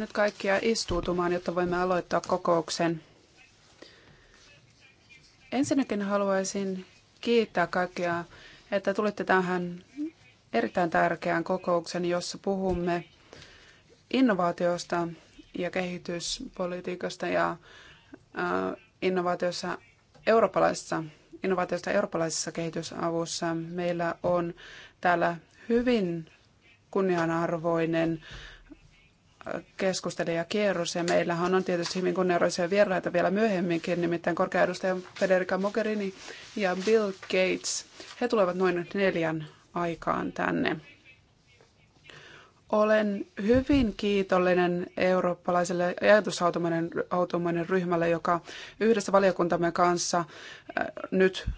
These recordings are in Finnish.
nyt kaikkia istuutumaan, jotta voimme aloittaa kokouksen. Ensinnäkin haluaisin kiittää kaikkia, että tulitte tähän erittäin tärkeään kokouksen, jossa puhumme innovaatiosta ja kehityspolitiikasta ja innovaatiossa eurooppalaisessa, innovaatiosta eurooppalaisessa kehitysavussa. Meillä on täällä hyvin kunnianarvoinen keskustelijakierros ja meillähän on tietysti hyvin kunnianarvoisia vieraita vielä myöhemminkin, nimittäin korkea-edustaja Federica Mogherini ja Bill Gates. He tulevat noin neljän aikaan tänne. Olen hyvin kiitollinen eurooppalaiselle ajatusautomainen ryhmälle, joka yhdessä valiokuntamme kanssa äh, nyt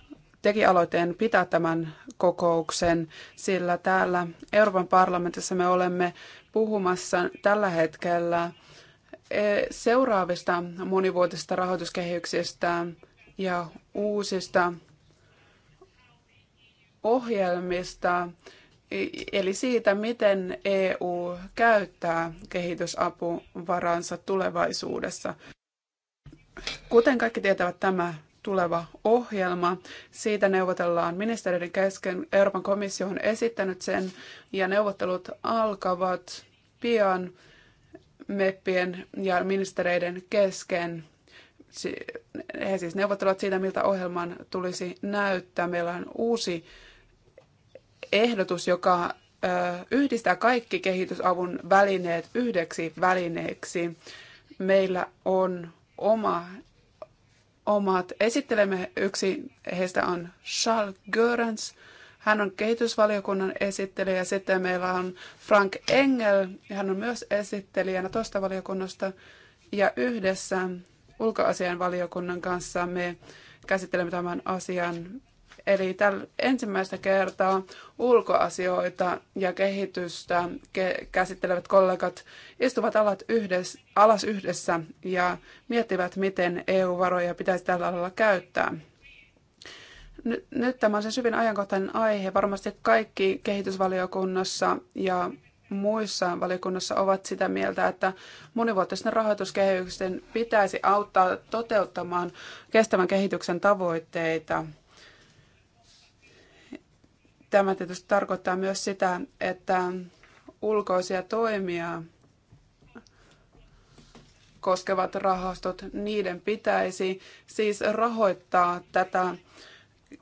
teki aloitteen pitää tämän kokouksen, sillä täällä Euroopan parlamentissa me olemme puhumassa tällä hetkellä e, seuraavista monivuotisista rahoituskehyksistä ja uusista ohjelmista, e, eli siitä, miten EU käyttää kehitysapuvaransa tulevaisuudessa. Kuten kaikki tietävät, tämä tuleva ohjelma. Siitä neuvotellaan ministeriöiden kesken. Euroopan komissio on esittänyt sen ja neuvottelut alkavat pian meppien ja ministereiden kesken. He siis neuvottelevat siitä, miltä ohjelman tulisi näyttää. Meillä on uusi ehdotus, joka yhdistää kaikki kehitysavun välineet yhdeksi välineeksi. Meillä on oma, omat esittelemme. Yksi heistä on Charles Görens, hän on kehitysvaliokunnan esittelijä ja sitten meillä on Frank Engel, ja hän on myös esittelijänä tuosta valiokunnasta. Ja yhdessä ulkoasianvaliokunnan kanssa me käsittelemme tämän asian. Eli tällä ensimmäistä kertaa ulkoasioita ja kehitystä ke- käsittelevät kollegat istuvat alat yhdessä, alas yhdessä ja miettivät, miten EU-varoja pitäisi tällä alalla käyttää nyt tämä on se siis hyvin ajankohtainen aihe. Varmasti kaikki kehitysvaliokunnassa ja muissa valiokunnassa ovat sitä mieltä, että monivuotisten rahoituskehyksen pitäisi auttaa toteuttamaan kestävän kehityksen tavoitteita. Tämä tietysti tarkoittaa myös sitä, että ulkoisia toimia koskevat rahastot, niiden pitäisi siis rahoittaa tätä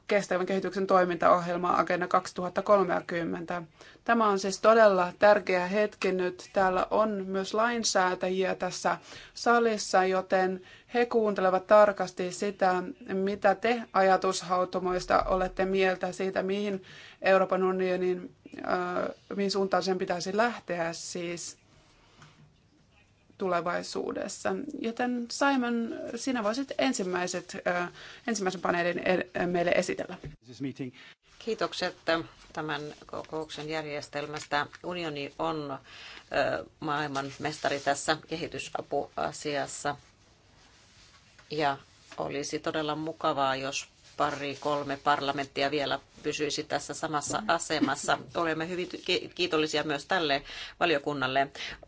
kestävän kehityksen toimintaohjelmaa Agenda 2030. Tämä on siis todella tärkeä hetki nyt. Täällä on myös lainsäätäjiä tässä salissa, joten he kuuntelevat tarkasti sitä, mitä te ajatushautomoista olette mieltä siitä, mihin Euroopan unionin, äh, mihin suuntaan sen pitäisi lähteä siis tulevaisuudessa. Joten Simon, sinä voisit ensimmäiset, ensimmäisen paneelin e, meille esitellä. Kiitokset tämän kokouksen järjestelmästä. Unioni on maailman mestari tässä kehitysapuasiassa. Ja olisi todella mukavaa, jos pari, kolme parlamenttia vielä pysyisi tässä samassa asemassa. Olemme hyvin kiitollisia myös tälle valiokunnalle.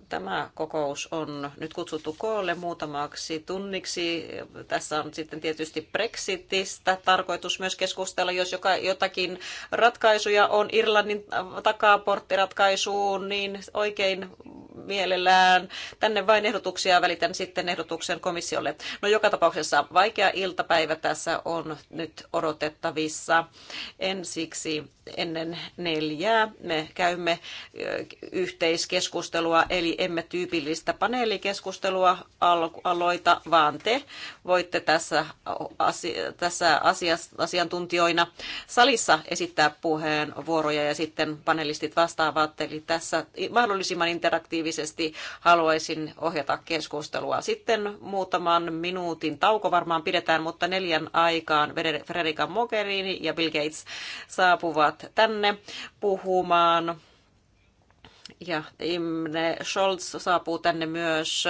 Tämä kokous on nyt kutsuttu koolle muutamaksi tunniksi. Tässä on sitten tietysti Brexitistä tarkoitus myös keskustella, jos joka, jotakin ratkaisuja on Irlannin takaporttiratkaisuun, niin oikein mielellään. Tänne vain ehdotuksia välitän sitten ehdotuksen komissiolle. No joka tapauksessa vaikea iltapäivä tässä on nyt odotettavissa. En Siksi ennen neljää me käymme yhteiskeskustelua, eli emme tyypillistä paneelikeskustelua aloita, vaan te voitte tässä, asia, tässä asiantuntijoina salissa esittää puheenvuoroja ja sitten panelistit vastaavat. Eli tässä mahdollisimman interaktiivisesti haluaisin ohjata keskustelua. Sitten muutaman minuutin tauko varmaan pidetään, mutta neljän aikaan Frederica Mogherini ja Bill Gates saapuvat tänne puhumaan ja Imre Scholz saapuu tänne myös.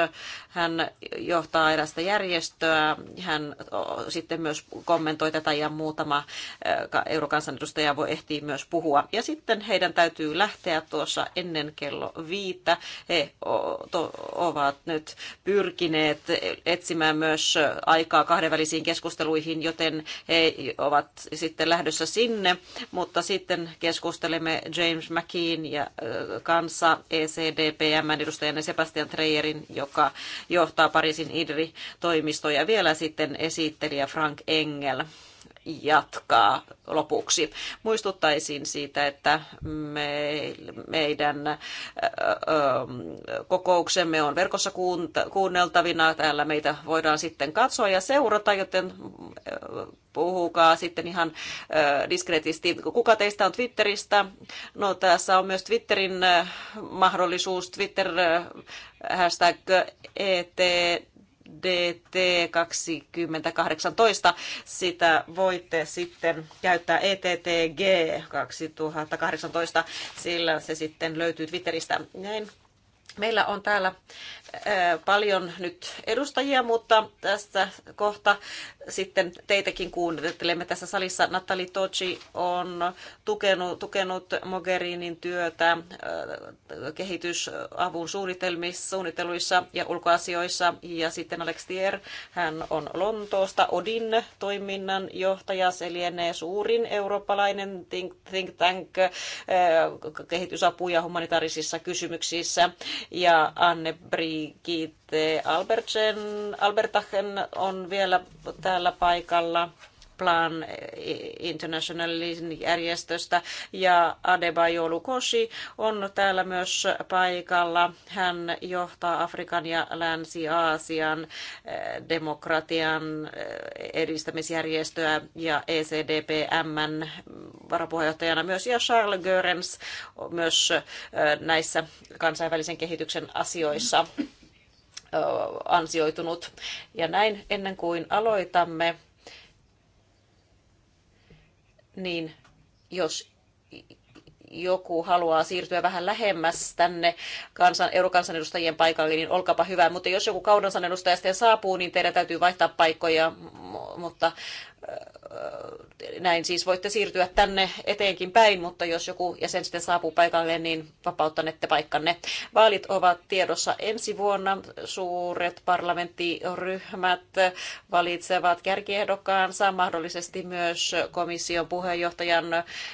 Hän johtaa erästä järjestöä. Hän sitten myös kommentoi tätä ja muutama eurokansanedustaja voi ehtii myös puhua. Ja sitten heidän täytyy lähteä tuossa ennen kello viittä. He ovat nyt pyrkineet etsimään myös aikaa kahdenvälisiin keskusteluihin, joten he ovat sitten lähdössä sinne. Mutta sitten keskustelemme James McKean ja kanssa kanssa ECDPMn edustajana Sebastian Treyerin, joka johtaa Pariisin IDRI-toimistoja, vielä sitten esittelijä Frank Engel jatkaa lopuksi. Muistuttaisin siitä, että me, meidän ö, ö, kokouksemme on verkossa kuunneltavina. Täällä meitä voidaan sitten katsoa ja seurata, joten puhukaa sitten ihan ö, diskreetisti. Kuka teistä on Twitteristä? No tässä on myös Twitterin mahdollisuus, Twitter hashtag ET DT 2018. Sitä voitte sitten käyttää ETTG 2018, sillä se sitten löytyy Twitteristä. Näin. Meillä on täällä paljon nyt edustajia, mutta tässä kohta sitten teitäkin kuuntelemme tässä salissa. Natali Toci on tukenut, tukenut Mogherinin työtä kehitysavun suunnitelmissa, suunnitteluissa ja ulkoasioissa. Ja sitten Alex Tier, hän on Lontoosta Odin toiminnan johtaja, se lienee suurin eurooppalainen think, think tank kehitysapu ja humanitaarisissa kysymyksissä. Ja Anne Brie kiittää Albertsen, Albertachen on vielä täällä paikalla. Plan Internationalin järjestöstä ja Adebayo Lukoshi on täällä myös paikalla. Hän johtaa Afrikan ja Länsi-Aasian eh, demokratian eh, edistämisjärjestöä ja ECDPMn varapuheenjohtajana myös ja Charles Görens myös eh, näissä kansainvälisen kehityksen asioissa ansioitunut. Ja näin ennen kuin aloitamme, niin jos joku haluaa siirtyä vähän lähemmäs tänne kansan, eurokansanedustajien paikalle, niin olkapa hyvä. Mutta jos joku kaudansanedustaja sitten saapuu, niin teidän täytyy vaihtaa paikkoja mutta äh, äh, näin siis voitte siirtyä tänne eteenkin päin, mutta jos joku jäsen sitten saapuu paikalle, niin vapauttanette paikkanne. Vaalit ovat tiedossa ensi vuonna. Suuret parlamenttiryhmät valitsevat kärkiehdokkaansa, mahdollisesti myös komission puheenjohtajan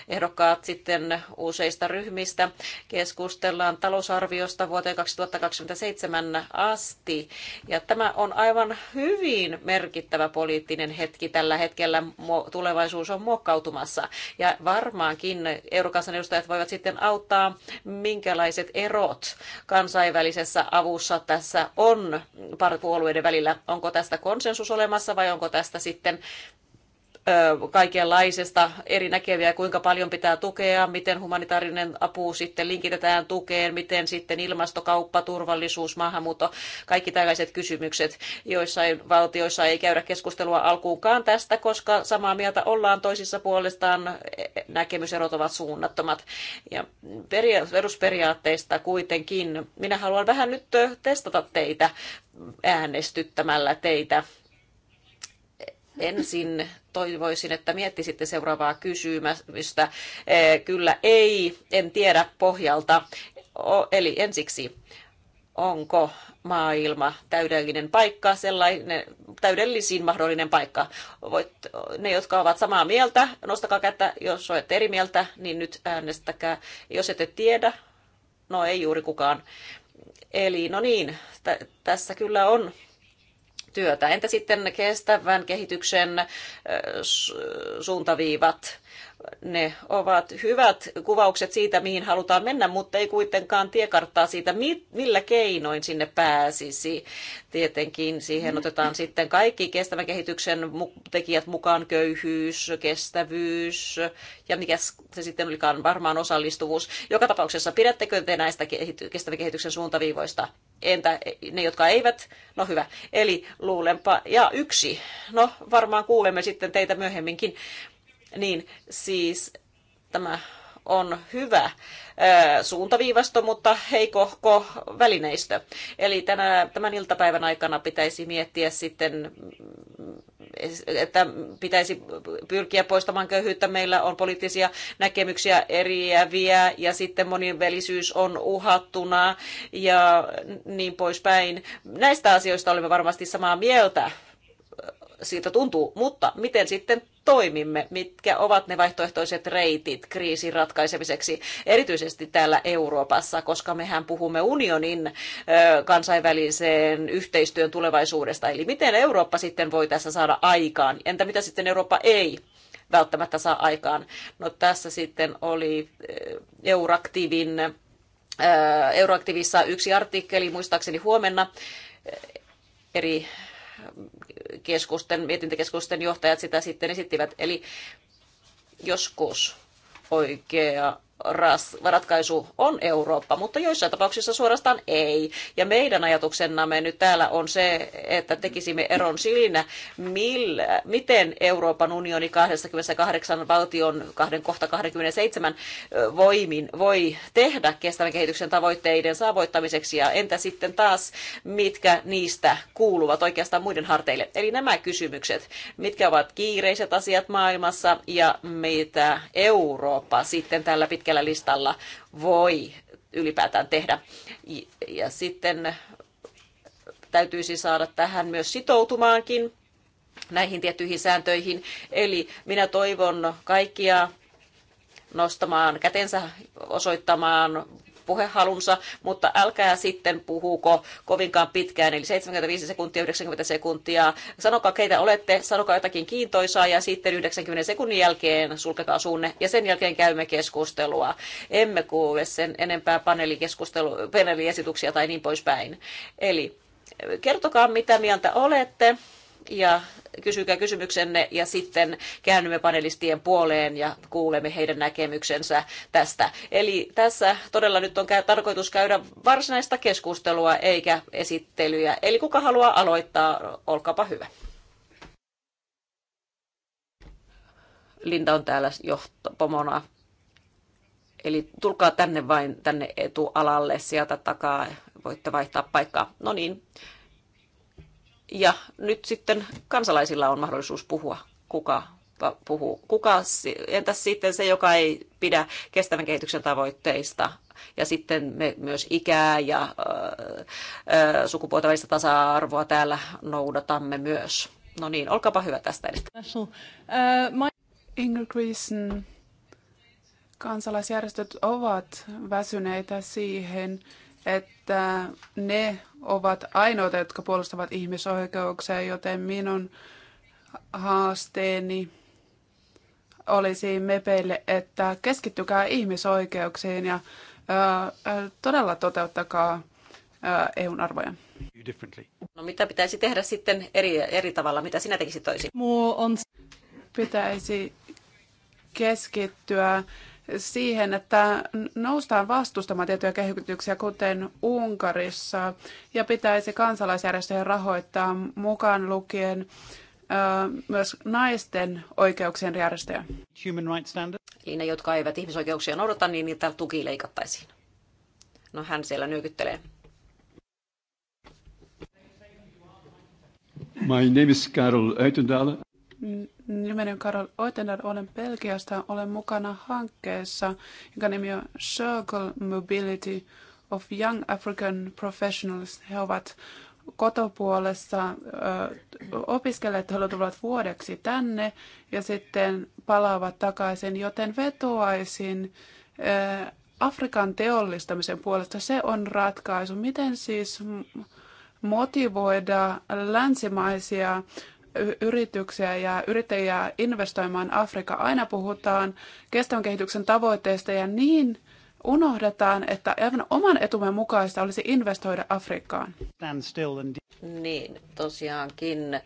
ehdokkaat sitten useista ryhmistä. Keskustellaan talousarviosta vuoteen 2027 asti, ja tämä on aivan hyvin merkittävä poliittinen kriittinen hetki tällä hetkellä. Tulevaisuus on muokkautumassa. Ja varmaankin eurokansanedustajat voivat sitten auttaa, minkälaiset erot kansainvälisessä avussa tässä on puolueiden välillä. Onko tästä konsensus olemassa vai onko tästä sitten kaikenlaisesta eri näkeviä, kuinka paljon pitää tukea, miten humanitaarinen apu sitten linkitetään tukeen, miten sitten ilmastokauppa, turvallisuus, maahanmuutto, kaikki tällaiset kysymykset. Joissain valtioissa ei käydä keskustelua alkuunkaan tästä, koska samaa mieltä ollaan toisissa puolestaan näkemyserot ovat suunnattomat. Ja perusperiaatteista kuitenkin minä haluan vähän nyt testata teitä äänestyttämällä teitä ensin toivoisin, että miettisitte seuraavaa kysymystä. Eh, kyllä ei, en tiedä pohjalta. Eli ensiksi, onko maailma täydellinen paikka, sellainen täydellisin mahdollinen paikka. Voit, ne, jotka ovat samaa mieltä, nostakaa kättä. Jos olette eri mieltä, niin nyt äänestäkää. Jos ette tiedä, no ei juuri kukaan. Eli no niin, tässä kyllä on työtä. Entä sitten kestävän kehityksen suuntaviivat? ne ovat hyvät kuvaukset siitä, mihin halutaan mennä, mutta ei kuitenkaan tiekarttaa siitä, millä keinoin sinne pääsisi. Tietenkin siihen otetaan sitten kaikki kestävän kehityksen tekijät mukaan, köyhyys, kestävyys ja mikä se sitten olikaan varmaan osallistuvuus. Joka tapauksessa pidättekö te näistä kestävän kehityksen suuntaviivoista? Entä ne, jotka eivät? No hyvä. Eli luulenpa. Ja yksi. No varmaan kuulemme sitten teitä myöhemminkin niin siis tämä on hyvä suuntaviivasto, mutta heikohko välineistö. Eli tänä, tämän iltapäivän aikana pitäisi miettiä sitten, mm, että pitäisi pyrkiä poistamaan köyhyyttä. Meillä on poliittisia näkemyksiä eriäviä ja sitten monivälisyys on uhattuna ja niin poispäin. Näistä asioista olemme varmasti samaa mieltä siltä tuntuu, mutta miten sitten toimimme, mitkä ovat ne vaihtoehtoiset reitit kriisin ratkaisemiseksi, erityisesti täällä Euroopassa, koska mehän puhumme unionin kansainväliseen yhteistyön tulevaisuudesta. Eli miten Eurooppa sitten voi tässä saada aikaan? Entä mitä sitten Eurooppa ei välttämättä saa aikaan? No tässä sitten oli Euraktivin, Euroaktivissa yksi artikkeli, muistaakseni huomenna, eri keskusten, mietintäkeskusten johtajat sitä sitten esittivät. Eli joskus oikea ratkaisu on Eurooppa, mutta joissain tapauksissa suorastaan ei. Ja meidän ajatuksenamme nyt täällä on se, että tekisimme eron siinä, millä, miten Euroopan unioni 28 valtion kahden kohta 27 voimin voi tehdä kestävän kehityksen tavoitteiden saavuttamiseksi ja entä sitten taas, mitkä niistä kuuluvat oikeastaan muiden harteille. Eli nämä kysymykset, mitkä ovat kiireiset asiat maailmassa ja mitä Eurooppa sitten tällä pitkällä pitkällä listalla voi ylipäätään tehdä. Ja sitten täytyisi saada tähän myös sitoutumaankin näihin tiettyihin sääntöihin. Eli minä toivon kaikkia nostamaan kätensä, osoittamaan puhehalunsa, mutta älkää sitten puhuko kovinkaan pitkään, eli 75 sekuntia, 90 sekuntia. Sanokaa keitä olette, sanokaa jotakin kiintoisaa ja sitten 90 sekunnin jälkeen sulkekaa suunne ja sen jälkeen käymme keskustelua. Emme kuule sen enempää paneelikeskustelu, paneeliesityksiä tai niin poispäin. Eli eh, kertokaa mitä mieltä olette ja kysykää kysymyksenne ja sitten käännymme panelistien puoleen ja kuulemme heidän näkemyksensä tästä. Eli tässä todella nyt on tarkoitus käydä varsinaista keskustelua eikä esittelyjä. Eli kuka haluaa aloittaa, olkaapa hyvä. Linda on täällä johtopomona. Eli tulkaa tänne vain tänne etualalle sieltä takaa, voitte vaihtaa paikkaa. No niin, ja nyt sitten kansalaisilla on mahdollisuus puhua, kuka puhuu. Kuka, entäs sitten se, joka ei pidä kestävän kehityksen tavoitteista? Ja sitten me myös ikää ja sukupuolta välistä tasa-arvoa täällä noudatamme myös. No niin, olkaapa hyvä tästä edestä. Inger Greason, kansalaisjärjestöt ovat väsyneitä siihen, että ne ovat ainoita, jotka puolustavat ihmisoikeuksia, joten minun haasteeni olisi mepeille, että keskittykää ihmisoikeuksiin ja ö, todella toteuttakaa ö, EUn arvoja. No mitä pitäisi tehdä sitten eri, eri tavalla? Mitä sinä tekisit toisin? Muu on... Pitäisi keskittyä siihen, että noustaan vastustamaan tiettyjä kehityksiä, kuten Unkarissa, ja pitäisi kansalaisjärjestöjen rahoittaa mukaan lukien myös naisten oikeuksien järjestöjä. Human rights Eli niin, ne, jotka eivät ihmisoikeuksia noudata, niin niitä tuki leikattaisiin. No hän siellä nyökyttelee. My name is Karel Uitendalen. Mm, Nimeni on Karol Oitendal, olen Belgiasta, olen mukana hankkeessa, jonka nimi on Circle Mobility of Young African Professionals. He ovat kotopuolessa opiskelleet, he tulevat vuodeksi tänne ja sitten palaavat takaisin, joten vetoaisin Afrikan teollistamisen puolesta. Se on ratkaisu. Miten siis motivoida länsimaisia yrityksiä ja yrittäjiä investoimaan Afrikkaan. Aina puhutaan kestävän kehityksen tavoitteista ja niin unohdetaan, että aivan oman etumme mukaista olisi investoida Afrikkaan. Niin, tosiaankin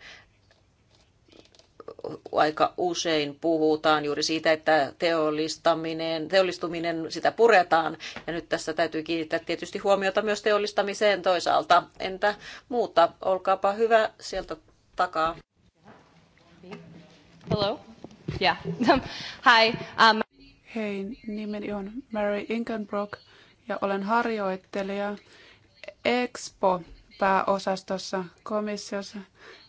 aika usein puhutaan juuri siitä, että teollistaminen, teollistuminen, sitä puretaan. Ja nyt tässä täytyy kiinnittää tietysti huomiota myös teollistamiseen toisaalta. Entä muuta? Olkaapa hyvä sieltä takaa. Hello? Yeah. Hi. Um... Hei, nimeni on Mary Inkenbrock ja olen harjoittelija Expo pääosastossa komissiossa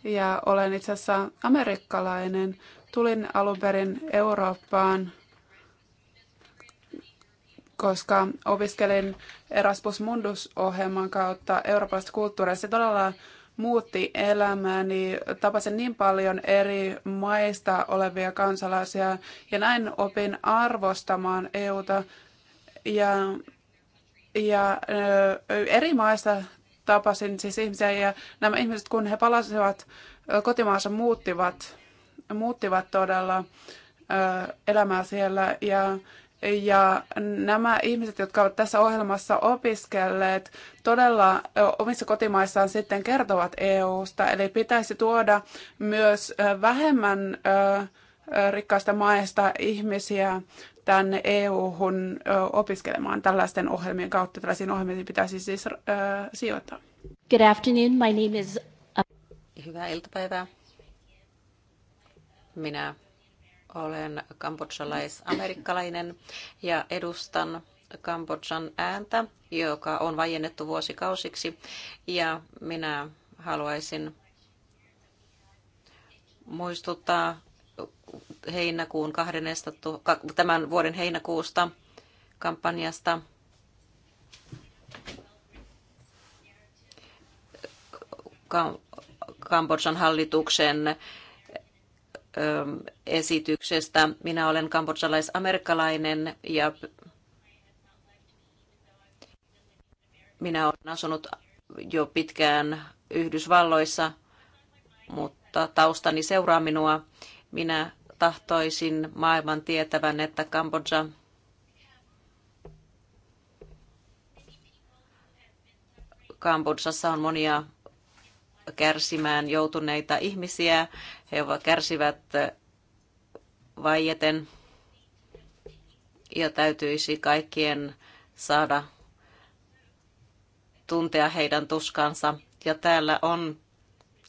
ja olen itse asiassa amerikkalainen. Tulin alun perin Eurooppaan, koska opiskelin Erasmus Mundus-ohjelman kautta eurooppalaisesta kulttuurista. Se todella muutti elämääni. Tapasin niin paljon eri maista olevia kansalaisia ja näin opin arvostamaan EUta ja, ja eri maista tapasin siis ihmisiä ja nämä ihmiset, kun he palasivat kotimaansa, muuttivat, muuttivat todella elämää siellä ja ja nämä ihmiset, jotka ovat tässä ohjelmassa opiskelleet, todella omissa kotimaissaan sitten kertovat EU-sta. Eli pitäisi tuoda myös vähemmän rikkaista maista ihmisiä tänne EU-hun opiskelemaan tällaisten ohjelmien kautta. Tällaisiin ohjelmiin pitäisi siis sijoittaa. Good afternoon, my name is... Uh, Hyvää iltapäivää. Minä olen kambodsalais-amerikkalainen ja edustan Kambodsan ääntä, joka on vajennettu vuosikausiksi. Ja minä haluaisin muistuttaa heinäkuun 12, tämän vuoden heinäkuusta kampanjasta Kambodsan hallituksen Ähm, esityksestä. Minä olen kambodsalais-amerikkalainen ja minä olen asunut jo pitkään Yhdysvalloissa, mutta taustani seuraa minua. Minä tahtoisin maailman tietävän, että Kambodža Kambodsassa on monia kärsimään joutuneita ihmisiä. He kärsivät vaieten ja täytyisi kaikkien saada tuntea heidän tuskansa. Ja täällä on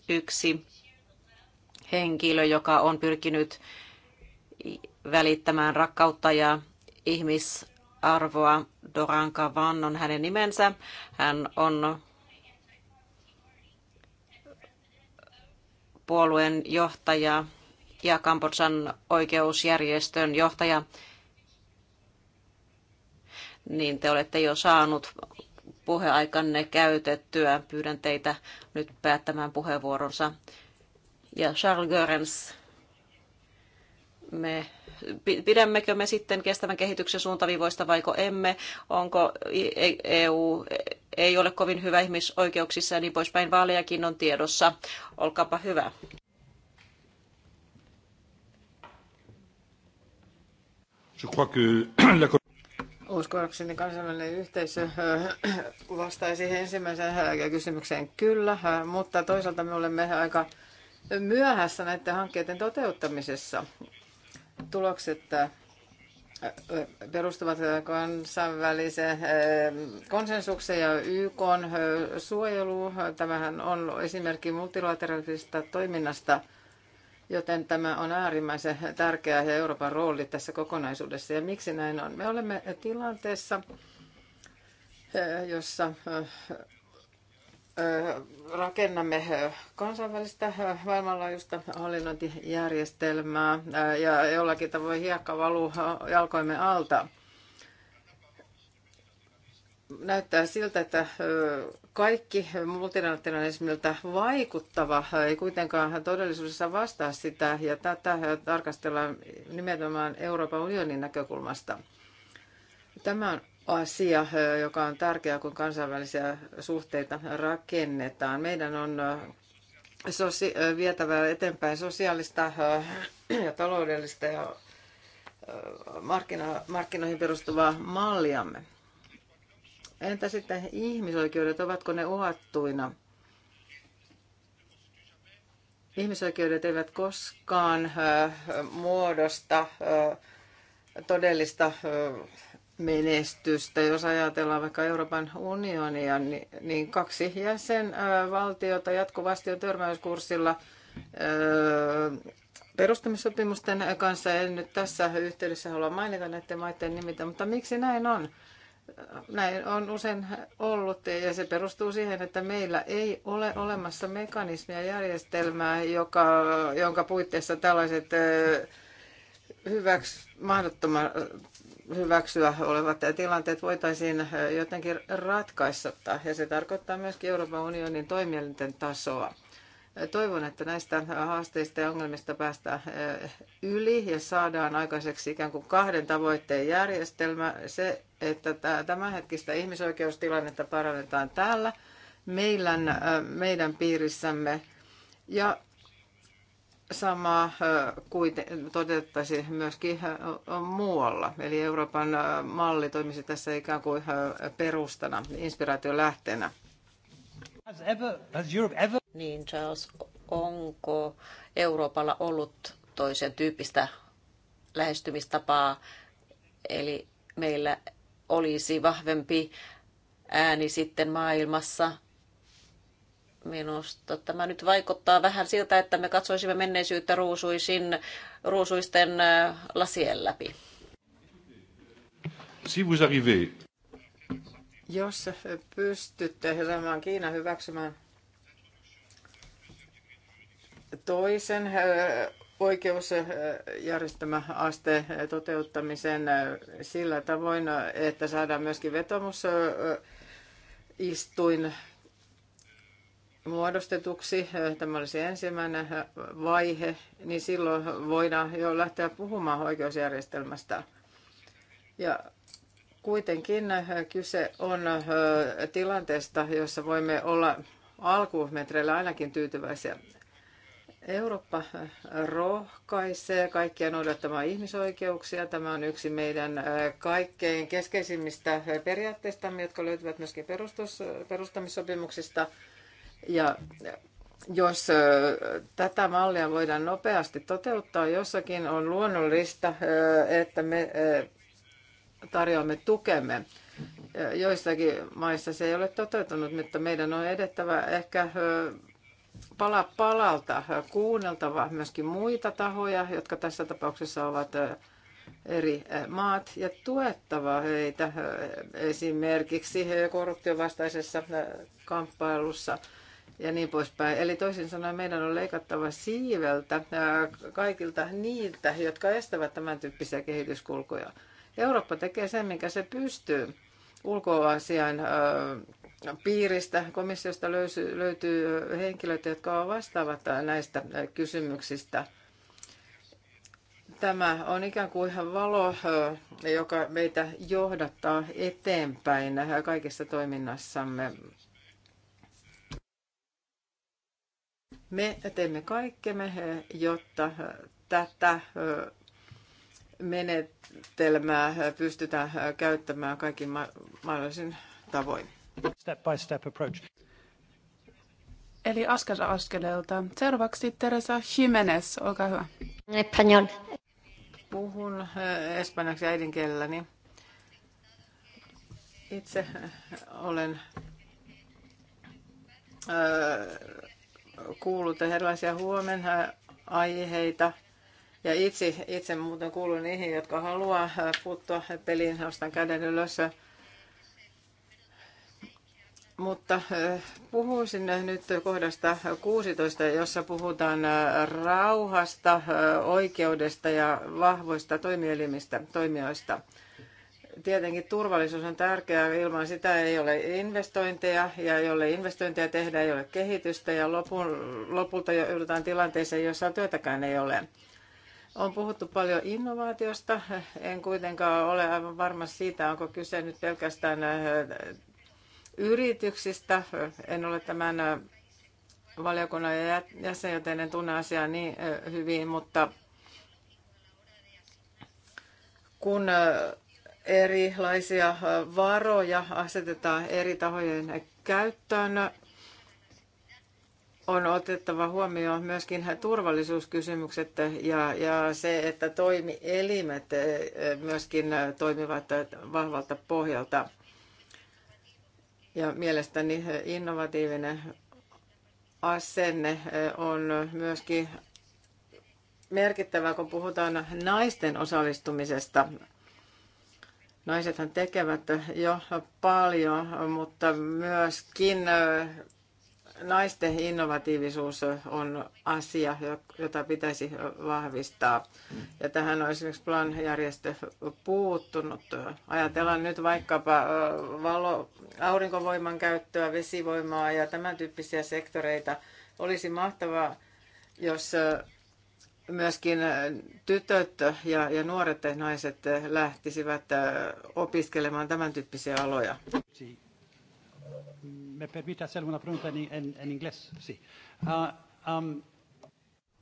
yksi henkilö, joka on pyrkinyt välittämään rakkautta ja ihmisarvoa. Doranka Vannon hänen nimensä. Hän on puolueen johtaja ja Kambodsan oikeusjärjestön johtaja, niin te olette jo saanut puheaikanne käytettyä. Pyydän teitä nyt päättämään puheenvuoronsa. Ja Charles Görens, me pidämmekö me sitten kestävän kehityksen suuntavivoista vaiko emme, onko EU e ei ole kovin hyvä ihmisoikeuksissa ja niin poispäin. Vaalejakin on tiedossa. Olkaapa hyvä. Uskoakseni kansainvälinen yhteisö äh, vastaa siihen ensimmäiseen äh, kysymykseen kyllä, äh, mutta toisaalta me olemme aika myöhässä näiden hankkeiden toteuttamisessa tulokset äh, äh, perustuvat äh, kansainväliseen konsensukseen ja YK suojeluun. Tämähän on esimerkki multilateraalisesta toiminnasta, joten tämä on äärimmäisen tärkeä ja Euroopan rooli tässä kokonaisuudessa. Ja miksi näin on? Me olemme tilanteessa, jossa rakennamme kansainvälistä maailmanlaajuista hallinnointijärjestelmää ja jollakin tavoin hiekka valuu jalkoimme alta. Näyttää siltä, että kaikki multinationalismilta vaikuttava ei kuitenkaan todellisuudessa vastaa sitä, ja tätä tarkastellaan nimenomaan Euroopan unionin näkökulmasta. Tämä on asia, joka on tärkeä, kun kansainvälisiä suhteita rakennetaan. Meidän on sosi- vietävä eteenpäin sosiaalista ja taloudellista ja markkino- markkinoihin perustuvaa malliamme. Entä sitten ihmisoikeudet, ovatko ne uhattuina? Ihmisoikeudet eivät koskaan muodosta todellista menestystä. Jos ajatellaan vaikka Euroopan unionia, niin, niin kaksi jäsenvaltiota jatkuvasti on törmäyskurssilla perustamissopimusten kanssa. En nyt tässä yhteydessä halua mainita näiden maiden nimitä, mutta miksi näin on? Näin on usein ollut ja se perustuu siihen, että meillä ei ole olemassa mekanismia järjestelmää, joka, jonka puitteissa tällaiset hyväks, mahdottoman äh, hyväksyä olevat tilanteet voitaisiin äh, jotenkin ratkaista. Ja se tarkoittaa myös Euroopan unionin toimielinten tasoa. Äh, toivon, että näistä haasteista ja ongelmista päästään yli ja saadaan aikaiseksi ikään kuin kahden tavoitteen järjestelmä. Se, että tämänhetkistä ihmisoikeustilannetta parannetaan täällä meidän, meidän piirissämme ja Sama kuiten myöskin muualla. Eli Euroopan malli toimisi tässä ikään kuin perustana, inspiraation lähteenä. Has ever, has ever... Niin Charles, onko Euroopalla ollut toisen tyyppistä lähestymistapaa, eli meillä olisi vahvempi ääni sitten maailmassa Minusta tämä nyt vaikuttaa vähän siltä, että me katsoisimme menneisyyttä ruusuisin, ruusuisten lasien läpi. Si vous arrivez. Jos pystytte saamaan Kiina hyväksymään toisen oikeusjärjestelmäaste toteuttamisen sillä tavoin, että saadaan myöskin vetomusistuin muodostetuksi, tämä olisi ensimmäinen vaihe, niin silloin voidaan jo lähteä puhumaan oikeusjärjestelmästä. Ja kuitenkin kyse on tilanteesta, jossa voimme olla alkumetreillä ainakin tyytyväisiä. Eurooppa rohkaisee kaikkia noudattamaan ihmisoikeuksia. Tämä on yksi meidän kaikkein keskeisimmistä periaatteistamme, jotka löytyvät myöskin perustamissopimuksista. Ja jos tätä mallia voidaan nopeasti toteuttaa jossakin, on luonnollista, että me tarjoamme tukemme. Joissakin maissa se ei ole toteutunut, mutta meidän on edettävä ehkä pala palalta, kuunneltava myöskin muita tahoja, jotka tässä tapauksessa ovat eri maat ja tuettava heitä esimerkiksi korruptiovastaisessa kamppailussa – ja niin poispäin. Eli toisin sanoen meidän on leikattava siiveltä kaikilta niiltä, jotka estävät tämän tyyppisiä kehityskulkuja. Eurooppa tekee sen, minkä se pystyy. Ulkoasian piiristä komissiosta löytyy henkilöitä, jotka vastaavat näistä kysymyksistä – tämä on ikään kuin ihan valo, joka meitä johdattaa eteenpäin kaikessa toiminnassamme. Me teemme kaikkemme, eh, jotta eh, tätä eh, menetelmää pystytään käyttämään kaikin mahdollisin tavoin. Step by step approach. Eli askel askeleelta. Seuraavaksi Teresa Jimenez, olkaa hyvä. Espanjol. Puhun espanjaksi äidinkielelläni. Itse olen kuullut erilaisia huomenna äh, aiheita. Ja itse, itse muuten kuulun niihin, jotka haluaa äh, puuttua peliin, nostan käden ylös. Mutta äh, puhuisin nyt kohdasta 16, jossa puhutaan rauhasta, oikeudesta ja vahvoista toimielimistä, toimijoista tietenkin turvallisuus on tärkeää. Ilman sitä ei ole investointeja ja jolle investointeja tehdä, ei ole kehitystä ja lopun, lopulta joudutaan tilanteeseen, jossa työtäkään ei ole. On puhuttu paljon innovaatiosta. En kuitenkaan ole aivan varma siitä, onko kyse nyt pelkästään äh, yrityksistä. En ole tämän äh, valiokunnan jäsen, joten en tunne asiaa niin äh, hyvin, mutta kun erilaisia äh, varoja asetetaan eri tahojen käyttöön. On otettava huomioon myöskin turvallisuuskysymykset ja, ja se, että toimielimet äh, myöskin äh, toimivat vahvalta pohjalta. Ja mielestäni innovatiivinen asenne on myöskin merkittävä kun puhutaan naisten osallistumisesta Naisethan tekevät jo paljon, mutta myöskin naisten innovatiivisuus on asia, jota pitäisi vahvistaa. Ja tähän on esimerkiksi Plan-järjestö puuttunut. Ajatellaan nyt vaikkapa valo, aurinkovoiman käyttöä, vesivoimaa ja tämän tyyppisiä sektoreita. Olisi mahtavaa, jos myöskin äh, tytöt ja, ja nuoret naiset äh, lähtisivät äh, opiskelemaan tämän tyyppisiä aloja. Me permitä selvänä pregunta en, en, en Uh, um...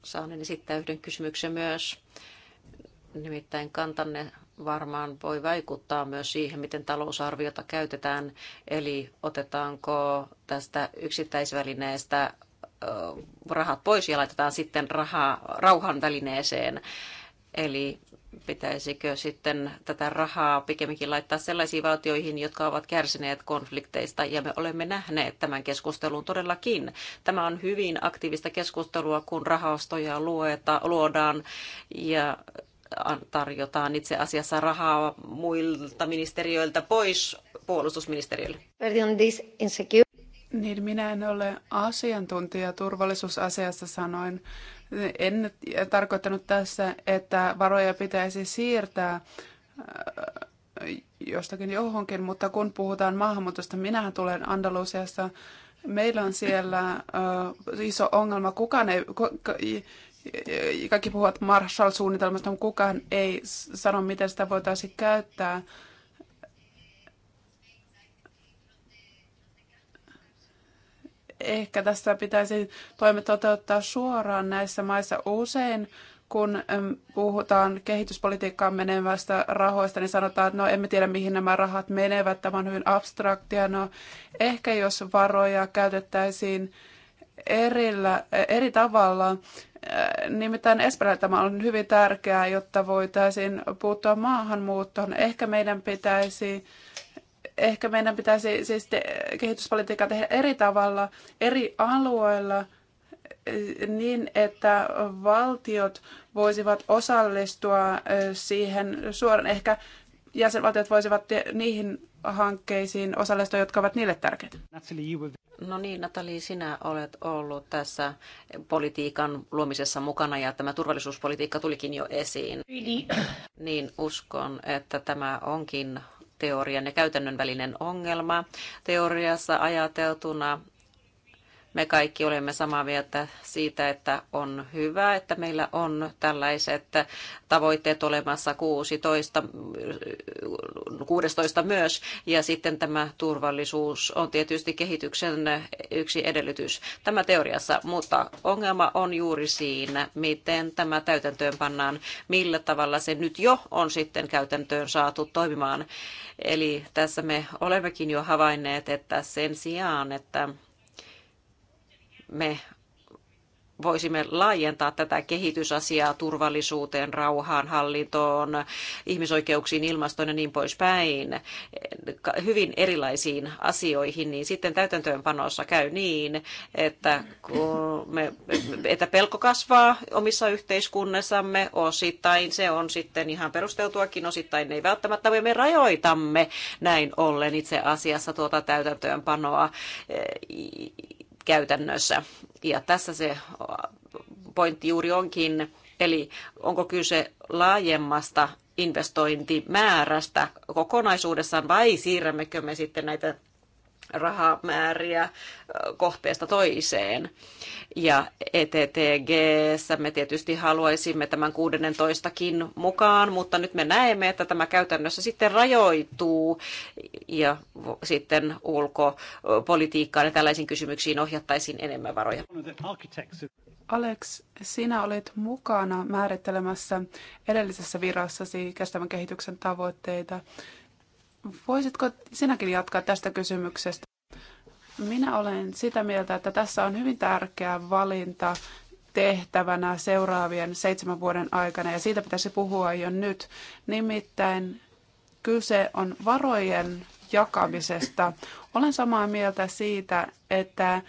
Saan esittää yhden kysymyksen myös. Nimittäin kantanne varmaan voi vaikuttaa myös siihen, miten talousarviota käytetään, eli otetaanko tästä yksittäisvälineestä rahat pois ja laitetaan sitten rahaa rauhanvälineeseen. Eli pitäisikö sitten tätä rahaa pikemminkin laittaa sellaisiin valtioihin, jotka ovat kärsineet konflikteista, ja me olemme nähneet tämän keskustelun todellakin. Tämä on hyvin aktiivista keskustelua, kun rahastoja lueta, luodaan ja tarjotaan itse asiassa rahaa muilta ministeriöiltä pois puolustusministeriölle. Niin minä en ole asiantuntija turvallisuusasiassa sanoin. En tarkoittanut tässä, että varoja pitäisi siirtää äh, jostakin johonkin, mutta kun puhutaan maahanmuutosta, minähän tulen Andalusiasta, meillä on siellä uh, iso ongelma. Kukaan ei, kaikki puhuvat Marshall-suunnitelmasta, mutta kukaan ei sano, miten sitä voitaisiin käyttää. ehkä tässä pitäisi toimet toteuttaa suoraan näissä maissa usein, kun puhutaan kehityspolitiikkaan menevästä rahoista, niin sanotaan, että no emme tiedä mihin nämä rahat menevät, tämä on hyvin abstraktia. No ehkä jos varoja käytettäisiin erillä, eri tavalla, eh, nimittäin Espanjalla tämä on hyvin tärkeää, jotta voitaisiin puuttua maahanmuuttoon. Ehkä meidän pitäisi ehkä meidän pitäisi siis te, kehityspolitiikkaa tehdä eri tavalla, eri alueilla, eh, niin että valtiot voisivat osallistua eh, siihen suoraan. Ehkä jäsenvaltiot voisivat te, niihin hankkeisiin osallistua, jotka ovat niille tärkeitä. No niin, Natali, sinä olet ollut tässä politiikan luomisessa mukana ja tämä turvallisuuspolitiikka tulikin jo esiin. Niin uskon, että tämä onkin teorian ja käytännön välinen ongelma. Teoriassa ajateltuna me kaikki olemme samaa mieltä siitä, että on hyvä, että meillä on tällaiset tavoitteet olemassa 16, 16 myös. Ja sitten tämä turvallisuus on tietysti kehityksen yksi edellytys tämä teoriassa, mutta ongelma on juuri siinä, miten tämä täytäntöön pannaan, millä tavalla se nyt jo on sitten käytäntöön saatu toimimaan. Eli tässä me olemmekin jo havainneet, että sen sijaan, että me voisimme laajentaa tätä kehitysasiaa turvallisuuteen, rauhaan, hallintoon, ihmisoikeuksiin, ilmastoon ja niin poispäin, hyvin erilaisiin asioihin, niin sitten täytäntöönpanossa käy niin, että, kun me, että pelko kasvaa omissa yhteiskunnassamme osittain, se on sitten ihan perusteltuakin, osittain ei välttämättä, me rajoitamme näin ollen itse asiassa tuota täytäntöönpanoa käytännössä. Ja tässä se pointti juuri onkin, eli onko kyse laajemmasta investointimäärästä kokonaisuudessaan vai siirrämmekö me sitten näitä rahamääriä kohteesta toiseen. Ja ETTG me tietysti haluaisimme tämän 16kin mukaan, mutta nyt me näemme, että tämä käytännössä sitten rajoituu ja sitten ulkopolitiikkaan ja tällaisiin kysymyksiin ohjattaisiin enemmän varoja. Alex, sinä olet mukana määrittelemässä edellisessä virassasi kestävän kehityksen tavoitteita. Voisitko sinäkin jatkaa tästä kysymyksestä? Minä olen sitä mieltä, että tässä on hyvin tärkeä valinta tehtävänä seuraavien seitsemän vuoden aikana, ja siitä pitäisi puhua jo nyt. Nimittäin kyse on varojen jakamisesta. Olen samaa mieltä siitä, että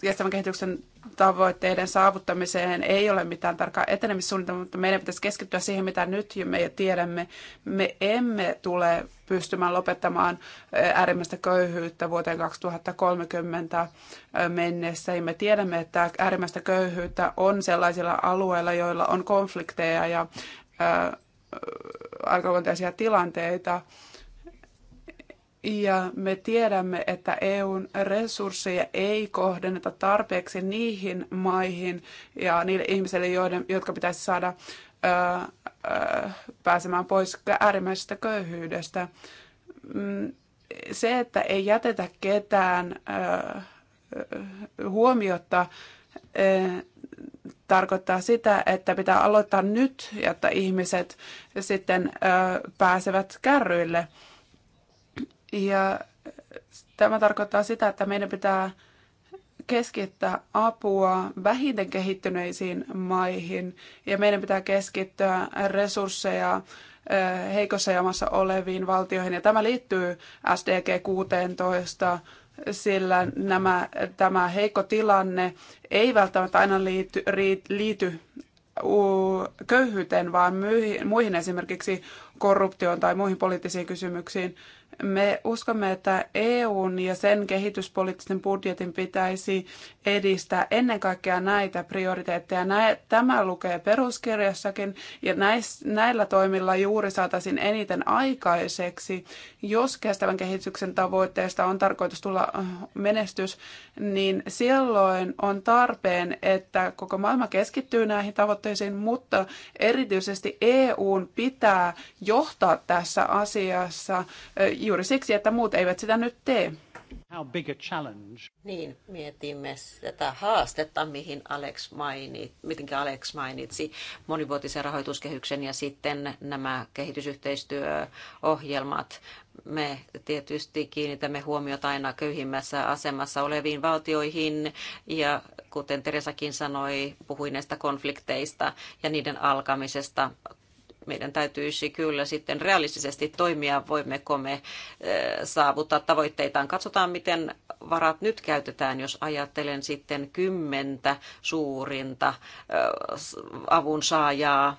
kestävän kehityksen tavoitteiden saavuttamiseen ei ole mitään tarkkaa etenemissuunnitelmaa, mutta meidän pitäisi keskittyä siihen, mitä nyt me jo tiedämme. Me emme tule pystymään lopettamaan eh, äärimmäistä köyhyyttä vuoteen 2030 eh, mennessä. Ja me tiedämme, että äärimmäistä köyhyyttä on sellaisilla alueilla, joilla on konflikteja ja eh, arkaluonteisia tilanteita. Ja me tiedämme, että EUn resursseja ei kohdenneta tarpeeksi niihin maihin ja niille ihmisille, joiden, jotka pitäisi saada ö, ö, pääsemään pois äärimmäisestä köyhyydestä. Mm, se, että ei jätetä ketään ö, huomiota, tarkoittaa sitä, että pitää aloittaa nyt, jotta ihmiset sitten pääsevät kärryille ja tämä tarkoittaa sitä, että meidän pitää keskittää apua vähiten kehittyneisiin maihin ja meidän pitää keskittää resursseja heikossa jamassa oleviin valtioihin. Ja tämä liittyy SDG 16, sillä nämä, tämä heikko tilanne ei välttämättä aina liity, liity köyhyyteen, vaan muihin esimerkiksi korruptioon tai muihin poliittisiin kysymyksiin. Me uskomme, että EUn ja sen kehityspoliittisen budjetin pitäisi edistää ennen kaikkea näitä prioriteetteja. Tämä lukee peruskirjassakin ja näillä toimilla juuri saataisiin eniten aikaiseksi. Jos kestävän kehityksen tavoitteesta on tarkoitus tulla äh, menestys, niin silloin on tarpeen, että koko maailma keskittyy näihin tavoitteisiin, mutta erityisesti EUn pitää johtaa tässä asiassa juuri siksi, että muut eivät sitä nyt tee. How big a challenge? Niin, mietimme tätä haastetta, mihin Alex mainit, mitenkä Alex mainitsi, monivuotisen rahoituskehyksen ja sitten nämä kehitysyhteistyöohjelmat. Me tietysti kiinnitämme huomiota aina köyhimmässä asemassa oleviin valtioihin ja kuten Teresakin sanoi, puhui näistä konflikteista ja niiden alkamisesta meidän täytyisi kyllä sitten realistisesti toimia, voimmeko me eh, saavuttaa tavoitteitaan. Katsotaan, miten varat nyt käytetään, jos ajattelen sitten kymmentä suurinta eh, avun saajaa.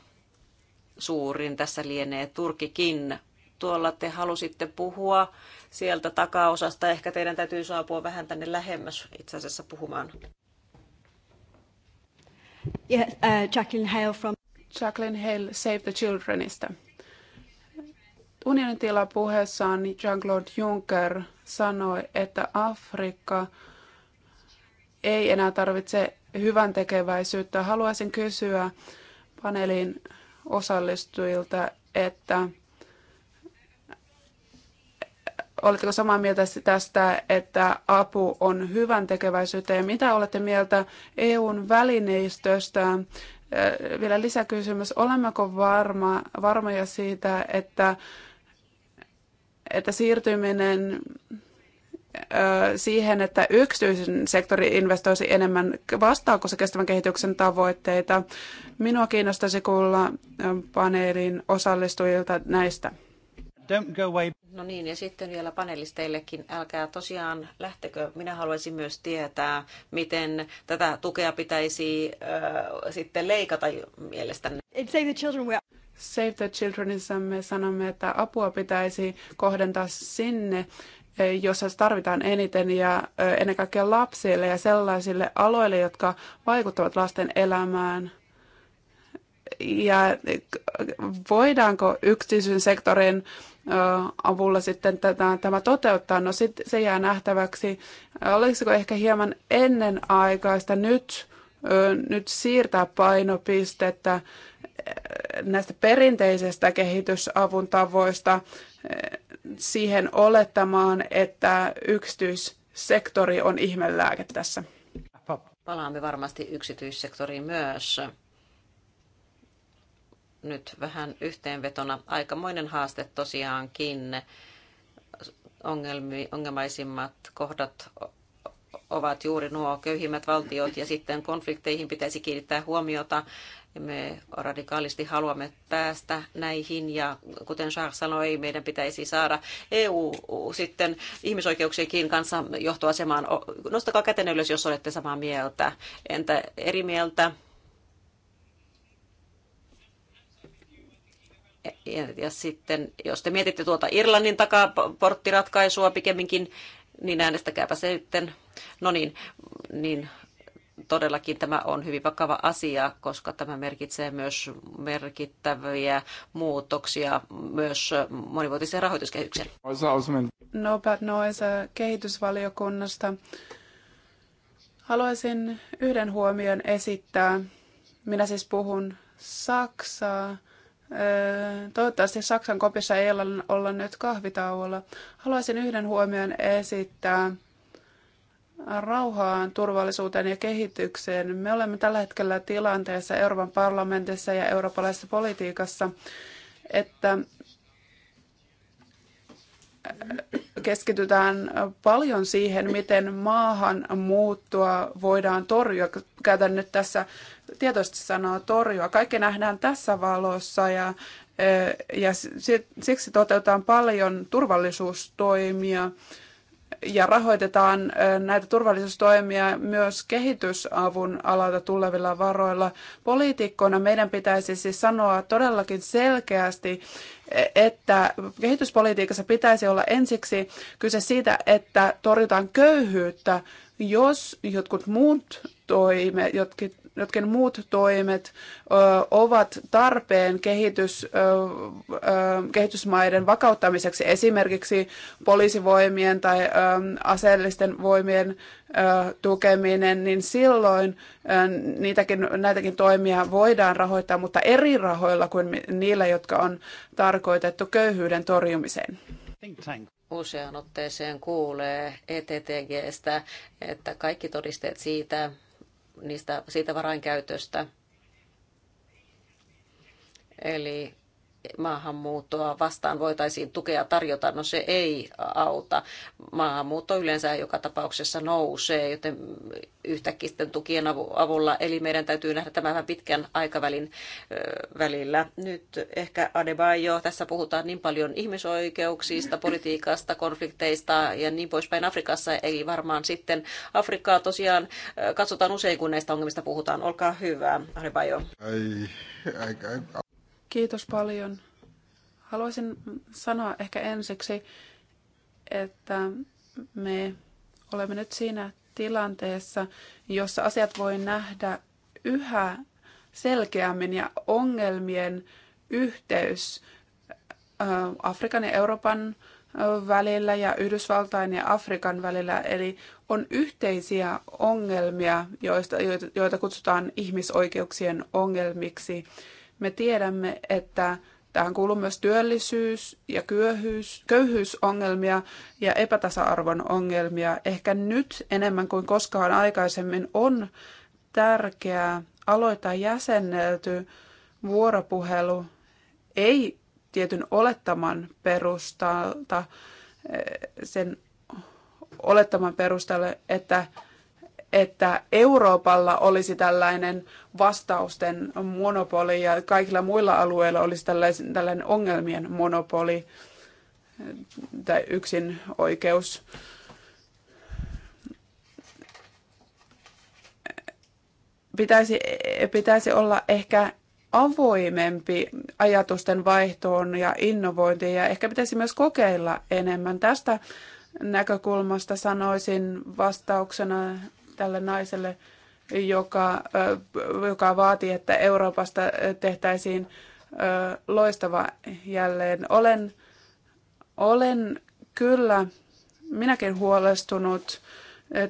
Suurin tässä lienee Turkikin. Tuolla te halusitte puhua sieltä takaosasta. Ehkä teidän täytyy saapua vähän tänne lähemmäs itse asiassa puhumaan. Yeah, uh, Jacqueline Hale from Jacqueline Hale Save the Childrenista. Unionin tilapuheessaan Jean-Claude Juncker sanoi, että Afrikka ei enää tarvitse hyvän tekeväisyyttä. Haluaisin kysyä paneelin osallistujilta, että oletteko samaa mieltä tästä, että apu on hyvän tekeväisyyttä ja mitä olette mieltä EUn välineistöstä vielä lisäkysymys. Olemmeko varma, varmoja siitä, että, että siirtyminen siihen, että yksityisen sektori investoisi enemmän, vastaako se kestävän kehityksen tavoitteita? Minua kiinnostaisi kuulla paneelin osallistujilta näistä. Don't go away. No niin, ja sitten vielä panelisteillekin, älkää tosiaan lähtekö. Minä haluaisin myös tietää, miten tätä tukea pitäisi äh, sitten leikata mielestäni. It's save the children are. Save the Childrenissa me sanomme, että apua pitäisi kohdentaa sinne, e, jossa se tarvitaan eniten ja e, ennen kaikkea lapsille ja sellaisille aloille, jotka vaikuttavat lasten elämään. Ja e, voidaanko yksityisen sektorin avulla sitten tätä, tämä toteuttaa. No sit se jää nähtäväksi. Olisiko ehkä hieman ennen aikaista nyt, nyt siirtää painopistettä näistä perinteisestä kehitysavun tavoista siihen olettamaan, että yksityissektori on ihmelääke tässä? Palaamme varmasti yksityissektoriin myös nyt vähän yhteenvetona. Aikamoinen haaste tosiaankin. Ongelmi, ongelmaisimmat kohdat ovat juuri nuo köyhimmät valtiot ja sitten konflikteihin pitäisi kiinnittää huomiota. Me radikaalisti haluamme päästä näihin ja kuten Charles sanoi, meidän pitäisi saada EU sitten ihmisoikeuksienkin kanssa johtoasemaan. Nostakaa käten ylös, jos olette samaa mieltä. Entä eri mieltä? Ja, ja sitten, jos te mietitte tuota Irlannin takaporttiratkaisua pikemminkin, niin äänestäkääpä se sitten. No niin, niin todellakin tämä on hyvin vakava asia, koska tämä merkitsee myös merkittäviä muutoksia myös monivuotiseen rahoituskehykseen. No, Pat Noisa kehitysvaliokunnasta. Haluaisin yhden huomion esittää. Minä siis puhun Saksaa. Toivottavasti Saksan kopissa ei olla nyt kahvitauolla. Haluaisin yhden huomion esittää rauhaan, turvallisuuteen ja kehitykseen. Me olemme tällä hetkellä tilanteessa Euroopan parlamentissa ja eurooppalaisessa politiikassa, että keskitytään paljon siihen, miten maahanmuuttoa voidaan torjua. Käytän nyt tässä tietoisesti sanaa torjua. Kaikki nähdään tässä valossa ja, eh, ja siksi toteutetaan paljon turvallisuustoimia ja rahoitetaan näitä turvallisuustoimia myös kehitysavun alalta tulevilla varoilla. Poliitikkoina meidän pitäisi siis sanoa todellakin selkeästi, e, että kehityspolitiikassa pitäisi olla ensiksi kyse siitä, että torjutaan köyhyyttä, jos jotkut muut toimet, jotkut jotkin muut toimet ovat tarpeen kehitys, kehitysmaiden vakauttamiseksi, esimerkiksi poliisivoimien tai aseellisten voimien tukeminen, niin silloin niitäkin, näitäkin toimia voidaan rahoittaa, mutta eri rahoilla kuin niillä, jotka on tarkoitettu köyhyyden torjumiseen useaan otteeseen kuulee ETTGstä, että kaikki todisteet siitä, niistä, siitä varainkäytöstä. Eli maahanmuuttoa vastaan voitaisiin tukea tarjota, no se ei auta. Maahanmuutto yleensä joka tapauksessa nousee, joten yhtäkkiä sitten tukien avulla, eli meidän täytyy nähdä tämä vähän pitkän aikavälin välillä. Nyt ehkä Adebayo, tässä puhutaan niin paljon ihmisoikeuksista, politiikasta, konflikteista ja niin poispäin Afrikassa, eli varmaan sitten Afrikkaa tosiaan katsotaan usein, kun näistä ongelmista puhutaan. Olkaa hyvä, Adebayo. Ai, ai, ai. Kiitos paljon. Haluaisin sanoa ehkä ensiksi, että me olemme nyt siinä tilanteessa, jossa asiat voi nähdä yhä selkeämmin ja ongelmien yhteys Afrikan ja Euroopan välillä ja Yhdysvaltain ja Afrikan välillä. Eli on yhteisiä ongelmia, joista, joita kutsutaan ihmisoikeuksien ongelmiksi. Me tiedämme, että tähän kuuluu myös työllisyys ja köyhyys, köyhyysongelmia ja epätasa-arvon ongelmia. Ehkä nyt enemmän kuin koskaan aikaisemmin on tärkeää aloittaa jäsennelty vuoropuhelu, ei tietyn olettaman perustalta, eh, sen olettaman perustalle, että että Euroopalla olisi tällainen vastausten monopoli ja kaikilla muilla alueilla olisi tällainen, tällainen ongelmien monopoli tai yksin oikeus. Pitäisi, pitäisi olla ehkä avoimempi ajatusten vaihtoon ja innovointiin ja ehkä pitäisi myös kokeilla enemmän. Tästä näkökulmasta sanoisin vastauksena tälle naiselle, joka, joka vaati, että Euroopasta tehtäisiin loistava jälleen. Olen, olen kyllä minäkin huolestunut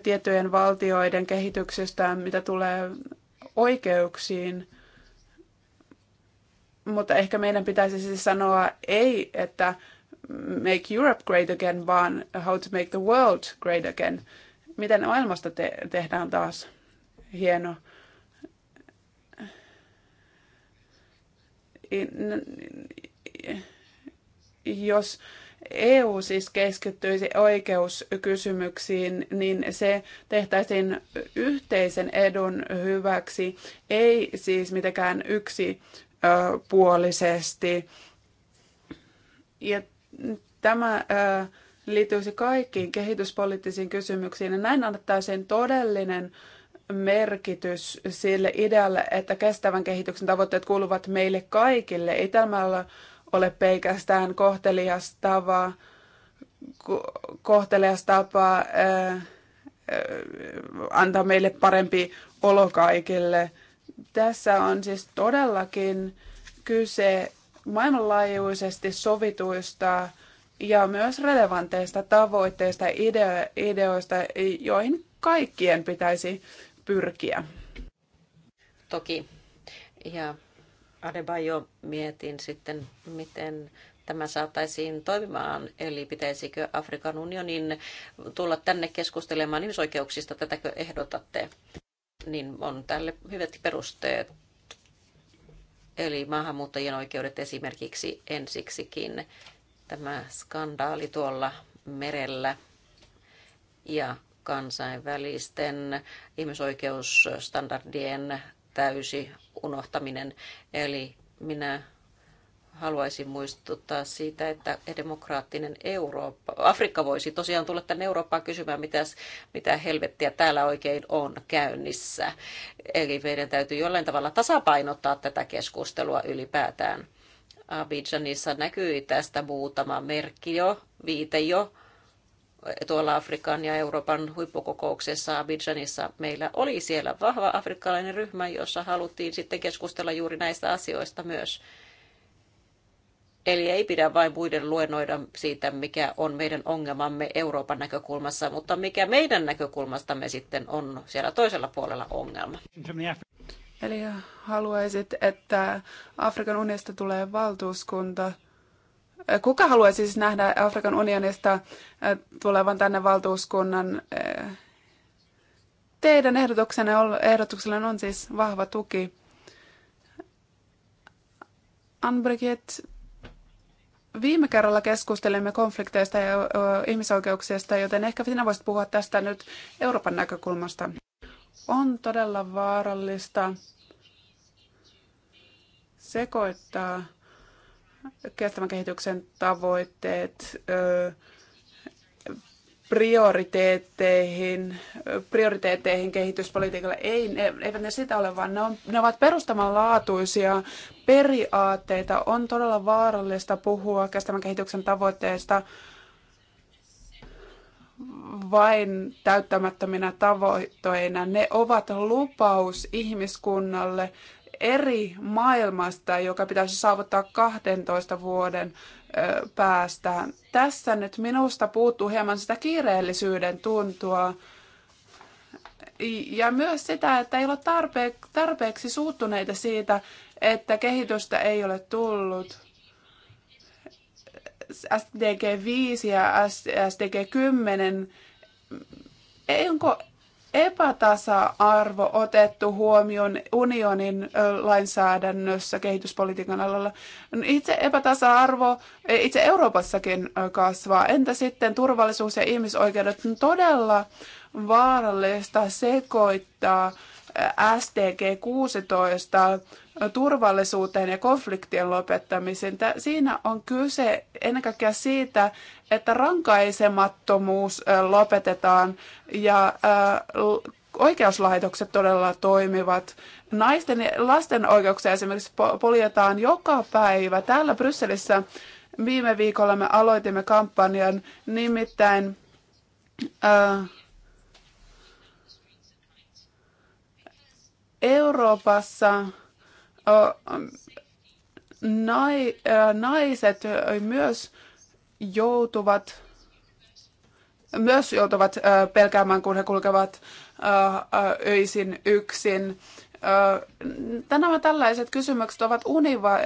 tiettyjen valtioiden kehityksestä, mitä tulee oikeuksiin. Mutta ehkä meidän pitäisi siis sanoa ei, että make Europe great again, vaan how to make the world great again miten maailmasta te- tehdään taas hieno. Jos EU siis keskittyisi oikeuskysymyksiin, niin se tehtäisiin yhteisen edun hyväksi, ei siis mitenkään yksipuolisesti. Ja tämä äh, liittyisi kaikkiin kehityspoliittisiin kysymyksiin. Ja näin annettaisiin todellinen merkitys sille idealle, että kestävän kehityksen tavoitteet kuuluvat meille kaikille. Ei ole pelkästään kohtelias tapa, kohtelias tapa ää, äh, äh, antaa meille parempi olo kaikille. Tässä on siis todellakin kyse maailmanlaajuisesti sovituista ja myös relevanteista tavoitteista ja ideo- ideoista, joihin kaikkien pitäisi pyrkiä. Toki. Ja Adebayo mietin sitten, miten tämä saataisiin toimimaan, eli pitäisikö Afrikan unionin tulla tänne keskustelemaan ihmisoikeuksista, tätäkö ehdotatte, niin on tälle hyvät perusteet. Eli maahanmuuttajien oikeudet esimerkiksi ensiksikin tämä skandaali tuolla merellä ja kansainvälisten ihmisoikeusstandardien täysi unohtaminen. Eli minä haluaisin muistuttaa siitä, että demokraattinen Eurooppa, Afrikka voisi tosiaan tulla tänne Eurooppaan kysymään, mitäs, mitä helvettiä täällä oikein on käynnissä. Eli meidän täytyy jollain tavalla tasapainottaa tätä keskustelua ylipäätään. Abidjanissa näkyi tästä muutama merkki jo, viite jo. Tuolla Afrikan ja Euroopan huippukokouksessa Abidjanissa meillä oli siellä vahva afrikkalainen ryhmä, jossa haluttiin sitten keskustella juuri näistä asioista myös. Eli ei pidä vain muiden luennoida siitä, mikä on meidän ongelmamme Euroopan näkökulmassa, mutta mikä meidän näkökulmastamme sitten on siellä toisella puolella ongelma. Eli haluaisit, että Afrikan unionista tulee valtuuskunta. Kuka haluaisi siis nähdä Afrikan unionista äh, tulevan tänne valtuuskunnan? Äh? Teidän ehdotuksenne, ehdotuksella on siis vahva tuki. Anbrigit, viime kerralla keskustelimme konflikteista ja ihmisoikeuksista, joten ehkä sinä voisit puhua tästä nyt Euroopan näkökulmasta on todella vaarallista sekoittaa kestävän kehityksen tavoitteet prioriteetteihin, prioriteetteihin kehityspolitiikalle. Ei, ne, eivät ne sitä ole, vaan ne, on, ne ovat perustavanlaatuisia periaatteita. On todella vaarallista puhua kestävän kehityksen tavoitteista vain täyttämättöminä tavoitteina. Ne ovat lupaus ihmiskunnalle eri maailmasta, joka pitäisi saavuttaa 12 vuoden päästään. Tässä nyt minusta puuttuu hieman sitä kiireellisyyden tuntua ja myös sitä, että ei ole tarpeeksi suuttuneita siitä, että kehitystä ei ole tullut SDG 5 ja SDG 10, onko epätasa-arvo otettu huomioon unionin lainsäädännössä kehityspolitiikan alalla. Itse epätasa-arvo itse Euroopassakin kasvaa. Entä sitten turvallisuus ja ihmisoikeudet? On todella vaarallista sekoittaa STG 16 turvallisuuteen ja konfliktien lopettamiseen. Siinä on kyse ennen kaikkea siitä, että rankaisemattomuus lopetetaan ja oikeuslaitokset todella toimivat. Naisten ja lasten oikeuksia esimerkiksi poljetaan joka päivä. Täällä Brysselissä viime viikolla me aloitimme kampanjan nimittäin äh, Euroopassa naiset myös joutuvat myös joutuvat pelkäämään, kun he kulkevat öisin yksin. Nämä tällaiset kysymykset ovat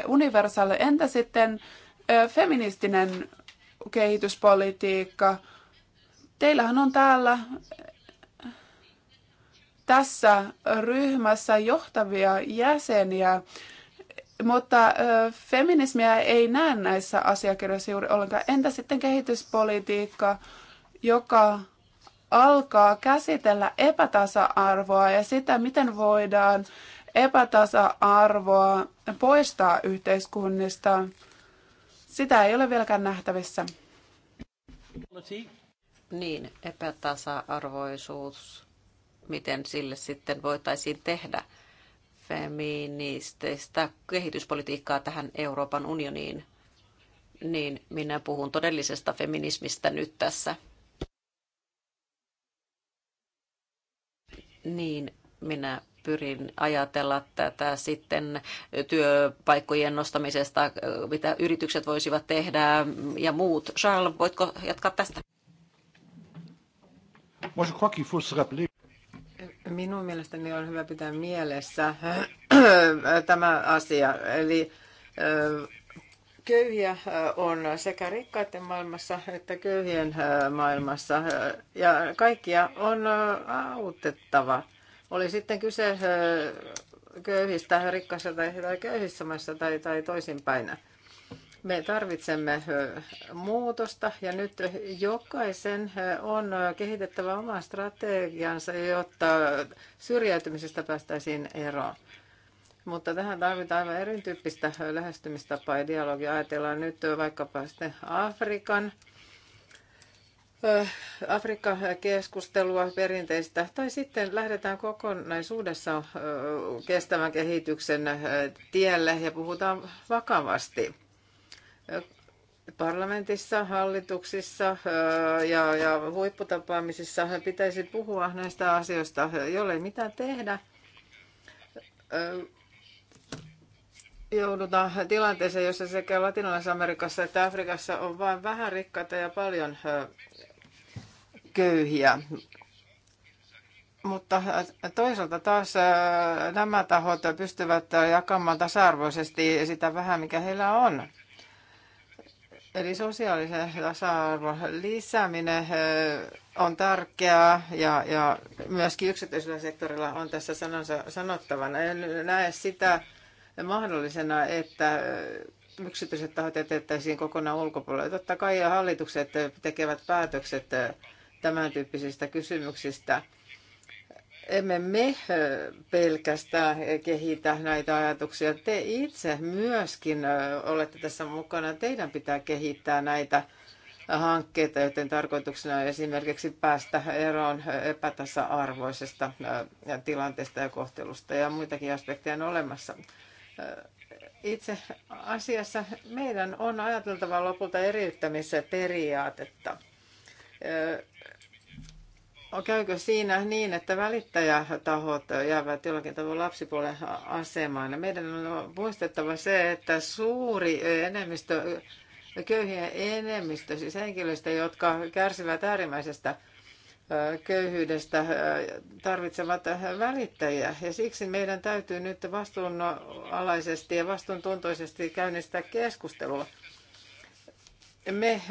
universaaleja. Entä sitten feministinen kehityspolitiikka? Teillähän on täällä tässä ryhmässä johtavia jäseniä, mutta feminismiä ei näe näissä asiakirjoissa juuri ollenkaan. Entä sitten kehityspolitiikka, joka alkaa käsitellä epätasa-arvoa ja sitä, miten voidaan epätasa-arvoa poistaa yhteiskunnista. Sitä ei ole vieläkään nähtävissä. Niin, epätasa-arvoisuus miten sille sitten voitaisiin tehdä feministeistä kehityspolitiikkaa tähän Euroopan unioniin, niin minä puhun todellisesta feminismistä nyt tässä. Niin minä pyrin ajatella tätä sitten työpaikkojen nostamisesta, mitä yritykset voisivat tehdä ja muut. Charles, voitko jatkaa tästä? Moi, je crois qu'il faut se rappeler Minun mielestäni on hyvä pitää mielessä tämä asia. Eli köyhiä on sekä rikkaiden maailmassa että köyhien maailmassa. Ja kaikkia on autettava. Oli sitten kyse köyhistä, rikkaista tai, tai köyhissä maissa tai, tai toisinpäin. Me tarvitsemme muutosta ja nyt jokaisen on kehitettävä oma strategiansa, jotta syrjäytymisestä päästäisiin eroon. Mutta tähän tarvitaan aivan erityyppistä lähestymistapaa ja dialogia. Ajatellaan nyt vaikkapa sitten Afrikan Afrikka-keskustelua perinteistä, tai sitten lähdetään kokonaisuudessa kestävän kehityksen tielle ja puhutaan vakavasti parlamentissa, hallituksissa ja, ja huipputapaamisissa pitäisi puhua näistä asioista, jollei mitään tehdä. Joudutaan tilanteeseen, jossa sekä Latinalaisessa Amerikassa että Afrikassa on vain vähän rikkaita ja paljon köyhiä. Mutta toisaalta taas nämä tahot pystyvät jakamaan tasa-arvoisesti sitä vähän, mikä heillä on. Eli sosiaalisen tasa-arvon lisääminen on tärkeää ja, ja myöskin yksityisellä sektorilla on tässä sanansa, sanottavana. En näe sitä mahdollisena, että yksityiset tahot jätettäisiin kokonaan ulkopuolelle. Totta kai hallitukset tekevät päätökset tämän tyyppisistä kysymyksistä – emme me pelkästään kehitä näitä ajatuksia. Te itse myöskin olette tässä mukana. Teidän pitää kehittää näitä hankkeita, joten tarkoituksena on esimerkiksi päästä eroon epätasa-arvoisesta tilanteesta ja kohtelusta ja muitakin aspekteja on olemassa. Itse asiassa meidän on ajateltava lopulta eriyttämisen periaatetta Käykö siinä niin, että välittäjätahot jäävät jollakin tavalla lapsipuolen asemaan? Meidän on muistettava se, että suuri enemmistö, köyhien enemmistö, siis henkilöistä, jotka kärsivät äärimmäisestä köyhyydestä tarvitsevat välittäjiä. Ja siksi meidän täytyy nyt vastuunalaisesti ja vastuuntuntoisesti käynnistää keskustelua. Me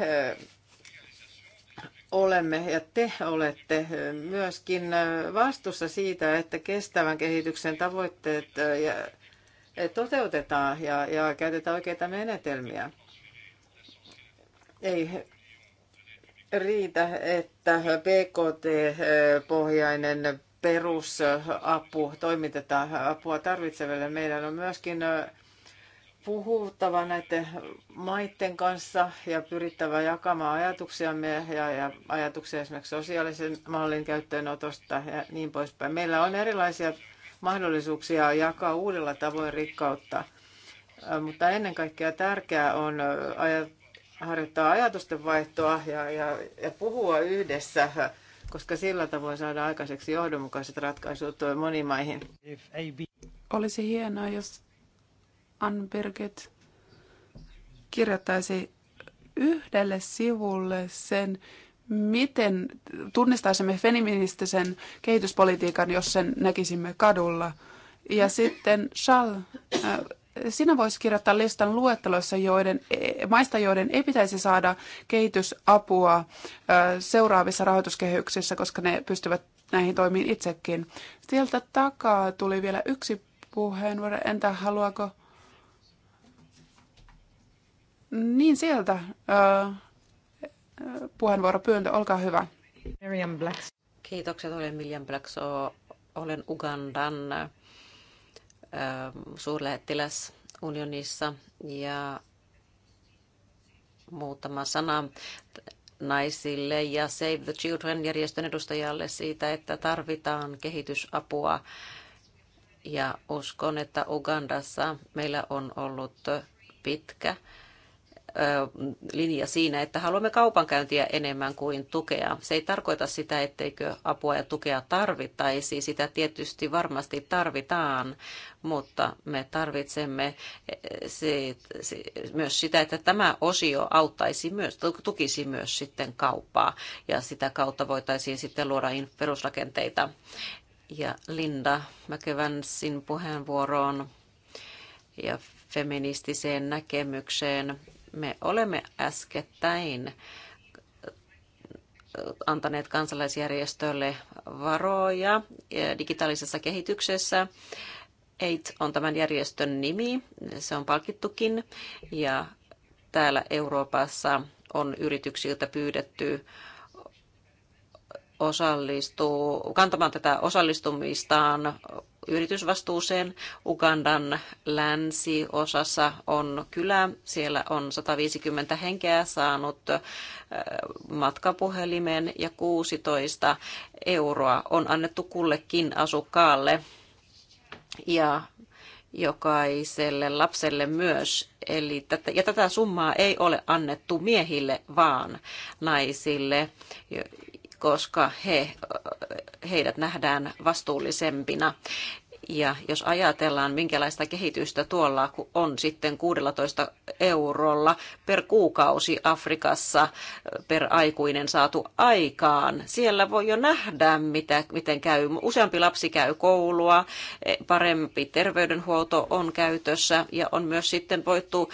olemme ja te olette myöskin vastuussa siitä, että kestävän kehityksen tavoitteet toteutetaan ja, ja käytetään oikeita menetelmiä. Ei riitä, että bkt pohjainen perusapu toimitetaan apua tarvitseville. Meidän on myöskin puhuttava näiden maiden kanssa ja pyrittävä jakamaan ajatuksiamme ja, ja ajatuksia esimerkiksi sosiaalisen mallin käyttöönotosta ja niin poispäin. Meillä on erilaisia mahdollisuuksia jakaa uudella tavoin rikkautta, mutta ennen kaikkea tärkeää on harjoittaa ajatusten vaihtoa ja, ja, ja puhua yhdessä, koska sillä tavoin saadaan aikaiseksi johdonmukaiset ratkaisut moniin maihin. Olisi hienoa, jos Birgit kirjoittaisi yhdelle sivulle sen, miten tunnistaisimme feministisen kehityspolitiikan, jos sen näkisimme kadulla. Ja sitten Shal, äh, sinä voisit kirjoittaa listan luettelossa joiden, e-, maista, joiden ei pitäisi saada kehitysapua äh, seuraavissa rahoituskehyksissä, koska ne pystyvät näihin toimiin itsekin. Sieltä takaa tuli vielä yksi puheenvuoro. Entä haluaako niin sieltä puheenvuoro puheenvuoropyyntö, olkaa hyvä. Miriam Blacks. Kiitokset, olen Miriam Blacks, olen Ugandan suurlähettiläs unionissa ja muutama sana naisille ja Save the Children-järjestön edustajalle siitä, että tarvitaan kehitysapua. Ja uskon, että Ugandassa meillä on ollut pitkä äh, linja siinä, että haluamme kaupankäyntiä enemmän kuin tukea. Se ei tarkoita sitä, etteikö apua ja tukea tarvittaisi. Sitä tietysti varmasti tarvitaan, mutta me tarvitsemme e, myös sitä, että tämä osio auttaisi myös, tukisi myös sitten kauppaa ja sitä kautta voitaisiin sitten luoda perusrakenteita. Ja Linda Mäkevänsin puheenvuoroon ja feministiseen näkemykseen me olemme äskettäin antaneet kansalaisjärjestölle varoja eh, digitaalisessa kehityksessä. EIT on tämän järjestön nimi, se on palkittukin ja täällä Euroopassa on yrityksiltä pyydetty osallistuu, kantamaan tätä osallistumistaan yritysvastuuseen. Ugandan länsiosassa on kylä, siellä on 150 henkeä saanut äh, matkapuhelimen ja 16 euroa on annettu kullekin asukkaalle ja jokaiselle lapselle myös. Eli tätä, ja tätä summaa ei ole annettu miehille, vaan naisille, koska he, heidät nähdään vastuullisempina. Ja jos ajatellaan, minkälaista kehitystä tuolla on sitten 16 eurolla per kuukausi Afrikassa per aikuinen saatu aikaan, siellä voi jo nähdä, mitä, miten käy. Useampi lapsi käy koulua, e, parempi terveydenhuolto on käytössä ja on myös sitten voittu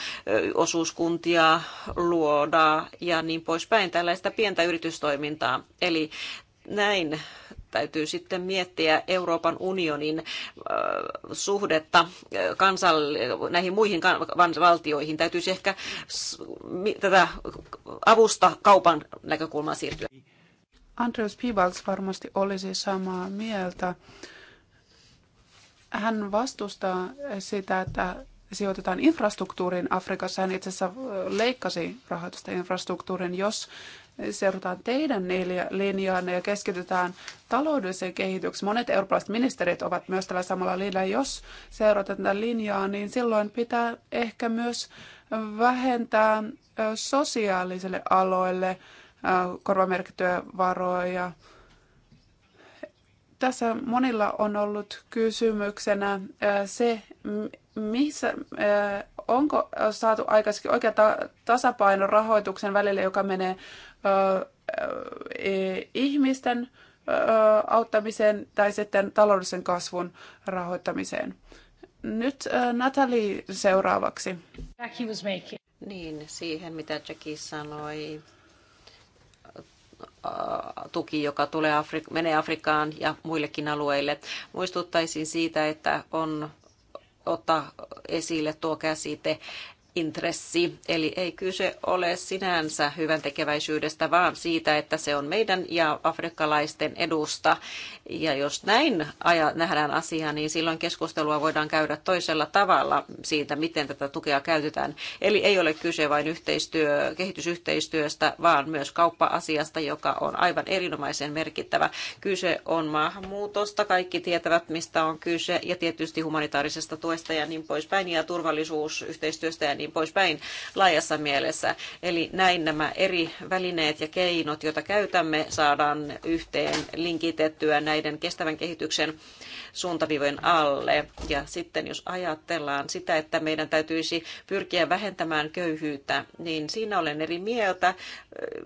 osuuskuntia luoda ja niin poispäin, tällaista pientä yritystoimintaa. Eli näin täytyy sitten miettiä Euroopan unionin suhdetta kansall- näihin muihin valtioihin. Täytyisi ehkä tätä avusta kaupan näkökulmaa siirtyä. Andreas Pivals varmasti olisi samaa mieltä. Hän vastustaa sitä, että sijoitetaan infrastruktuuriin Afrikassa. Hän itse asiassa leikkasi rahoitusta infrastruktuurin. Jos seurataan teidän linjaanne ja keskitytään taloudelliseen kehitykseen. Monet eurooppalaiset ministerit ovat myös tällä samalla linjalla. Jos seurataan tätä linjaa, niin silloin pitää ehkä myös vähentää sosiaaliselle aloille korvamerkittyjä varoja. Tässä monilla on ollut kysymyksenä se, missä, onko saatu aikaisemmin oikea tasapaino rahoituksen välillä, joka menee ihmisten auttamiseen tai sitten taloudellisen kasvun rahoittamiseen. Nyt Natali seuraavaksi. Jackie was making. Niin, siihen mitä Jackie sanoi tuki, joka tulee Afri- menee Afrikaan ja muillekin alueille. Muistuttaisin siitä, että on ottaa esille tuo käsite intressi. Eli ei kyse ole sinänsä hyvän tekeväisyydestä, vaan siitä, että se on meidän ja afrikkalaisten edusta. Ja jos näin aja, nähdään asia, niin silloin keskustelua voidaan käydä toisella tavalla siitä, miten tätä tukea käytetään. Eli ei ole kyse vain yhteistyö, kehitysyhteistyöstä, vaan myös kauppa-asiasta, joka on aivan erinomaisen merkittävä. Kyse on maahanmuutosta, kaikki tietävät mistä on kyse, ja tietysti humanitaarisesta tuesta ja niin poispäin, ja turvallisuusyhteistyöstä ja niin niin poispäin laajassa mielessä. Eli näin nämä eri välineet ja keinot, joita käytämme, saadaan yhteen linkitettyä näiden kestävän kehityksen suuntaviivojen alle. Ja sitten jos ajatellaan sitä, että meidän täytyisi pyrkiä vähentämään köyhyyttä, niin siinä olen eri mieltä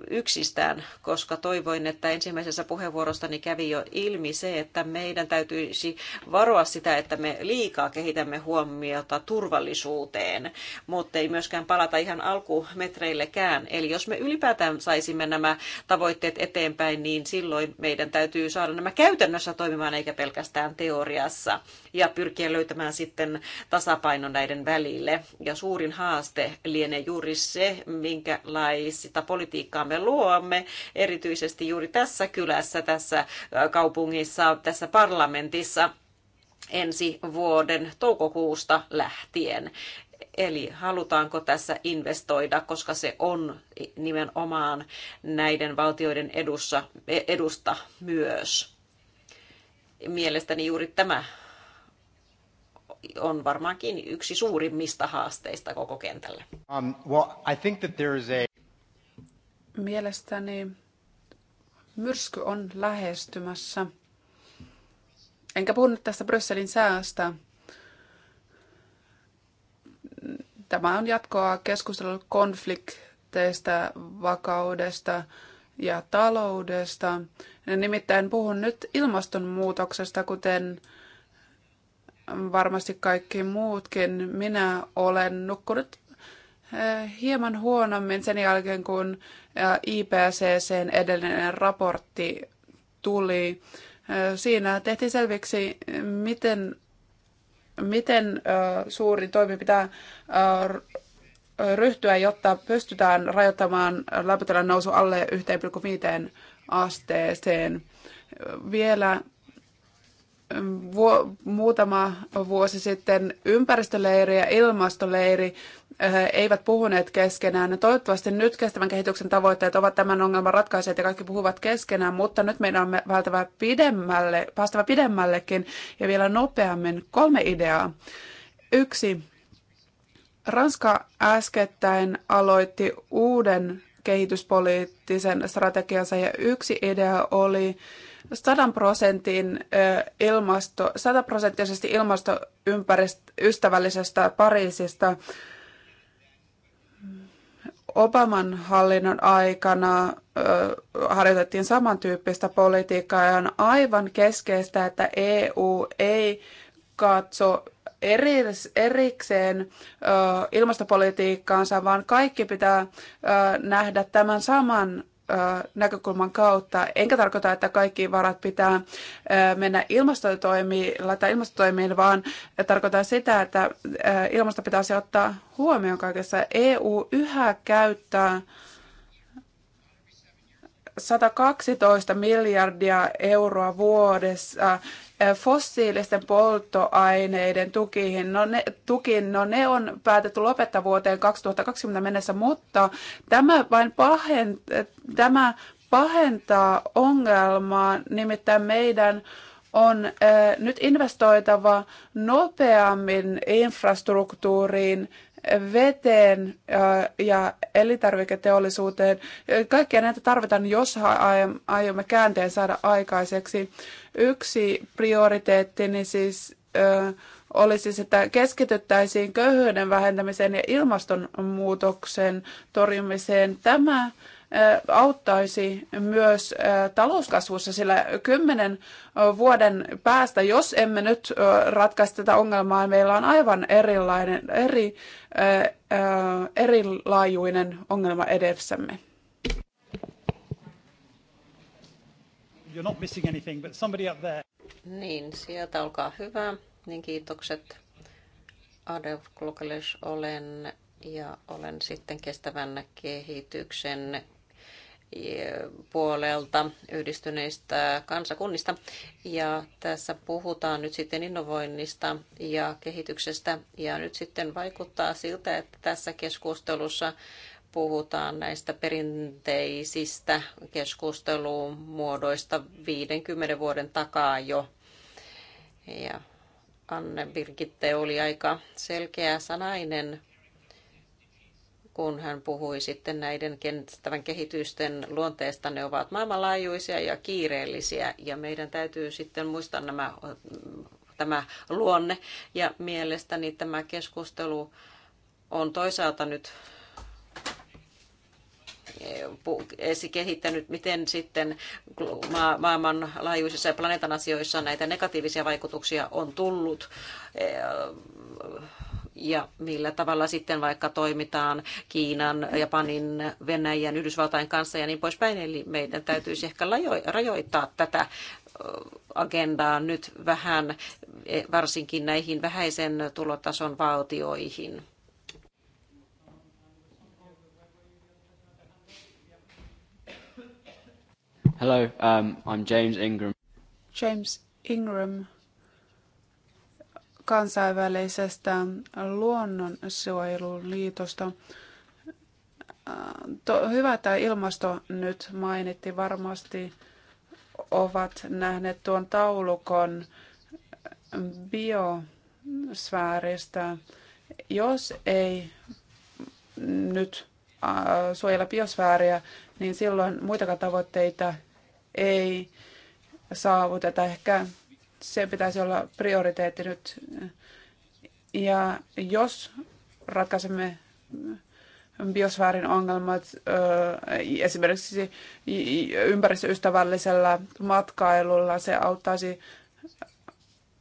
yksistään, koska toivoin, että ensimmäisessä puheenvuorostani kävi jo ilmi se, että meidän täytyisi varoa sitä, että me liikaa kehitämme huomiota turvallisuuteen, mutta ei myöskään palata ihan alkumetreillekään. Eli jos me ylipäätään saisimme nämä tavoitteet eteenpäin, niin silloin meidän täytyy saada nämä käytännössä toimimaan eikä pelkästään teoriassa teoriassa ja pyrkiä löytämään sitten tasapaino näiden välille. Ja suurin haaste lienee juuri se, minkälaista politiikkaa me luomme, erityisesti juuri tässä kylässä, tässä kaupungissa, tässä parlamentissa ensi vuoden toukokuusta lähtien. Eli halutaanko tässä investoida, koska se on nimenomaan näiden valtioiden edussa, e-, edusta myös mielestäni juuri tämä on varmaankin yksi suurimmista haasteista koko kentälle. Um, well, I think that there is a... Mielestäni myrsky on lähestymässä. Enkä puhu nyt tästä Brysselin säästä. Tämä on jatkoa keskustelun konflikteista, vakaudesta, ja taloudesta. Nimittäin puhun nyt ilmastonmuutoksesta, kuten varmasti kaikki muutkin. Minä olen nukkunut eh, hieman huonommin sen jälkeen, kun eh, IPCCn edellinen raportti tuli. Eh, siinä tehtiin selviksi, miten, miten suuri toimi pitää ryhtyä, jotta pystytään rajoittamaan lämpötilan nousu alle 1,5 asteeseen. Vielä mm, muutama vuosi sitten ympäristöleiri ja ilmastoleiri äh, eivät puhuneet keskenään. Toivottavasti nyt kestävän kehityksen tavoitteet ovat tämän ongelman ratkaisijat ja kaikki puhuvat keskenään, mutta nyt meidän on vältävä pidemmälle, päästävä pidemmällekin ja vielä nopeammin. Kolme ideaa. Yksi, Ranska äskettäin aloitti uuden kehityspoliittisen strategiansa ja yksi idea oli 100 prosentin ilmasto, 100 prosenttisesti ilmastoympäristöystävällisestä Pariisista. Obaman hallinnon aikana harjoitettiin samantyyppistä politiikkaa ja on aivan keskeistä, että EU ei katso eri, erikseen ilmastopolitiikkaansa, vaan kaikki pitää nähdä tämän saman näkökulman kautta. Enkä tarkoita, että kaikki varat pitää mennä ilmastotoimilla tai ilmastotoimiin, vaan tarkoitan sitä, että ilmasto pitäisi ottaa huomioon kaikessa. EU yhä käyttää 112 miljardia euroa vuodessa fossiilisten polttoaineiden tukiin. No ne, tukiin, no ne on päätetty lopettaa vuoteen 2020 mennessä, mutta tämä vain pahent, tämä pahentaa ongelmaa, nimittäin meidän on äh, nyt investoitava nopeammin infrastruktuuriin veteen ja elintarviketeollisuuteen. Kaikkia näitä tarvitaan, jos aiomme käänteen saada aikaiseksi. Yksi prioriteetti niin siis, olisi se, että keskityttäisiin köyhyyden vähentämiseen ja ilmastonmuutoksen torjumiseen. Tämä auttaisi myös talouskasvussa, sillä kymmenen vuoden päästä, jos emme nyt ratkaista tätä ongelmaa, meillä on aivan erilainen, eri, erilaajuinen ongelma edessämme. You're not missing anything, but somebody up there. Niin, sieltä olkaa hyvä. Niin kiitokset. Adev Klokelesh olen ja olen sitten kestävän kehityksen puolelta yhdistyneistä kansakunnista. Ja tässä puhutaan nyt sitten innovoinnista ja kehityksestä. Ja nyt sitten vaikuttaa siltä, että tässä keskustelussa puhutaan näistä perinteisistä keskustelumuodoista 50 vuoden takaa jo. Ja Anne Birgitte oli aika selkeä sanainen kun hän puhui sitten näiden kestävän kehitysten luonteesta. Ne ovat maailmanlaajuisia ja kiireellisiä ja meidän täytyy sitten muistaa nämä, tämä luonne. Ja mielestäni tämä keskustelu on toisaalta nyt kehittänyt, miten sitten maailmanlaajuisissa ja planeetan asioissa näitä negatiivisia vaikutuksia on tullut ja millä tavalla sitten vaikka toimitaan Kiinan, Japanin, Venäjän, Yhdysvaltain kanssa ja niin poispäin. Eli meidän täytyisi ehkä rajoittaa tätä agendaa nyt vähän, e, varsinkin näihin vähäisen tulotason valtioihin. Hello, um, I'm James Ingram. James Ingram kansainvälisestä luonnonsuojeluliitosta. Äh, hyvä, tämä ilmasto nyt mainitti. Varmasti ovat nähneet tuon taulukon biosfääristä. Jos ei nyt äh, suojella biosfääriä, niin silloin muitakaan tavoitteita ei saavuteta. Ehkä se pitäisi olla prioriteetti nyt. Ja jos ratkaisemme biosfäärin ongelmat esimerkiksi ympäristöystävällisellä matkailulla, se auttaisi,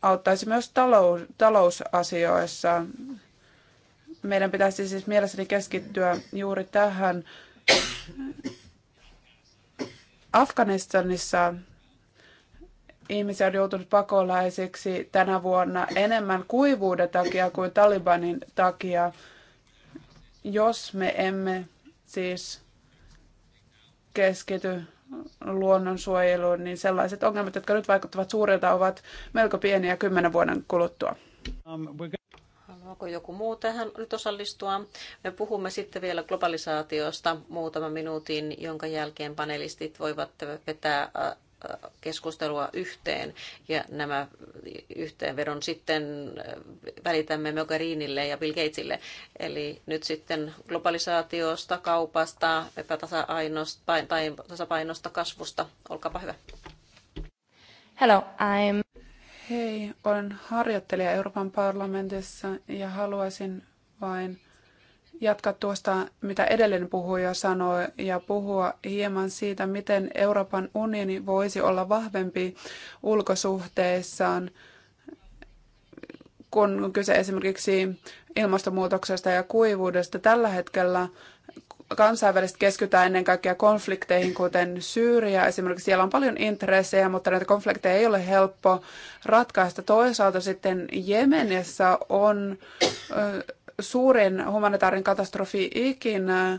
auttaisi myös talous, talousasioissa. Meidän pitäisi siis mielessäni keskittyä juuri tähän. Afganistanissa ihmisiä on joutunut pakolaisiksi tänä vuonna enemmän kuivuuden takia kuin Talibanin takia. Jos me emme siis keskity luonnonsuojeluun, niin sellaiset ongelmat, jotka nyt vaikuttavat suurilta, ovat melko pieniä kymmenen vuoden kuluttua. Um, Haluaako joku muu tähän nyt osallistua? Me puhumme sitten vielä globalisaatiosta muutaman minuutin, jonka jälkeen panelistit voivat vetää äh, keskustelua yhteen ja nämä yhteenvedon sitten välitämme Mogherinille ja Bill Gatesille. Eli nyt sitten globalisaatiosta, kaupasta, epätasapainosta tai tasapainosta, kasvusta. Olkaapa hyvä. Hello, I'm... Hei, olen harjoittelija Euroopan parlamentissa ja haluaisin vain jatkaa tuosta, mitä edellinen puhuja sanoi, ja puhua hieman siitä, miten Euroopan unioni voisi olla vahvempi ulkosuhteissaan, kun on kyse esimerkiksi ilmastonmuutoksesta ja kuivuudesta. Tällä hetkellä kansainvälisesti keskitytään ennen kaikkea konflikteihin, kuten Syyriä. Esimerkiksi siellä on paljon intressejä, mutta näitä konflikteja ei ole helppo ratkaista. Toisaalta sitten Jemenissä on suurin humanitaarinen katastrofi ikinä,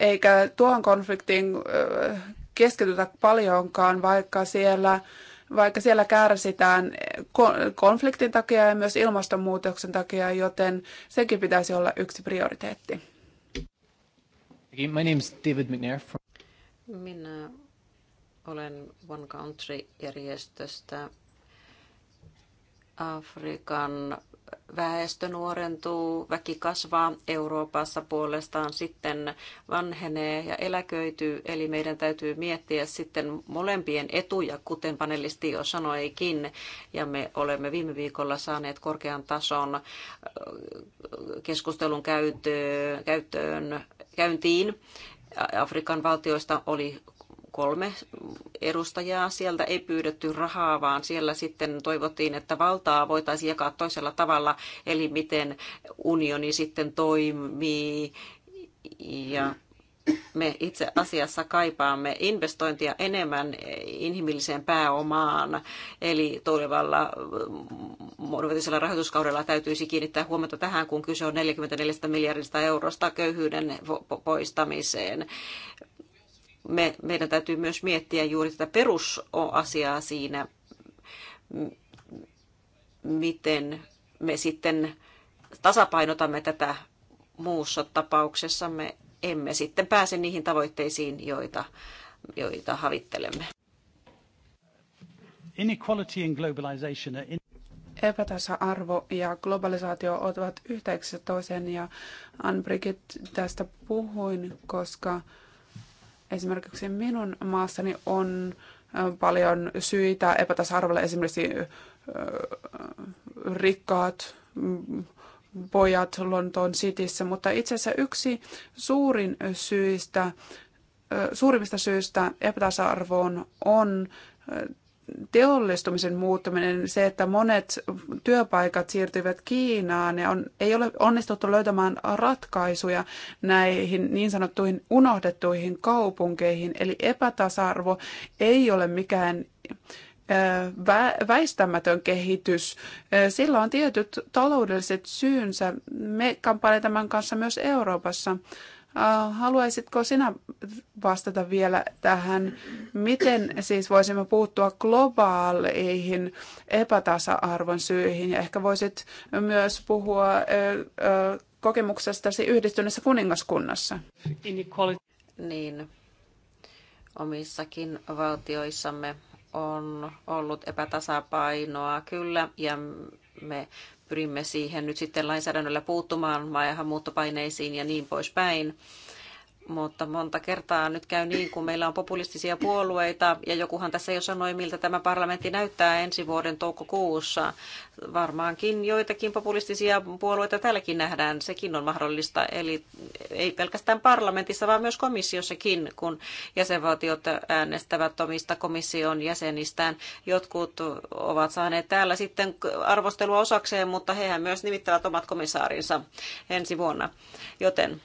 eikä tuohon konfliktiin keskitytä paljonkaan, vaikka siellä, vaikka siellä kärsitään konfliktin takia ja myös ilmastonmuutoksen takia, joten senkin pitäisi olla yksi prioriteetti. My name is David McNair. From... Minä olen One Country-järjestöstä Afrikan väestö nuorentuu, väki kasvaa Euroopassa puolestaan sitten vanhenee ja eläköityy, eli meidän täytyy miettiä sitten molempien etuja, kuten panelisti jo sanoikin, ja me olemme viime viikolla saaneet korkean tason keskustelun käyttöön, käyntiin Afrikan valtioista oli kolme edustajaa. Sieltä ei pyydetty rahaa, vaan siellä sitten toivottiin, että valtaa voitaisiin jakaa toisella tavalla, eli miten unioni sitten toimii. Ja me itse asiassa kaipaamme investointia enemmän inhimilliseen pääomaan, eli tulevalla monivuotisella rahoituskaudella täytyisi kiinnittää huomiota tähän, kun kyse on 44 miljardista eurosta köyhyyden poistamiseen me, meidän täytyy myös miettiä juuri tätä perusasiaa siinä, miten me sitten tasapainotamme tätä muussa tapauksessa. Me emme sitten pääse niihin tavoitteisiin, joita, joita havittelemme. Inequality and globalization are in- epätasa-arvo ja globalisaatio ovat yhteyksissä toiseen ja Ann Brigitte tästä puhuin, koska Esimerkiksi minun maassani on paljon syitä epätasa-arvolle. Esimerkiksi rikkaat pojat Lontoon Cityssä, mutta itse asiassa yksi suurin syistä, suurimmista syistä epätasa-arvoon on teollistumisen muuttuminen, se, että monet työpaikat siirtyivät Kiinaan ja on, ei ole onnistuttu löytämään ratkaisuja näihin niin sanottuihin unohdettuihin kaupunkeihin. Eli epätasa-arvo ei ole mikään väistämätön kehitys. Sillä on tietyt taloudelliset syynsä. Me kamppailemme tämän kanssa myös Euroopassa. Haluaisitko sinä vastata vielä tähän, miten siis voisimme puuttua globaaleihin epätasa-arvon syihin ja ehkä voisit myös puhua kokemuksestasi yhdistyneessä kuningaskunnassa? Niin, omissakin valtioissamme on ollut epätasapainoa kyllä ja me pyrimme siihen nyt sitten lainsäädännöllä puuttumaan maahanmuuttopaineisiin ja niin poispäin mutta monta kertaa nyt käy niin, kun meillä on populistisia puolueita, ja jokuhan tässä jo sanoi, miltä tämä parlamentti näyttää ensi vuoden toukokuussa. Varmaankin joitakin populistisia puolueita tälläkin nähdään, sekin on mahdollista, eli ei pelkästään parlamentissa, vaan myös komissiossakin, kun jäsenvaltiot äänestävät omista komission jäsenistään. Jotkut ovat saaneet täällä sitten arvostelua osakseen, mutta hehän myös nimittävät omat komissaarinsa ensi vuonna, joten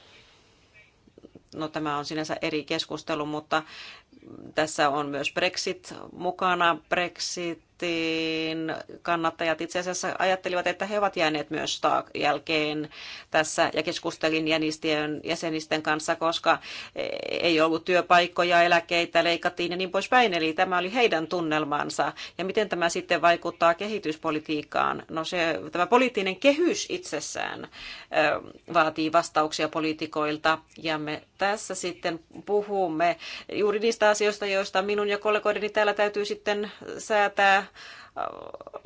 No tämä on sinänsä eri keskustelu, mutta tässä on myös Brexit mukana. Brexit Brexitin kannattajat itse asiassa ajattelivat, että he ovat jääneet myös jälkeen tässä ja keskustelin jänistien jäsenisten kanssa, koska ei ollut työpaikkoja, eläkeitä leikattiin ja niin poispäin. Eli tämä oli heidän tunnelmansa. Ja miten tämä sitten vaikuttaa kehityspolitiikkaan? No se, tämä poliittinen kehys itsessään vaatii vastauksia poliitikoilta ja me tässä sitten puhumme juuri niistä asioista, joista minun ja kollegoideni täällä täytyy sitten säätää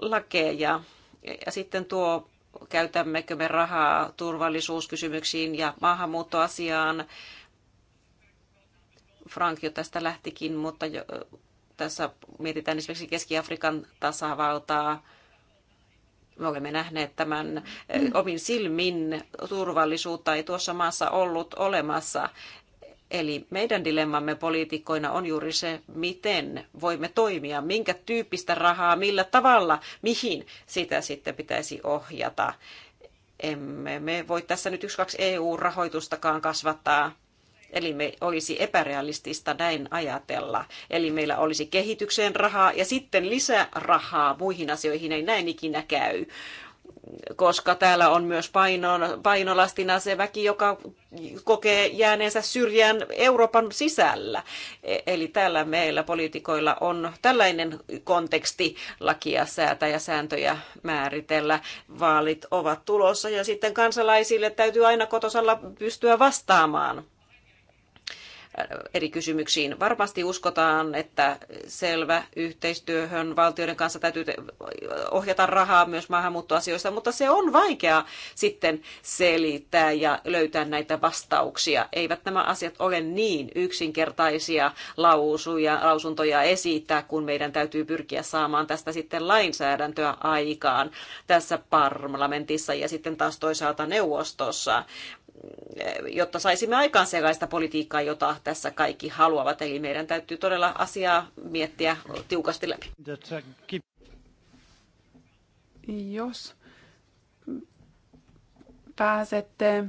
lakeja. Ja sitten tuo käytämmekö me rahaa turvallisuuskysymyksiin ja maahanmuuttoasiaan. Frank jo tästä lähtikin, mutta jo, tässä mietitään esimerkiksi Keski-Afrikan tasavaltaa. Me olemme nähneet tämän eh, omin silmin turvallisuutta ei tuossa maassa ollut olemassa. Eli meidän dilemmamme poliitikkoina on juuri se, miten voimme toimia, minkä tyyppistä rahaa, millä tavalla, mihin sitä sitten pitäisi ohjata. Emme me voi tässä nyt yksi kaksi EU-rahoitustakaan kasvattaa. Eli me olisi epärealistista näin ajatella. Eli meillä olisi kehitykseen rahaa ja sitten lisää rahaa muihin asioihin ei näin ikinä käy koska täällä on myös painon, painolastina se väki, joka kokee jääneensä syrjään Euroopan sisällä. E, eli täällä meillä poliitikoilla on tällainen konteksti lakia säätää ja sääntöjä määritellä. Vaalit ovat tulossa ja sitten kansalaisille täytyy aina kotosalla pystyä vastaamaan eri kysymyksiin. Varmasti uskotaan, että selvä yhteistyöhön valtioiden kanssa täytyy ohjata rahaa myös maahanmuuttoasioista, mutta se on vaikea sitten selittää ja löytää näitä vastauksia. Eivät nämä asiat ole niin yksinkertaisia lausuja, lausuntoja esittää, kun meidän täytyy pyrkiä saamaan tästä sitten lainsäädäntöä aikaan tässä parlamentissa ja sitten taas toisaalta neuvostossa jotta saisimme aikaan sellaista politiikkaa, jota tässä kaikki haluavat. Eli meidän täytyy todella asiaa miettiä tiukasti läpi. Jos pääsette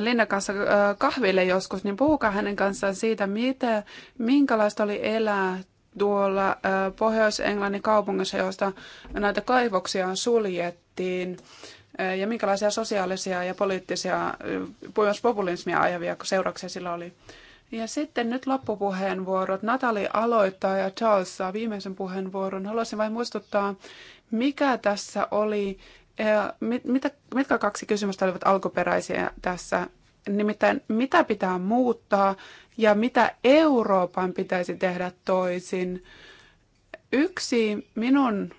Linnan kanssa kahville joskus, niin puhukaa hänen kanssaan siitä, mitä, minkälaista oli elää tuolla Pohjois-Englannin kaupungissa, josta näitä kaivoksia suljettiin ja minkälaisia sosiaalisia ja poliittisia, myös populismia ajavia seurauksia sillä oli. Ja sitten nyt loppupuheenvuorot. Natali aloittaa ja Charles saa viimeisen puheenvuoron. Haluaisin vain muistuttaa, mikä tässä oli, mit, mitä, mitkä kaksi kysymystä olivat alkuperäisiä tässä. Nimittäin mitä pitää muuttaa ja mitä Euroopan pitäisi tehdä toisin. Yksi minun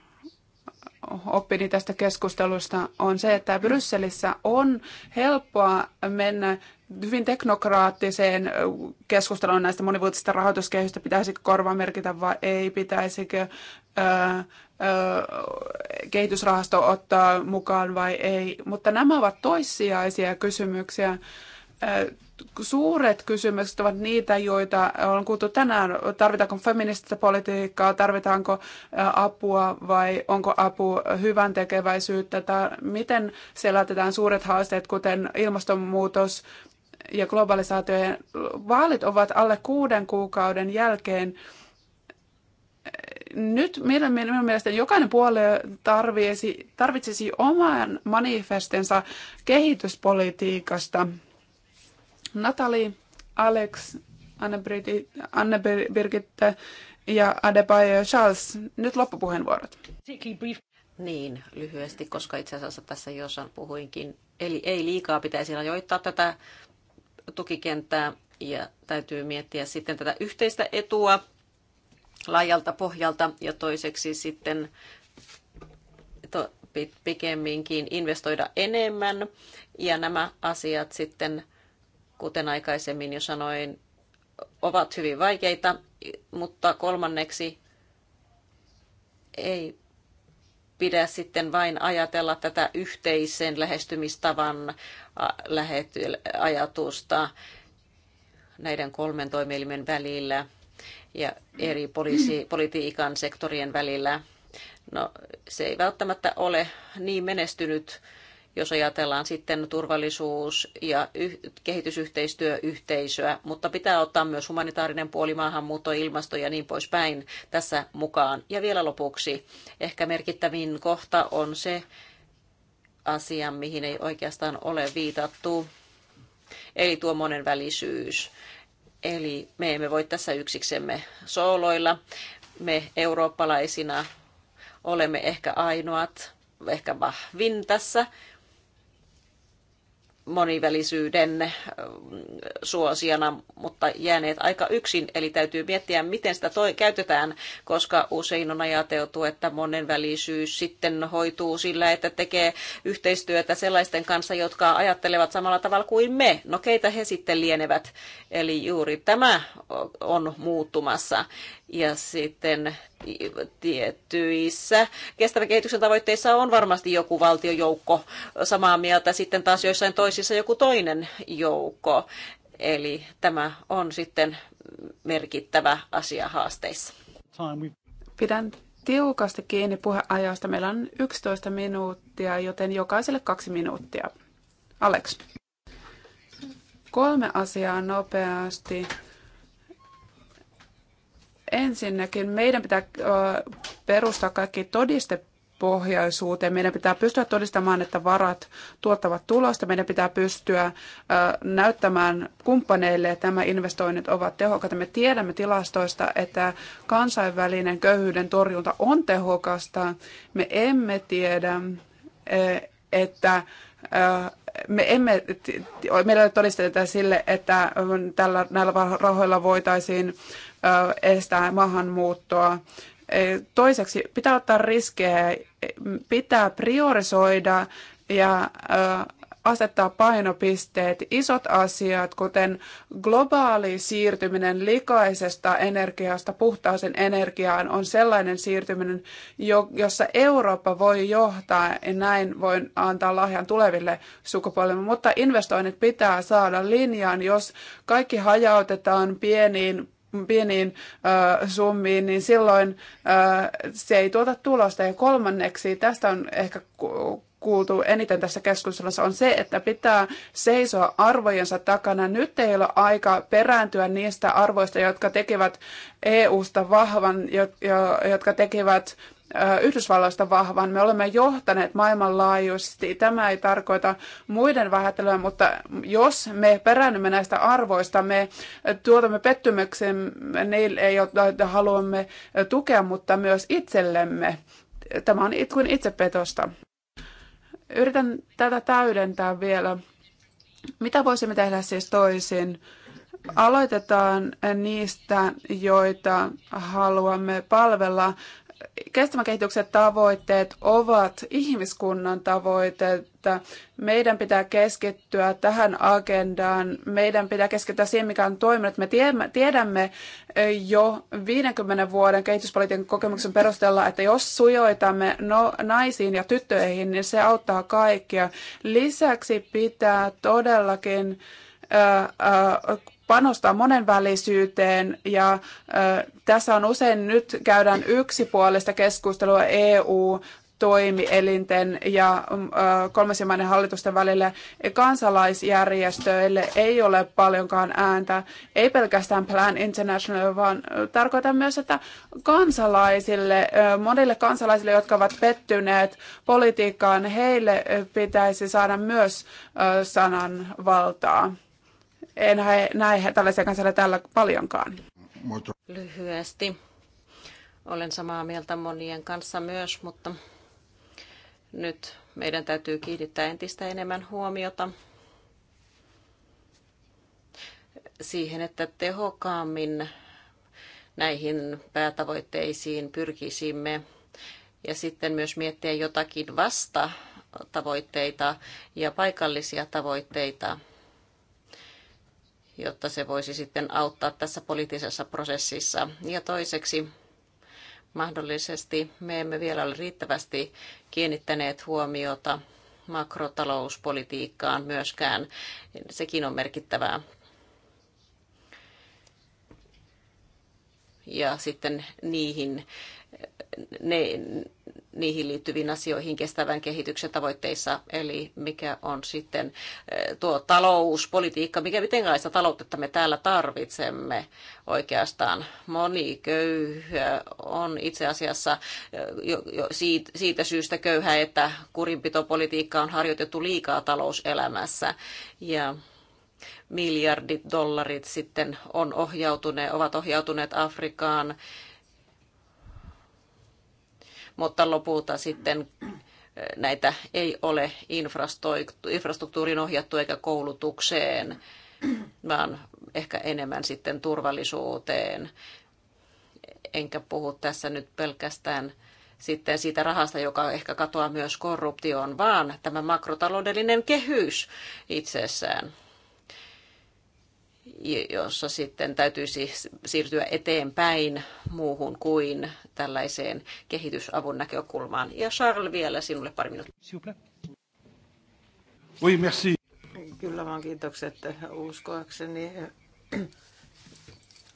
oppini tästä keskustelusta on se, että Brysselissä on helppoa mennä hyvin teknokraattiseen keskusteluun näistä monivuotisista rahoituskehystä, pitäisikö korva merkitä vai ei, pitäisikö ää, ää, kehitysrahasto ottaa mukaan vai ei. Mutta nämä ovat toissijaisia kysymyksiä suuret kysymykset ovat niitä, joita on kuultu tänään. Tarvitaanko feminististä politiikkaa, tarvitaanko apua vai onko apu hyvän tekeväisyyttä, tai miten selätetään suuret haasteet, kuten ilmastonmuutos ja globalisaatio. Vaalit ovat alle kuuden kuukauden jälkeen nyt minun, minun mielestäni jokainen puolue tarvitsisi, tarvitsisi oman manifestensa kehityspolitiikasta – Natali, Alex, Anne-Birgitte ja Adebayo ja Charles. Nyt loppupuheenvuorot. Niin, lyhyesti, koska itse asiassa tässä jossain puhuinkin. Eli ei liikaa pitäisi rajoittaa tätä tukikenttää ja täytyy miettiä sitten tätä yhteistä etua laajalta pohjalta ja toiseksi sitten to, pikemminkin investoida enemmän ja nämä asiat sitten – kuten aikaisemmin jo sanoin, ovat hyvin vaikeita, mutta kolmanneksi ei pidä sitten vain ajatella tätä yhteisen lähestymistavan ajatusta näiden kolmen toimielimen välillä ja eri poliisi, politiikan sektorien välillä. No, se ei välttämättä ole niin menestynyt jos ajatellaan sitten turvallisuus- ja yh- kehitysyhteistyöyhteisöä, mutta pitää ottaa myös humanitaarinen puoli, maahanmuutto, ilmasto ja niin poispäin tässä mukaan. Ja vielä lopuksi ehkä merkittävin kohta on se asia, mihin ei oikeastaan ole viitattu, eli tuo monenvälisyys. Eli me emme voi tässä yksiksemme sooloilla. Me eurooppalaisina olemme ehkä ainoat, ehkä vahvin tässä monivälisyyden suosijana, mutta jääneet aika yksin, eli täytyy miettiä, miten sitä toi, käytetään, koska usein on ajateltu, että monenvälisyys sitten hoituu sillä, että tekee yhteistyötä sellaisten kanssa, jotka ajattelevat samalla tavalla kuin me. No keitä he sitten lienevät? Eli juuri tämä on muuttumassa. Ja sitten tiettyissä kestävän kehityksen tavoitteissa on varmasti joku valtiojoukko samaa mieltä, sitten taas joissain toisissa joku toinen joukko. Eli tämä on sitten merkittävä asia haasteissa. Pidän tiukasti kiinni puheajasta. Meillä on 11 minuuttia, joten jokaiselle kaksi minuuttia. Alex. Kolme asiaa nopeasti. Ensinnäkin meidän pitää perustaa kaikki todiste pohjaisuuteen. Meidän pitää pystyä todistamaan, että varat tuottavat tulosta. Meidän pitää pystyä näyttämään kumppaneille, että nämä investoinnit ovat tehokkaita. Me tiedämme tilastoista, että kansainvälinen köyhyyden torjunta on tehokasta. Me emme tiedä, e, että me emme, meillä ei ole todisteita sille, että tällä, näillä rahoilla voitaisiin estää maahanmuuttoa. E, toiseksi pitää ottaa riskejä, e, pitää priorisoida ja asettaa painopisteet. Isot asiat, kuten globaali siirtyminen likaisesta energiasta puhtaaseen energiaan, on sellainen siirtyminen, jossa Eurooppa voi johtaa ja näin voi antaa lahjan tuleville sukupolville. Mutta investoinnit pitää saada linjaan, jos kaikki hajautetaan pieniin pieniin ö, summiin, niin silloin ö, se ei tuota tulosta. Ja kolmanneksi, tästä on ehkä kuultu eniten tässä keskustelussa, on se, että pitää seisoa arvojensa takana. Nyt ei ole aika perääntyä niistä arvoista, jotka tekivät EU-sta vahvan, jotka tekivät Yhdysvalloista vahvan. Me olemme johtaneet maailmanlaajuisesti. Tämä ei tarkoita muiden vähättelyä, mutta jos me peräännymme näistä arvoista, me tuotamme pettymyksen niille, joita haluamme tukea, mutta myös itsellemme. Tämä on kuin itsepetosta. Yritän tätä täydentää vielä. Mitä voisimme tehdä siis toisin? Aloitetaan niistä, joita haluamme palvella kestävän kehityksen tavoitteet ovat ihmiskunnan tavoitteita. Meidän pitää keskittyä tähän agendaan. Meidän pitää keskittyä siihen, mikä on toiminut. Me tiedämme jo 50 vuoden kehityspolitiikan kokemuksen perusteella, että jos sujoitamme no, naisiin ja tyttöihin, niin se auttaa kaikkia. Lisäksi pitää todellakin panostaa monenvälisyyteen ja ö, tässä on usein nyt käydään yksipuolista keskustelua EU toimielinten ja mm, kolmasimainen hallitusten välillä kansalaisjärjestöille ei ole paljonkaan ääntä. Ei pelkästään Plan International, vaan tarkoitan myös, että kansalaisille, monille kansalaisille, jotka ovat pettyneet politiikkaan, heille pitäisi saada myös sanan valtaa en näe tällaisia kansalaisia täällä paljonkaan. Lyhyesti. Olen samaa mieltä monien kanssa myös, mutta nyt meidän täytyy kiinnittää entistä enemmän huomiota siihen, että tehokkaammin näihin päätavoitteisiin pyrkisimme ja sitten myös miettiä jotakin vasta tavoitteita ja paikallisia tavoitteita jotta se voisi sitten auttaa tässä poliittisessa prosessissa. Ja toiseksi mahdollisesti me emme vielä ole riittävästi kiinnittäneet huomiota makrotalouspolitiikkaan myöskään. Sekin on merkittävää. Ja sitten niihin, ne, niihin liittyviin asioihin kestävän kehityksen tavoitteissa, eli mikä on sitten eh, tuo talouspolitiikka, mikä mitenlaista taloutta me täällä tarvitsemme oikeastaan. Moni köyhä on itse asiassa eh, jo, jo siitä syystä köyhä, että kurinpitopolitiikka on harjoitettu liikaa talouselämässä. Ja miljardit dollarit sitten on ohjautuneet, ovat ohjautuneet Afrikaan mutta lopulta sitten näitä ei ole infrastruktuurin ohjattu eikä koulutukseen, vaan ehkä enemmän sitten turvallisuuteen. Enkä puhu tässä nyt pelkästään sitten siitä rahasta, joka ehkä katoaa myös korruptioon, vaan tämä makrotaloudellinen kehys itsessään jossa sitten täytyisi siirtyä eteenpäin muuhun kuin tällaiseen kehitysavun näkökulmaan. Ja Charles vielä sinulle pari minuuttia. Oui, merci. Kyllä vaan kiitokset uskoakseni,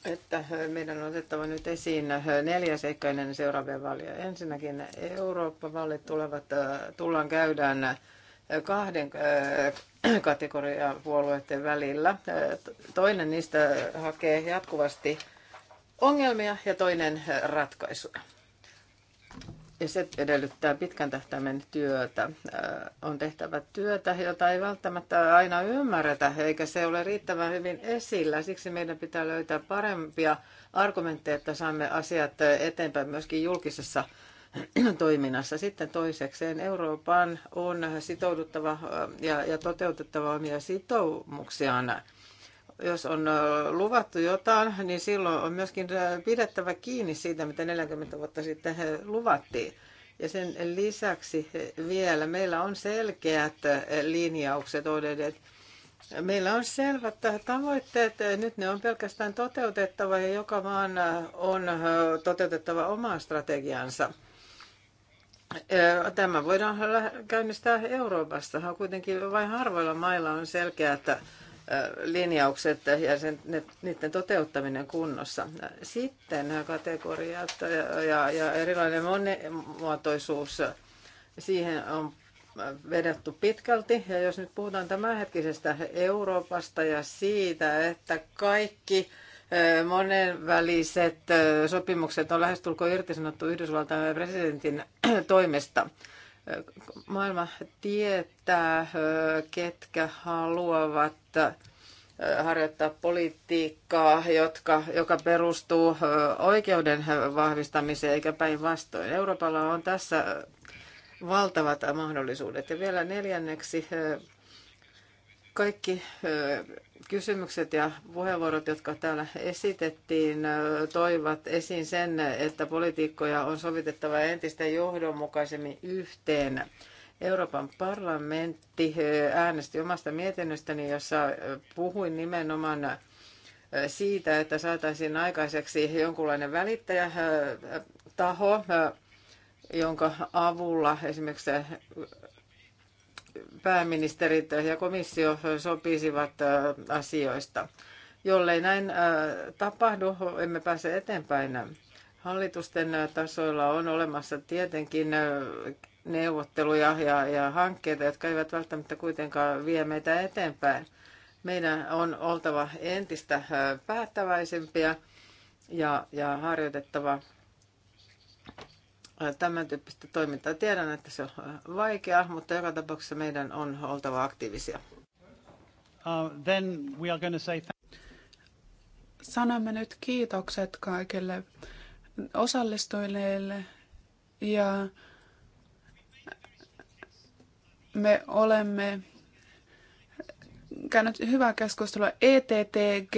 että meidän on otettava nyt esiin neljä seikkainen seuraavien valia. Ensinnäkin Eurooppa-vallit tulevat, tullaan käydään kahden äh, kategorian puolueiden välillä. Äh, toinen niistä hakee jatkuvasti ongelmia ja toinen äh, ratkaisuja. Ja se edellyttää pitkän tähtäimen työtä. On tehtävä työtä, jota ei välttämättä aina ymmärretä, eikä se ole riittävän hyvin esillä. Siksi meidän pitää löytää parempia argumentteja, että saamme asiat eteenpäin myöskin julkisessa toiminnassa. Sitten toisekseen Euroopan on sitouduttava ja, ja toteutettava omia sitoumuksiaan. Jos on luvattu jotain, niin silloin on myöskin pidettävä kiinni siitä, mitä 40 vuotta sitten luvattiin. Ja sen lisäksi vielä meillä on selkeät linjaukset odotet. Meillä on selvät tavoitteet. Nyt ne on pelkästään toteutettava ja joka maan on toteutettava omaa strategiansa. Tämä voidaan käynnistää Euroopasta. Kuitenkin vain harvoilla mailla on selkeät linjaukset ja sen, ne, niiden toteuttaminen kunnossa. Sitten kategoriat ja, ja erilainen monimuotoisuus, siihen on vedetty pitkälti. Ja jos nyt puhutaan tämänhetkisestä Euroopasta ja siitä, että kaikki – monenväliset sopimukset on lähestulkoon irtisanottu Yhdysvaltain presidentin toimesta. Maailma tietää, ketkä haluavat harjoittaa politiikkaa, jotka, joka perustuu oikeuden vahvistamiseen eikä päinvastoin. Euroopalla on tässä valtavat mahdollisuudet. Ja vielä neljänneksi kaikki kysymykset ja puheenvuorot, jotka täällä esitettiin, toivat esiin sen, että politiikkoja on sovitettava entistä johdonmukaisemmin yhteen. Euroopan parlamentti äänesti omasta mietinnöstäni, jossa puhuin nimenomaan siitä, että saataisiin aikaiseksi jonkunlainen välittäjätaho, jonka avulla esimerkiksi pääministerit ja komissio sopisivat äh, asioista. Jollei näin äh, tapahdu, emme pääse eteenpäin. Hallitusten äh, tasoilla on olemassa tietenkin neuvotteluja ja, ja hankkeita, jotka eivät välttämättä kuitenkaan vie meitä eteenpäin. Meidän on oltava entistä päättäväisempiä ja, ja harjoitettava tämän tyyppistä toimintaa. Tiedän, että se on äh, vaikeaa, mutta joka tapauksessa meidän on oltava aktiivisia. Uh, then we are going to say Sanomme nyt kiitokset kaikille osallistujille ja me olemme käynyt hyvää keskustelua ETTG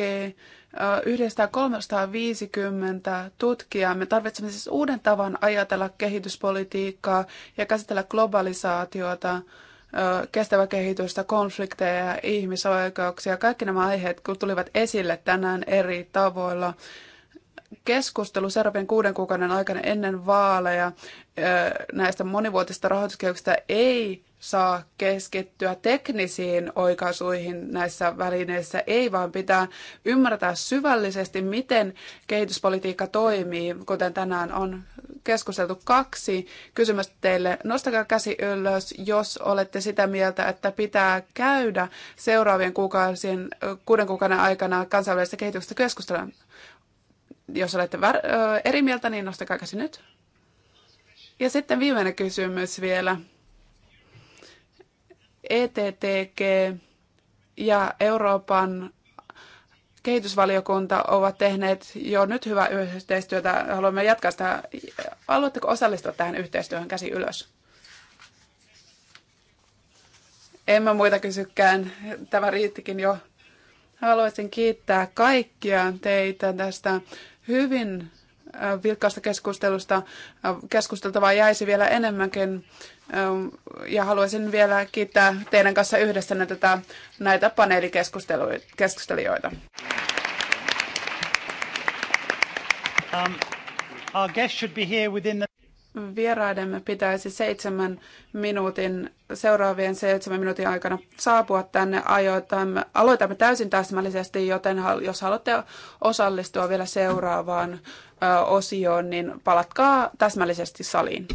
yhdestä viisikymmentä tutkijaa. Me tarvitsemme siis uuden tavan ajatella kehityspolitiikkaa ja käsitellä globalisaatiota, kestävää kehitystä, konflikteja ja ihmisoikeuksia. Kaikki nämä aiheet tulivat esille tänään eri tavoilla. Keskustelu seuraavien kuuden kuukauden aikana ennen vaaleja näistä monivuotisista rahoituskehyksistä ei saa keskittyä teknisiin oikaisuihin näissä välineissä, ei vaan pitää ymmärtää syvällisesti, miten kehityspolitiikka toimii, kuten tänään on keskusteltu kaksi kysymystä teille. Nostakaa käsi ylös, jos olette sitä mieltä, että pitää käydä seuraavien kuukausien, kuuden kuukauden aikana kansainvälisestä kehityksestä keskustella. Jos olette eri mieltä, niin nostakaa käsi nyt. Ja sitten viimeinen kysymys vielä. ETTG ja Euroopan kehitysvaliokunta ovat tehneet jo nyt hyvää yhteistyötä. Haluamme jatkaa sitä. Haluatteko osallistua tähän yhteistyöhön käsi ylös? En mä muita kysykään. Tämä riittikin jo. Haluaisin kiittää kaikkia teitä tästä hyvin vilkkaasta keskustelusta. Keskusteltavaa jäisi vielä enemmänkin ähm, ja haluaisin vielä kiittää teidän kanssa yhdessä näitä näitä paneelikeskustelijoita. Um, our guest should be here within the vieraidemme pitäisi seitsemän minuutin, seuraavien seitsemän minuutin aikana saapua tänne. Ajoitamme, aloitamme täysin täsmällisesti, joten jos haluatte osallistua vielä seuraavaan osioon, niin palatkaa täsmällisesti saliin.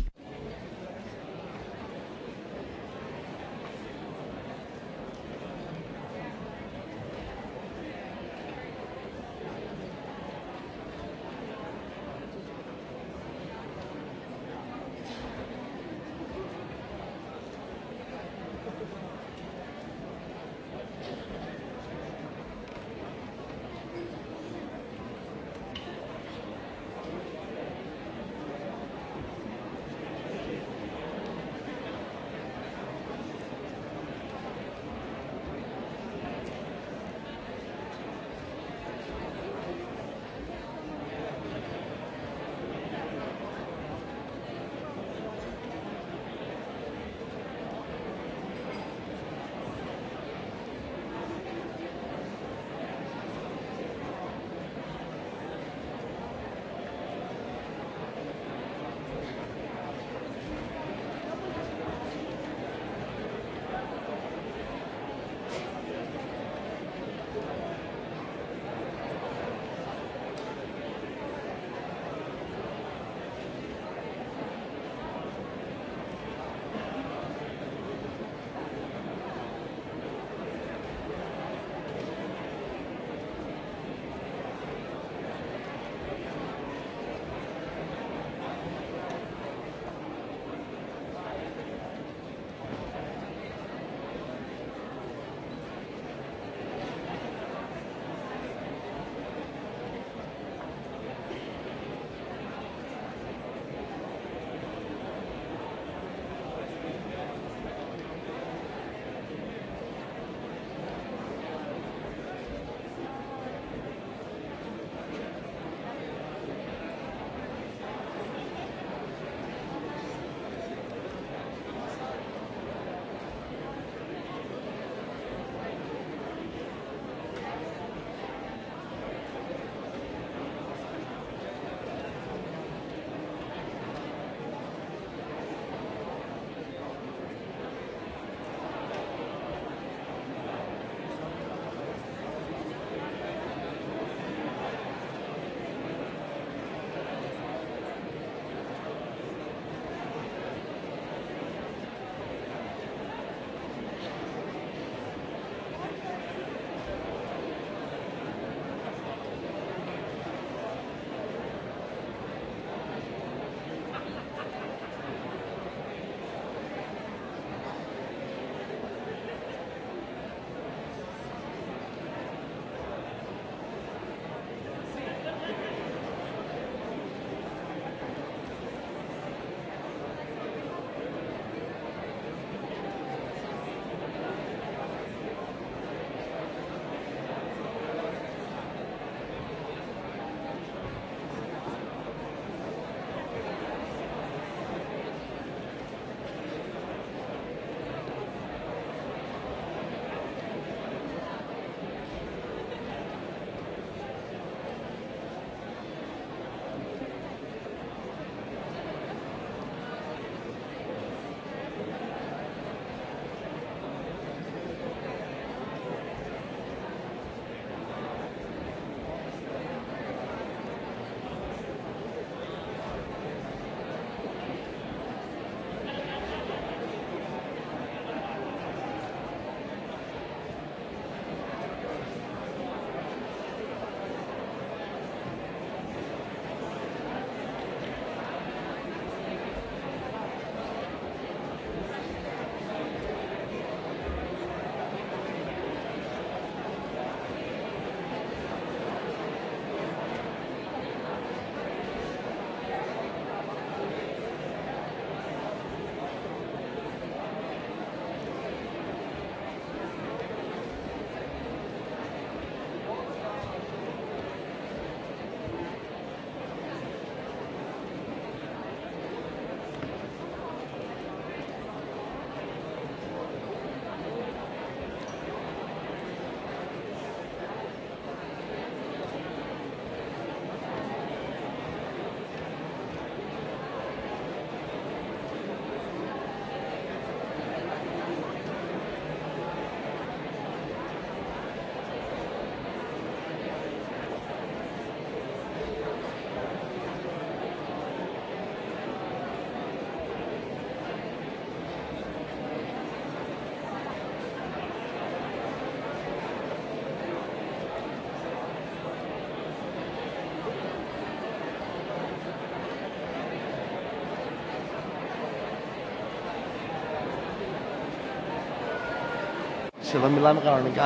sydd yn mynd lan yn y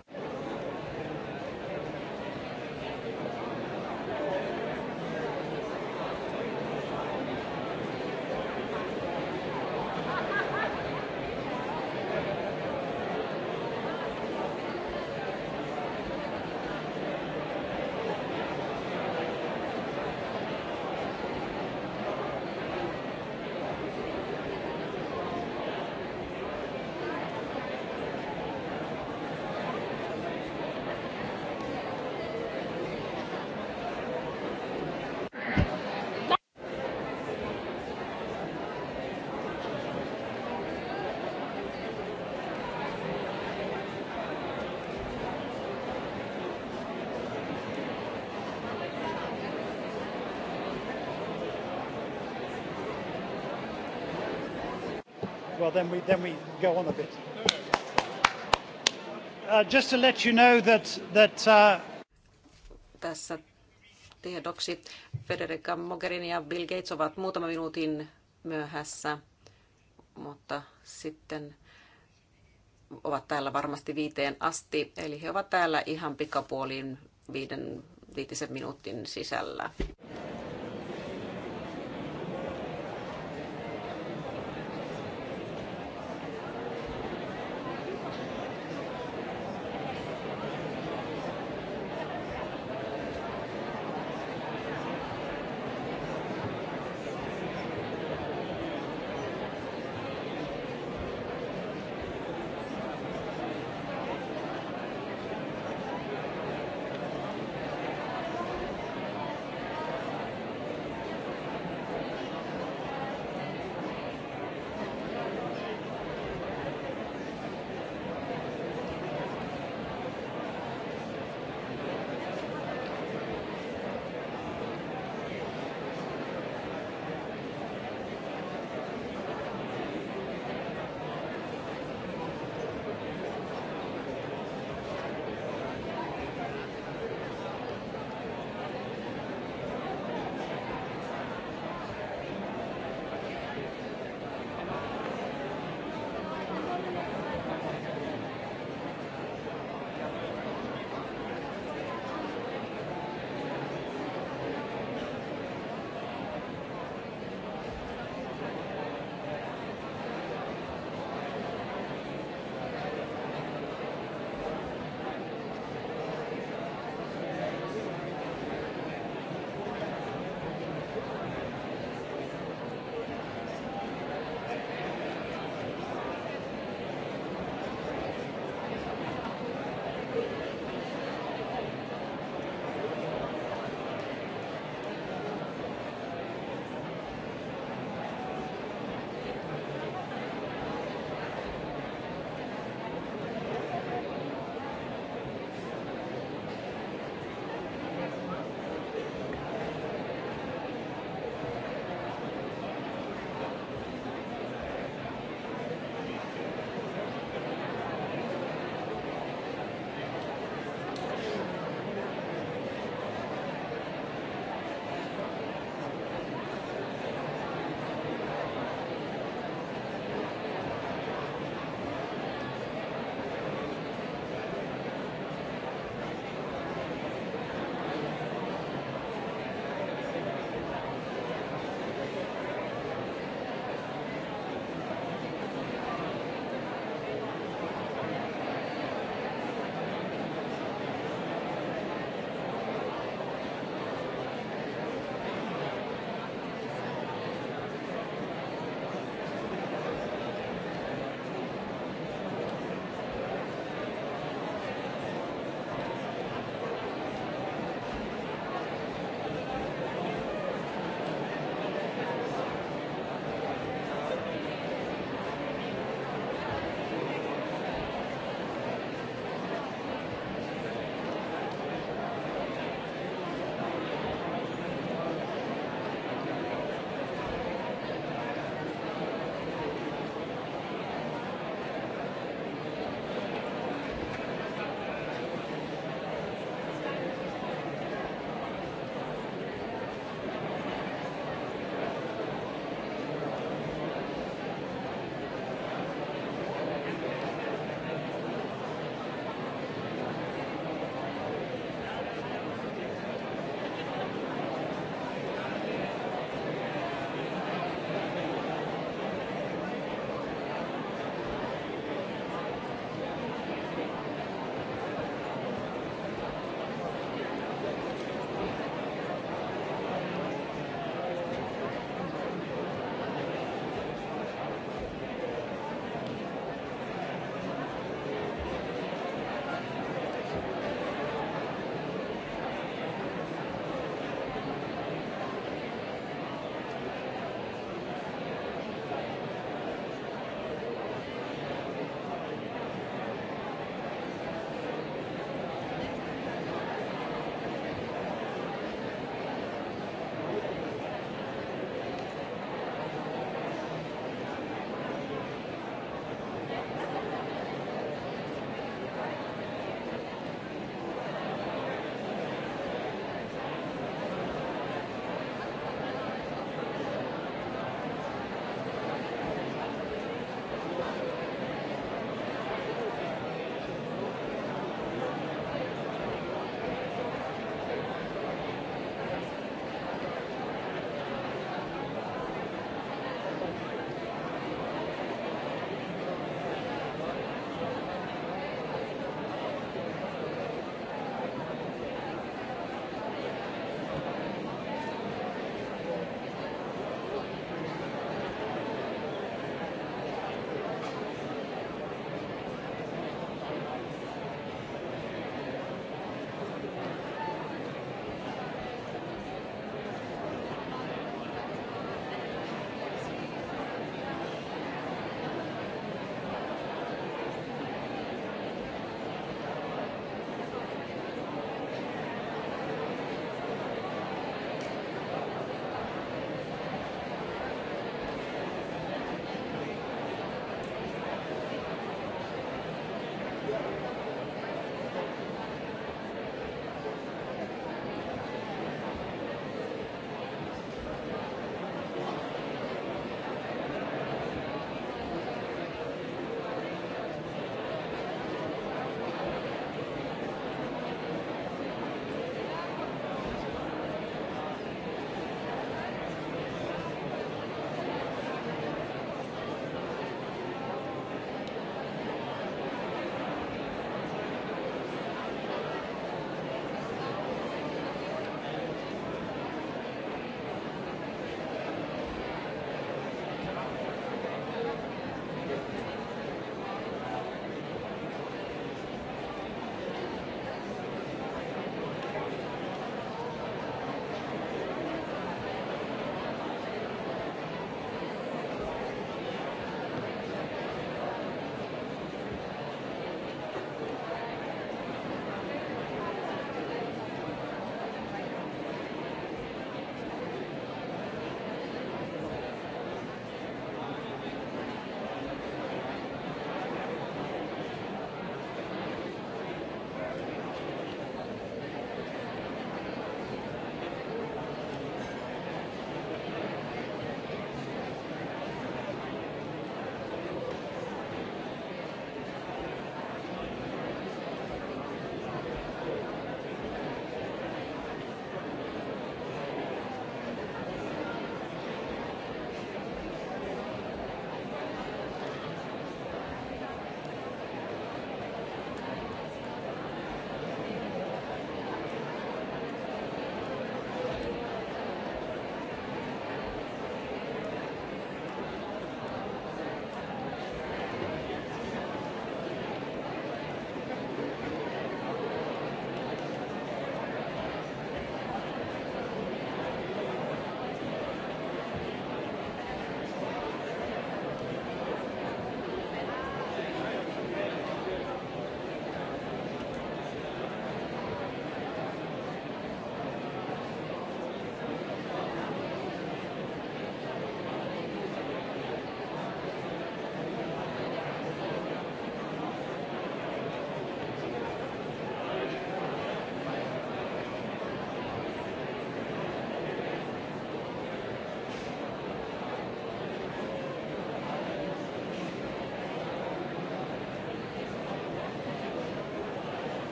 gae. then we, then we go on a bit. Uh, just to let you know that, that uh... Tässä tiedoksi Federica Mogherini ja Bill Gates ovat muutama minuutin myöhässä, mutta sitten ovat täällä varmasti viiteen asti, eli he ovat täällä ihan pikapuoliin viiden, viitisen minuutin sisällä.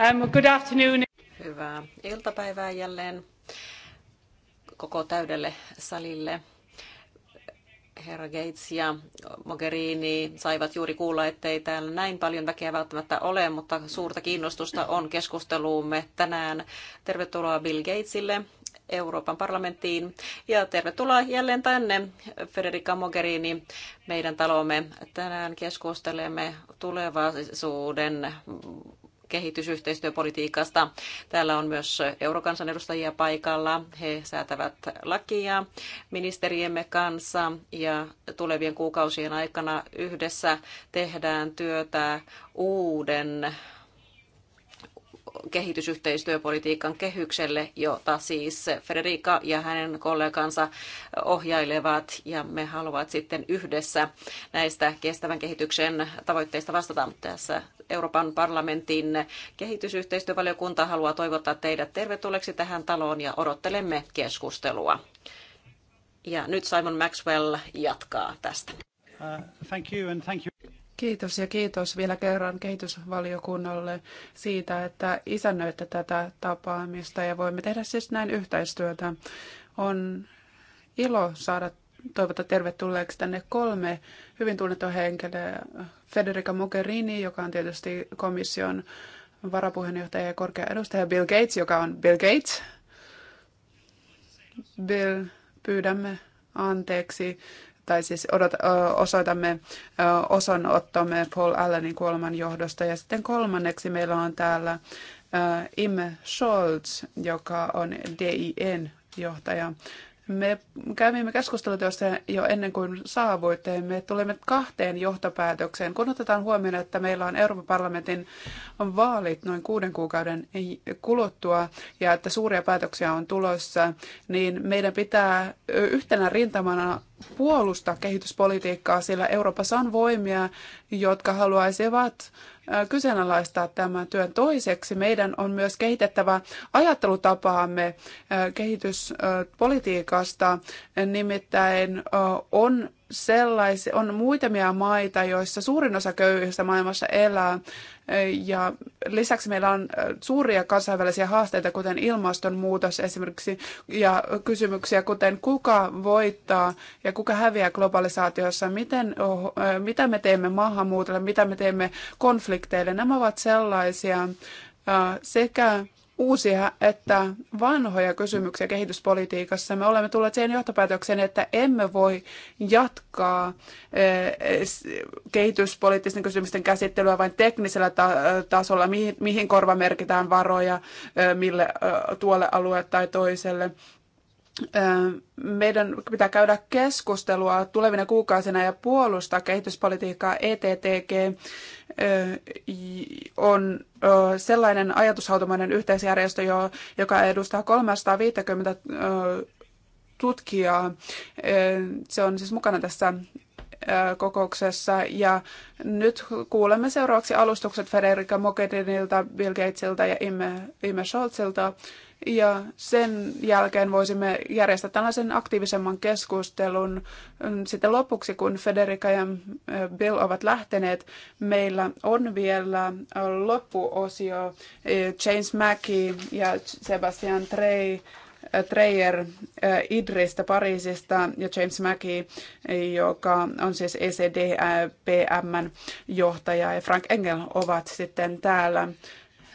Um, good afternoon. Hyvää iltapäivää jälleen koko täydelle salille. Herra Gates ja Mogherini saivat juuri kuulla, ettei täällä näin paljon väkeä välttämättä ole, mutta suurta kiinnostusta on keskusteluumme tänään. Tervetuloa Bill Gatesille Euroopan parlamenttiin ja tervetuloa jälleen tänne Federica Mogherini meidän talomme. Tänään keskustelemme tulevaisuuden kehitysyhteistyöpolitiikasta. Täällä on myös eurokansanedustajia paikalla. He säätävät lakia ministeriemme kanssa ja tulevien kuukausien aikana yhdessä tehdään työtä uuden kehitysyhteistyöpolitiikan kehykselle, jota siis Federica ja hänen kollegansa ohjailevat ja me haluavat sitten yhdessä näistä kestävän kehityksen tavoitteista vastata. Tässä Euroopan parlamentin kehitysyhteistyövaliokunta haluaa toivottaa teidät tervetulleeksi tähän taloon ja odottelemme keskustelua. Ja nyt Simon Maxwell jatkaa tästä. Uh, thank you and thank you. Kiitos ja kiitos vielä kerran kehitysvaliokunnalle siitä, että isännöitte tätä tapaamista ja voimme tehdä siis näin yhteistyötä. On ilo saada toivota tervetulleeksi tänne kolme hyvin tunnettua henkilöä. Federica Mogherini, joka on tietysti komission varapuheenjohtaja ja korkea edustaja, Bill Gates, joka on Bill Gates. Bill, pyydämme anteeksi tai siis odot, osoitamme osanottomme Paul Allenin kuoleman johdosta. Ja sitten kolmanneksi meillä on täällä Imme Scholz, joka on DIN johtaja. Me kävimme tuossa jo ennen kuin saavuitte. Me tulemme kahteen johtopäätökseen. Kun otetaan huomioon, että meillä on Euroopan parlamentin vaalit noin kuuden kuukauden kuluttua ja että suuria päätöksiä on tulossa, niin meidän pitää yhtenä rintamana puolustaa kehityspolitiikkaa, sillä Euroopassa on voimia, jotka haluaisivat kyseenalaistaa tämän työn. Toiseksi meidän on myös kehitettävä ajattelutapaamme kehityspolitiikasta, nimittäin on sellaisia, on muutamia maita, joissa suurin osa köyhistä maailmassa elää. Ja lisäksi meillä on suuria kansainvälisiä haasteita, kuten ilmastonmuutos esimerkiksi, ja kysymyksiä, kuten kuka voittaa ja kuka häviää globalisaatiossa, miten, mitä me teemme maahanmuutolle, mitä me teemme konflikteille. Nämä ovat sellaisia sekä uusia että vanhoja kysymyksiä kehityspolitiikassa. Me olemme tulleet siihen johtopäätökseen, että emme voi jatkaa eh, kehityspoliittisten kysymysten käsittelyä vain teknisellä tasolla, mihin, mihin korva merkitään varoja, eh, mille eh, tuolle alueelle tai toiselle meidän pitää käydä keskustelua tulevina kuukausina ja puolustaa kehityspolitiikkaa. ETTG on sellainen ajatushautomainen yhteisjärjestö, joka edustaa 350 tutkijaa. Se on siis mukana tässä kokouksessa. Ja nyt kuulemme seuraavaksi alustukset Federica Mogherinilta, Bill Gatesilta ja Ime, Ime Scholzilta ja sen jälkeen voisimme järjestää tällaisen aktiivisemman keskustelun. Sitten lopuksi, kun Federica ja eh, Bill ovat lähteneet, meillä on vielä eh, loppuosio. Eh, James Mackey ja Sebastian Trey Treyer Idristä Pariisista ja James Mackey, joka on siis ecdpm johtaja ja Frank Engel ovat sitten täällä.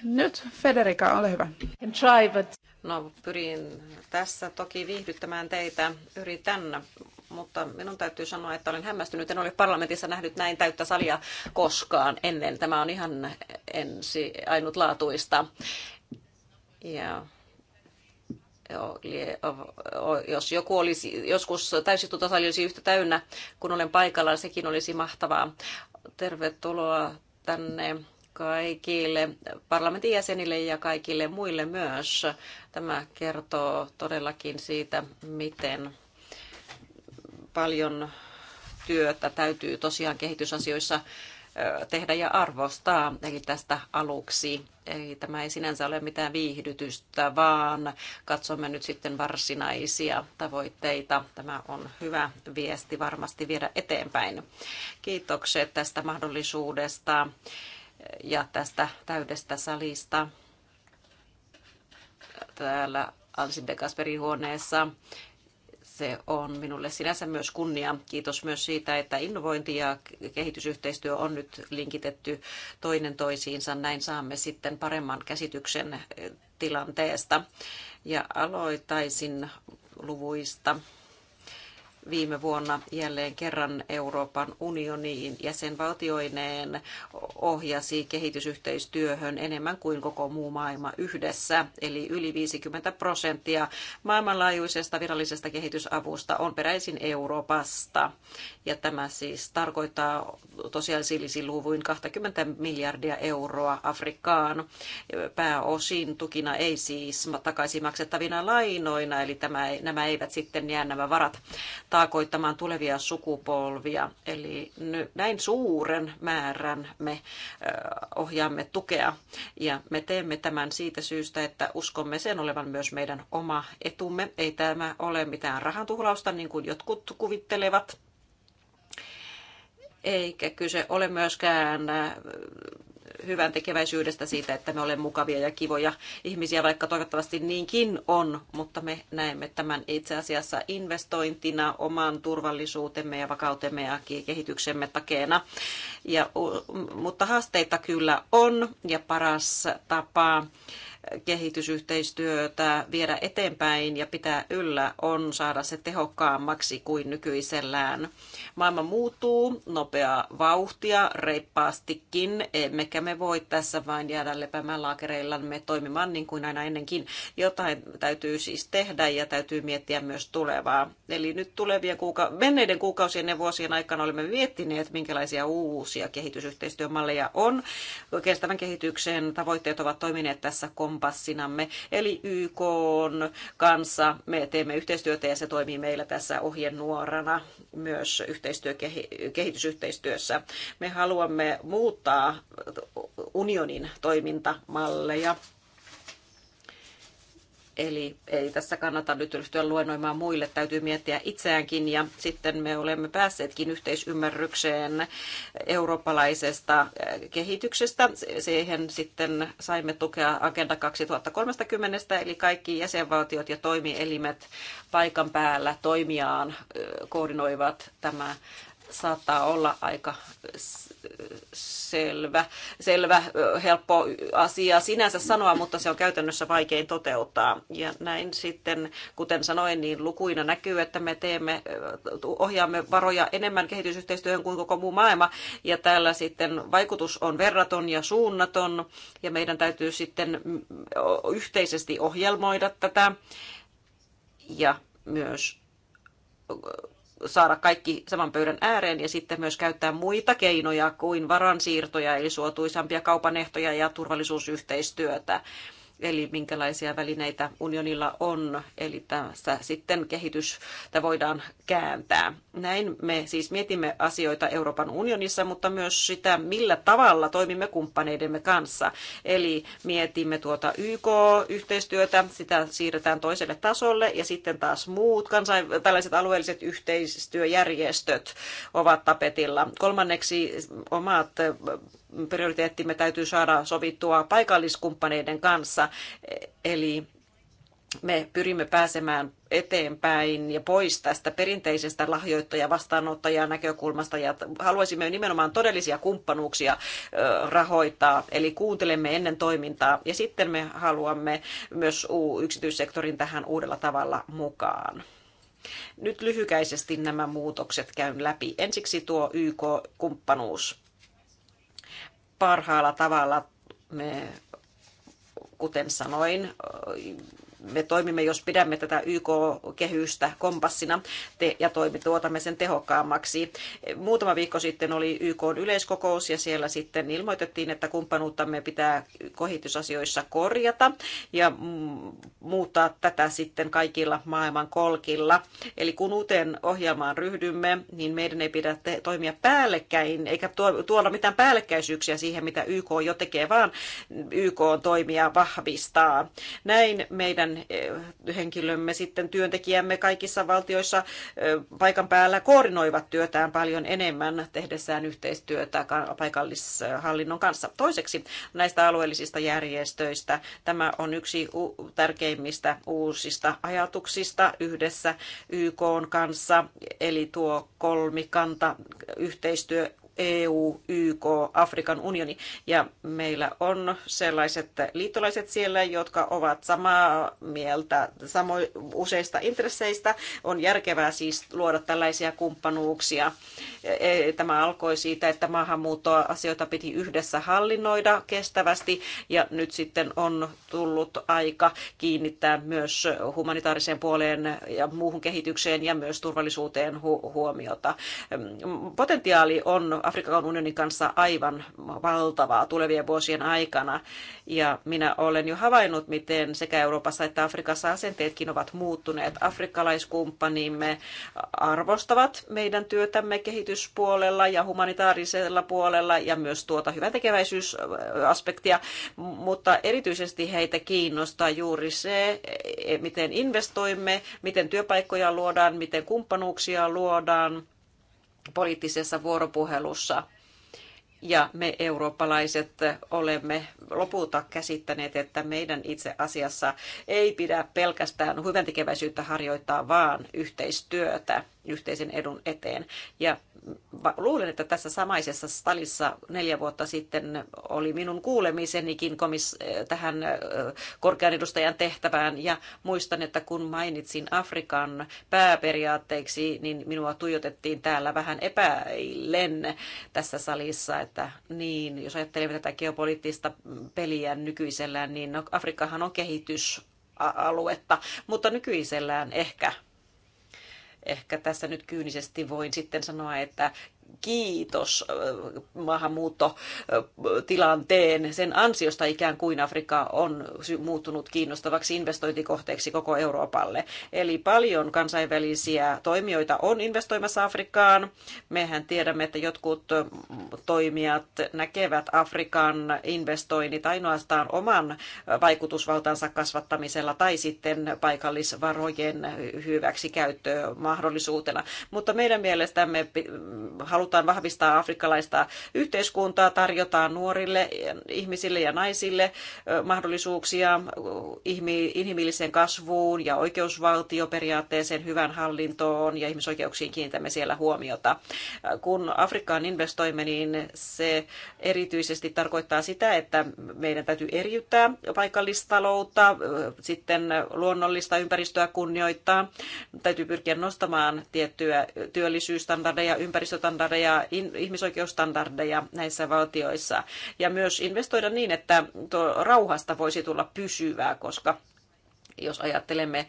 Nyt Federica, ole hyvä. Try, but... No pyrin tässä toki viihdyttämään teitä, yritän, mutta minun täytyy sanoa, että olen hämmästynyt. En ole parlamentissa nähnyt näin täyttä salia koskaan ennen. Tämä on ihan ensi ainutlaatuista. Ja jos joku olisi, joskus täysistuntosali olisi yhtä täynnä, kun olen paikalla, sekin olisi mahtavaa. Tervetuloa tänne kaikille parlamentin jäsenille ja kaikille muille myös. Tämä kertoo todellakin siitä, miten paljon työtä täytyy tosiaan kehitysasioissa tehdä ja arvostaa. Eli tästä aluksi. Eli tämä ei sinänsä ole mitään viihdytystä, vaan katsomme nyt sitten varsinaisia tavoitteita. Tämä on hyvä viesti varmasti viedä eteenpäin. Kiitokset tästä mahdollisuudesta ja tästä täydestä salista täällä Alsin de Kasperin huoneessa. Se on minulle sinänsä myös kunnia. Kiitos myös siitä, että innovointi ja kehitysyhteistyö on nyt linkitetty toinen toisiinsa. Näin saamme sitten paremman käsityksen tilanteesta. Ja aloitaisin luvuista viime vuonna jälleen kerran Euroopan unioniin jäsenvaltioineen ohjasi kehitysyhteistyöhön enemmän kuin koko muu maailma yhdessä, eli yli 50 prosenttia maailmanlaajuisesta virallisesta kehitysavusta on peräisin Euroopasta. Ja tämä siis tarkoittaa tosiasiallisin luvuin 20 miljardia euroa Afrikkaan. Pääosin tukina ei siis takaisin maksettavina lainoina, eli tämä, nämä eivät sitten jää nämä varat taakoittamaan tulevia sukupolvia. Eli näin suuren määrän me ohjaamme tukea ja me teemme tämän siitä syystä, että uskomme sen olevan myös meidän oma etumme. Ei tämä ole mitään rahantuhlausta, niin kuin jotkut kuvittelevat. Eikä kyse ole myöskään hyvän tekeväisyydestä siitä, että me olemme mukavia ja kivoja ihmisiä, vaikka toivottavasti niinkin on, mutta me näemme tämän itse asiassa investointina oman turvallisuutemme ja vakautemme ja kehityksemme takeena. Ja, mutta haasteita kyllä on ja paras tapa kehitysyhteistyötä viedä eteenpäin ja pitää yllä on saada se tehokkaammaksi kuin nykyisellään. Maailma muuttuu nopeaa vauhtia, reippaastikin, emmekä me voi tässä vain jäädä lepäämään laakereillamme toimimaan niin kuin aina ennenkin. Jotain täytyy siis tehdä ja täytyy miettiä myös tulevaa. Eli nyt tulevien kuuka- menneiden kuukausien ja vuosien aikana olemme miettineet, minkälaisia uusia kehitysyhteistyömalleja on. Kestävän kehityksen tavoitteet ovat toimineet tässä kom- kompassinamme, eli YK kanssa me teemme yhteistyötä ja se toimii meillä tässä ohjenuorana myös kehitysyhteistyössä. Me haluamme muuttaa unionin toimintamalleja Eli ei tässä kannata nyt ryhtyä luennoimaan muille, täytyy miettiä itseäänkin. Ja sitten me olemme päässeetkin yhteisymmärrykseen eurooppalaisesta äh, kehityksestä. Siihen sitten saimme tukea Agenda 2030, eli kaikki jäsenvaltiot ja toimielimet paikan päällä toimiaan äh, koordinoivat tämä saattaa olla aika selvä, selvä, helppo asia sinänsä sanoa, mutta se on käytännössä vaikein toteuttaa. Ja näin sitten, kuten sanoin, niin lukuina näkyy, että me teemme, ohjaamme varoja enemmän kehitysyhteistyöhön kuin koko muu maailma, ja täällä sitten vaikutus on verraton ja suunnaton, ja meidän täytyy sitten yhteisesti ohjelmoida tätä, ja myös saada kaikki saman pöydän ääreen ja sitten myös käyttää muita keinoja kuin varansiirtoja, eli suotuisampia kaupanehtoja ja turvallisuusyhteistyötä eli minkälaisia välineitä unionilla on. Eli tässä sitten kehitystä voidaan kääntää. Näin me siis mietimme asioita Euroopan unionissa, mutta myös sitä, millä tavalla toimimme kumppaneidemme kanssa. Eli mietimme tuota YK-yhteistyötä, sitä siirretään toiselle tasolle ja sitten taas muut kansain, tällaiset alueelliset yhteistyöjärjestöt ovat tapetilla. Kolmanneksi omat prioriteettimme täytyy saada sovittua paikalliskumppaneiden kanssa, e, eli me pyrimme pääsemään eteenpäin ja pois tästä perinteisestä lahjoittaja vastaanottaja näkökulmasta ja haluaisimme nimenomaan todellisia kumppanuuksia rahoittaa, eli kuuntelemme ennen toimintaa ja sitten me haluamme myös yksityissektorin tähän uudella tavalla mukaan. Nyt lyhykäisesti nämä muutokset käyn läpi. Ensiksi tuo YK-kumppanuus. Parhaalla tavalla me kuten sanoin, me toimimme, jos pidämme tätä YK-kehystä kompassina te, ja toimi, tuotamme sen tehokkaammaksi. Muutama viikko sitten oli YK yleiskokous ja siellä sitten ilmoitettiin, että kumppanuuttamme pitää kohitusasioissa korjata ja muuttaa tätä sitten kaikilla maailman kolkilla. Eli kun uuteen ohjelmaan ryhdymme, niin meidän ei pidä te- toimia päällekkäin eikä tuo, tuolla mitään päällekkäisyyksiä siihen, mitä YK jo tekee, vaan YK on toimia vahvistaa. Näin meidän henkilömme sitten työntekijämme kaikissa valtioissa paikan päällä koordinoivat työtään paljon enemmän tehdessään yhteistyötä paikallishallinnon kanssa. Toiseksi näistä alueellisista järjestöistä tämä on yksi tärkeimmistä uusista ajatuksista yhdessä YK kanssa, eli tuo kolmikanta yhteistyö EU, YK, Afrikan unioni. Ja meillä on sellaiset liittolaiset siellä, jotka ovat samaa mieltä samo, useista intresseistä. On järkevää siis luoda tällaisia kumppanuuksia. E, tämä alkoi siitä, että asioita piti yhdessä hallinnoida kestävästi ja nyt sitten on tullut aika kiinnittää myös humanitaariseen puoleen ja muuhun kehitykseen ja myös turvallisuuteen huomiota. Potentiaali on Afrikan unionin kanssa aivan valtavaa tulevien vuosien aikana. Ja minä olen jo havainnut, miten sekä Euroopassa että Afrikassa asenteetkin ovat muuttuneet. Afrikkalaiskumppanimme arvostavat meidän työtämme kehityspuolella ja humanitaarisella puolella ja myös tuota hyväntekeväisyysaspektia, mutta erityisesti heitä kiinnostaa juuri se, miten investoimme, miten työpaikkoja luodaan, miten kumppanuuksia luodaan poliittisessa vuoropuhelussa. Ja me eurooppalaiset olemme lopulta käsittäneet, että meidän itse asiassa ei pidä pelkästään hyväntekeväisyyttä harjoittaa, vaan yhteistyötä yhteisen edun eteen. Ja luulen, että tässä samaisessa salissa neljä vuotta sitten oli minun kuulemisenikin komis- äh, tähän äh, korkean edustajan tehtävään. Ja muistan, että kun mainitsin Afrikan pääperiaatteiksi, niin minua tuijotettiin täällä vähän epäillen tässä salissa, että niin, jos ajattelemme tätä geopoliittista peliä nykyisellään, niin no, Afrikkahan on kehitys aluetta, mutta nykyisellään ehkä Ehkä tässä nyt kyynisesti voin sitten sanoa, että kiitos maahanmuuttotilanteen. Sen ansiosta ikään kuin Afrikka on muuttunut kiinnostavaksi investointikohteeksi koko Euroopalle. Eli paljon kansainvälisiä toimijoita on investoimassa Afrikkaan. Mehän tiedämme, että jotkut toimijat näkevät Afrikan investoinnit ainoastaan oman vaikutusvaltansa kasvattamisella tai sitten paikallisvarojen hyväksikäyttömahdollisuutena. Mutta meidän mielestämme halutaan vahvistaa afrikkalaista yhteiskuntaa, tarjotaan nuorille ihmisille ja naisille mahdollisuuksia inhimilliseen kasvuun ja oikeusvaltioperiaatteeseen, hyvän hallintoon ja ihmisoikeuksiin kiinnitämme siellä huomiota. Kun Afrikkaan investoimme, niin se erityisesti tarkoittaa sitä, että meidän täytyy eriyttää paikallistaloutta, sitten luonnollista ympäristöä kunnioittaa, täytyy pyrkiä nostamaan tiettyä työllisyysstandardeja, ympäristöstandardeja, standardeja, ihmisoikeusstandardeja näissä valtioissa ja myös investoida niin, että tuo rauhasta voisi tulla pysyvää, koska jos ajattelemme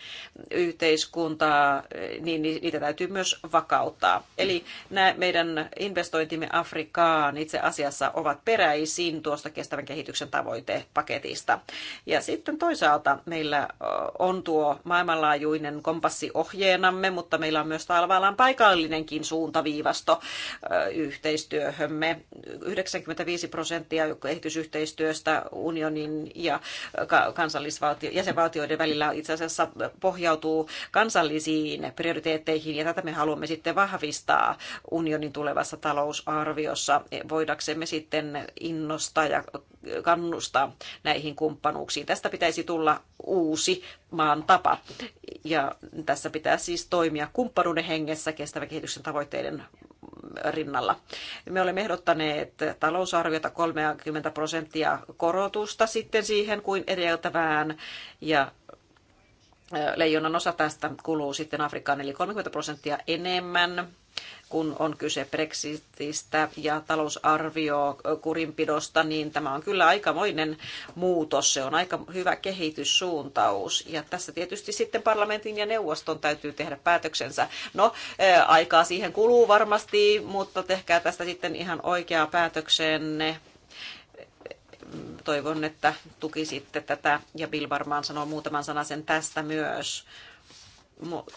yhteiskuntaa, niin niitä täytyy myös vakauttaa. Eli nämä meidän investointimme Afrikaan itse asiassa ovat peräisin tuosta kestävän kehityksen tavoitepaketista. Ja sitten toisaalta meillä on tuo maailmanlaajuinen kompassi ohjeenamme, mutta meillä on myös talvallaan paikallinenkin suuntaviivasto yhteistyöhömme. 95 prosenttia kehitysyhteistyöstä unionin ja kansallisvaltio, jäsenvaltioiden välillä sillä itse asiassa pohjautuu kansallisiin prioriteetteihin ja tätä me haluamme sitten vahvistaa unionin tulevassa talousarviossa, voidaksemme sitten innostaa ja kannustaa näihin kumppanuuksiin. Tästä pitäisi tulla uusi maan tapa ja tässä pitää siis toimia kumppanuuden hengessä kestävän kehityksen tavoitteiden rinnalla. Me olemme ehdottaneet talousarviota 30 prosenttia korotusta sitten siihen kuin edeltävään ja leijonan osa tästä kuluu sitten Afrikkaan, eli 30 prosenttia enemmän kun on kyse Brexitistä ja talousarvio kurinpidosta, niin tämä on kyllä aikamoinen muutos. Se on aika hyvä kehityssuuntaus. Ja tässä tietysti sitten parlamentin ja neuvoston täytyy tehdä päätöksensä. No, aikaa siihen kuluu varmasti, mutta tehkää tästä sitten ihan oikeaa päätöksenne toivon, että tukisitte tätä ja Bill varmaan sanoo muutaman sanasen tästä myös.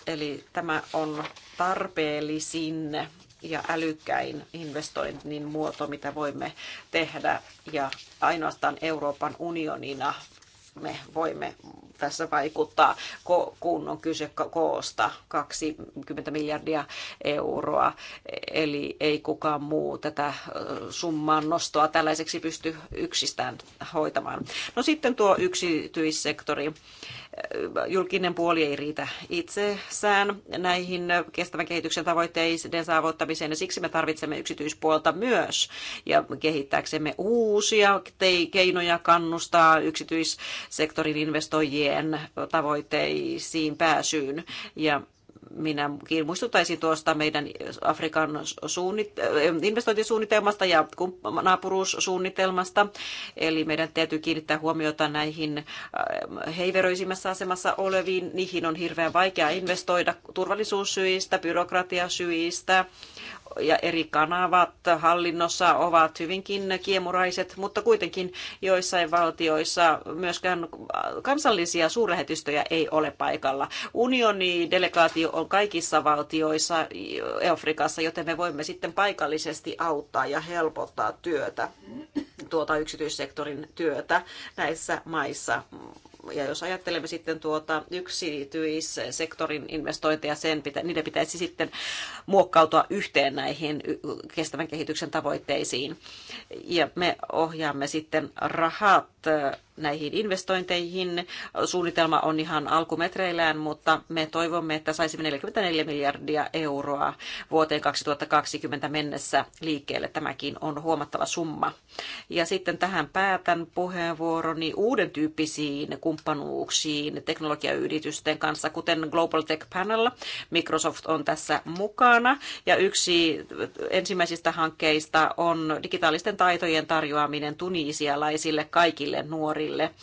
Eli tämä on tarpeellisin ja älykkäin investoinnin muoto, mitä voimme tehdä. Ja ainoastaan Euroopan unionina me voimme tässä vaikuttaa, kun on kyse koosta 20 miljardia euroa. Eli ei kukaan muu tätä summaan nostoa tällaiseksi pysty yksistään hoitamaan. No sitten tuo yksityissektori. Julkinen puoli ei riitä itsessään näihin kestävän kehityksen tavoitteiden saavuttamiseen, ja siksi me tarvitsemme yksityispuolta myös, ja kehittääksemme uusia keinoja kannustaa yksityis sektorin investoijien tavoitteisiin pääsyyn. Ja minä muistuttaisin tuosta meidän Afrikan suunnit- eh, investointisuunnitelmasta ja naapuruussuunnitelmasta. Eli meidän täytyy kiinnittää huomiota näihin äh, heiveröisimmässä asemassa oleviin. Niihin on hirveän vaikea investoida turvallisuussyistä, byrokratiasyistä, ja eri kanavat hallinnossa ovat hyvinkin kiemuraiset, mutta kuitenkin joissain valtioissa myöskään kansallisia suurlähetystöjä ei ole paikalla. Unionidelegaatio on kaikissa valtioissa Afrikassa, joten me voimme sitten paikallisesti auttaa ja helpottaa työtä, tuota yksityissektorin työtä näissä maissa ja jos ajattelemme sitten tuota yksityissektorin investointeja, sen pitä, niiden pitäisi sitten muokkautua yhteen näihin kestävän kehityksen tavoitteisiin. Ja me ohjaamme sitten rahat näihin investointeihin. Suunnitelma on ihan alkumetreillään, mutta me toivomme, että saisimme 44 miljardia euroa vuoteen 2020 mennessä liikkeelle. Tämäkin on huomattava summa. Ja sitten tähän päätän puheenvuoroni uuden tyyppisiin kumppanuuksiin teknologiayritysten kanssa, kuten Global Tech Panel. Microsoft on tässä mukana ja yksi ensimmäisistä hankkeista on digitaalisten taitojen tarjoaminen tunisialaisille kaikille nuorille nuorille.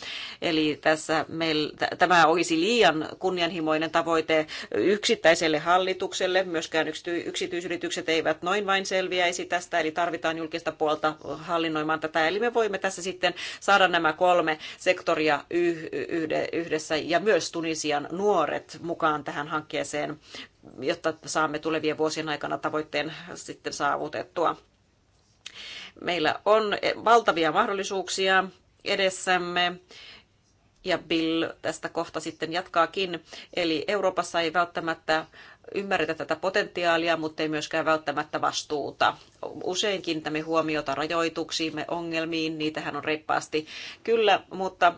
Eli tässä meil, tämä olisi liian kunnianhimoinen tavoite yksittäiselle hallitukselle. Myöskään yksity, yksityisyritykset eivät noin vain selviäisi tästä, eli tarvitaan julkista puolta hallinnoimaan tätä. Eli me voimme tässä sitten saada nämä kolme sektoria yhdessä ja myös Tunisian nuoret mukaan tähän hankkeeseen jotta saamme tulevien vuosien aikana tavoitteen sitten saavutettua. Meillä on valtavia mahdollisuuksia edessämme. Ja Bill tästä kohta sitten jatkaakin. Eli Euroopassa ei välttämättä ymmärretä tätä potentiaalia, mutta ei myöskään välttämättä vastuuta. Useinkin tämä huomiota rajoituksiimme, ongelmiin, niitähän on reippaasti kyllä, mutta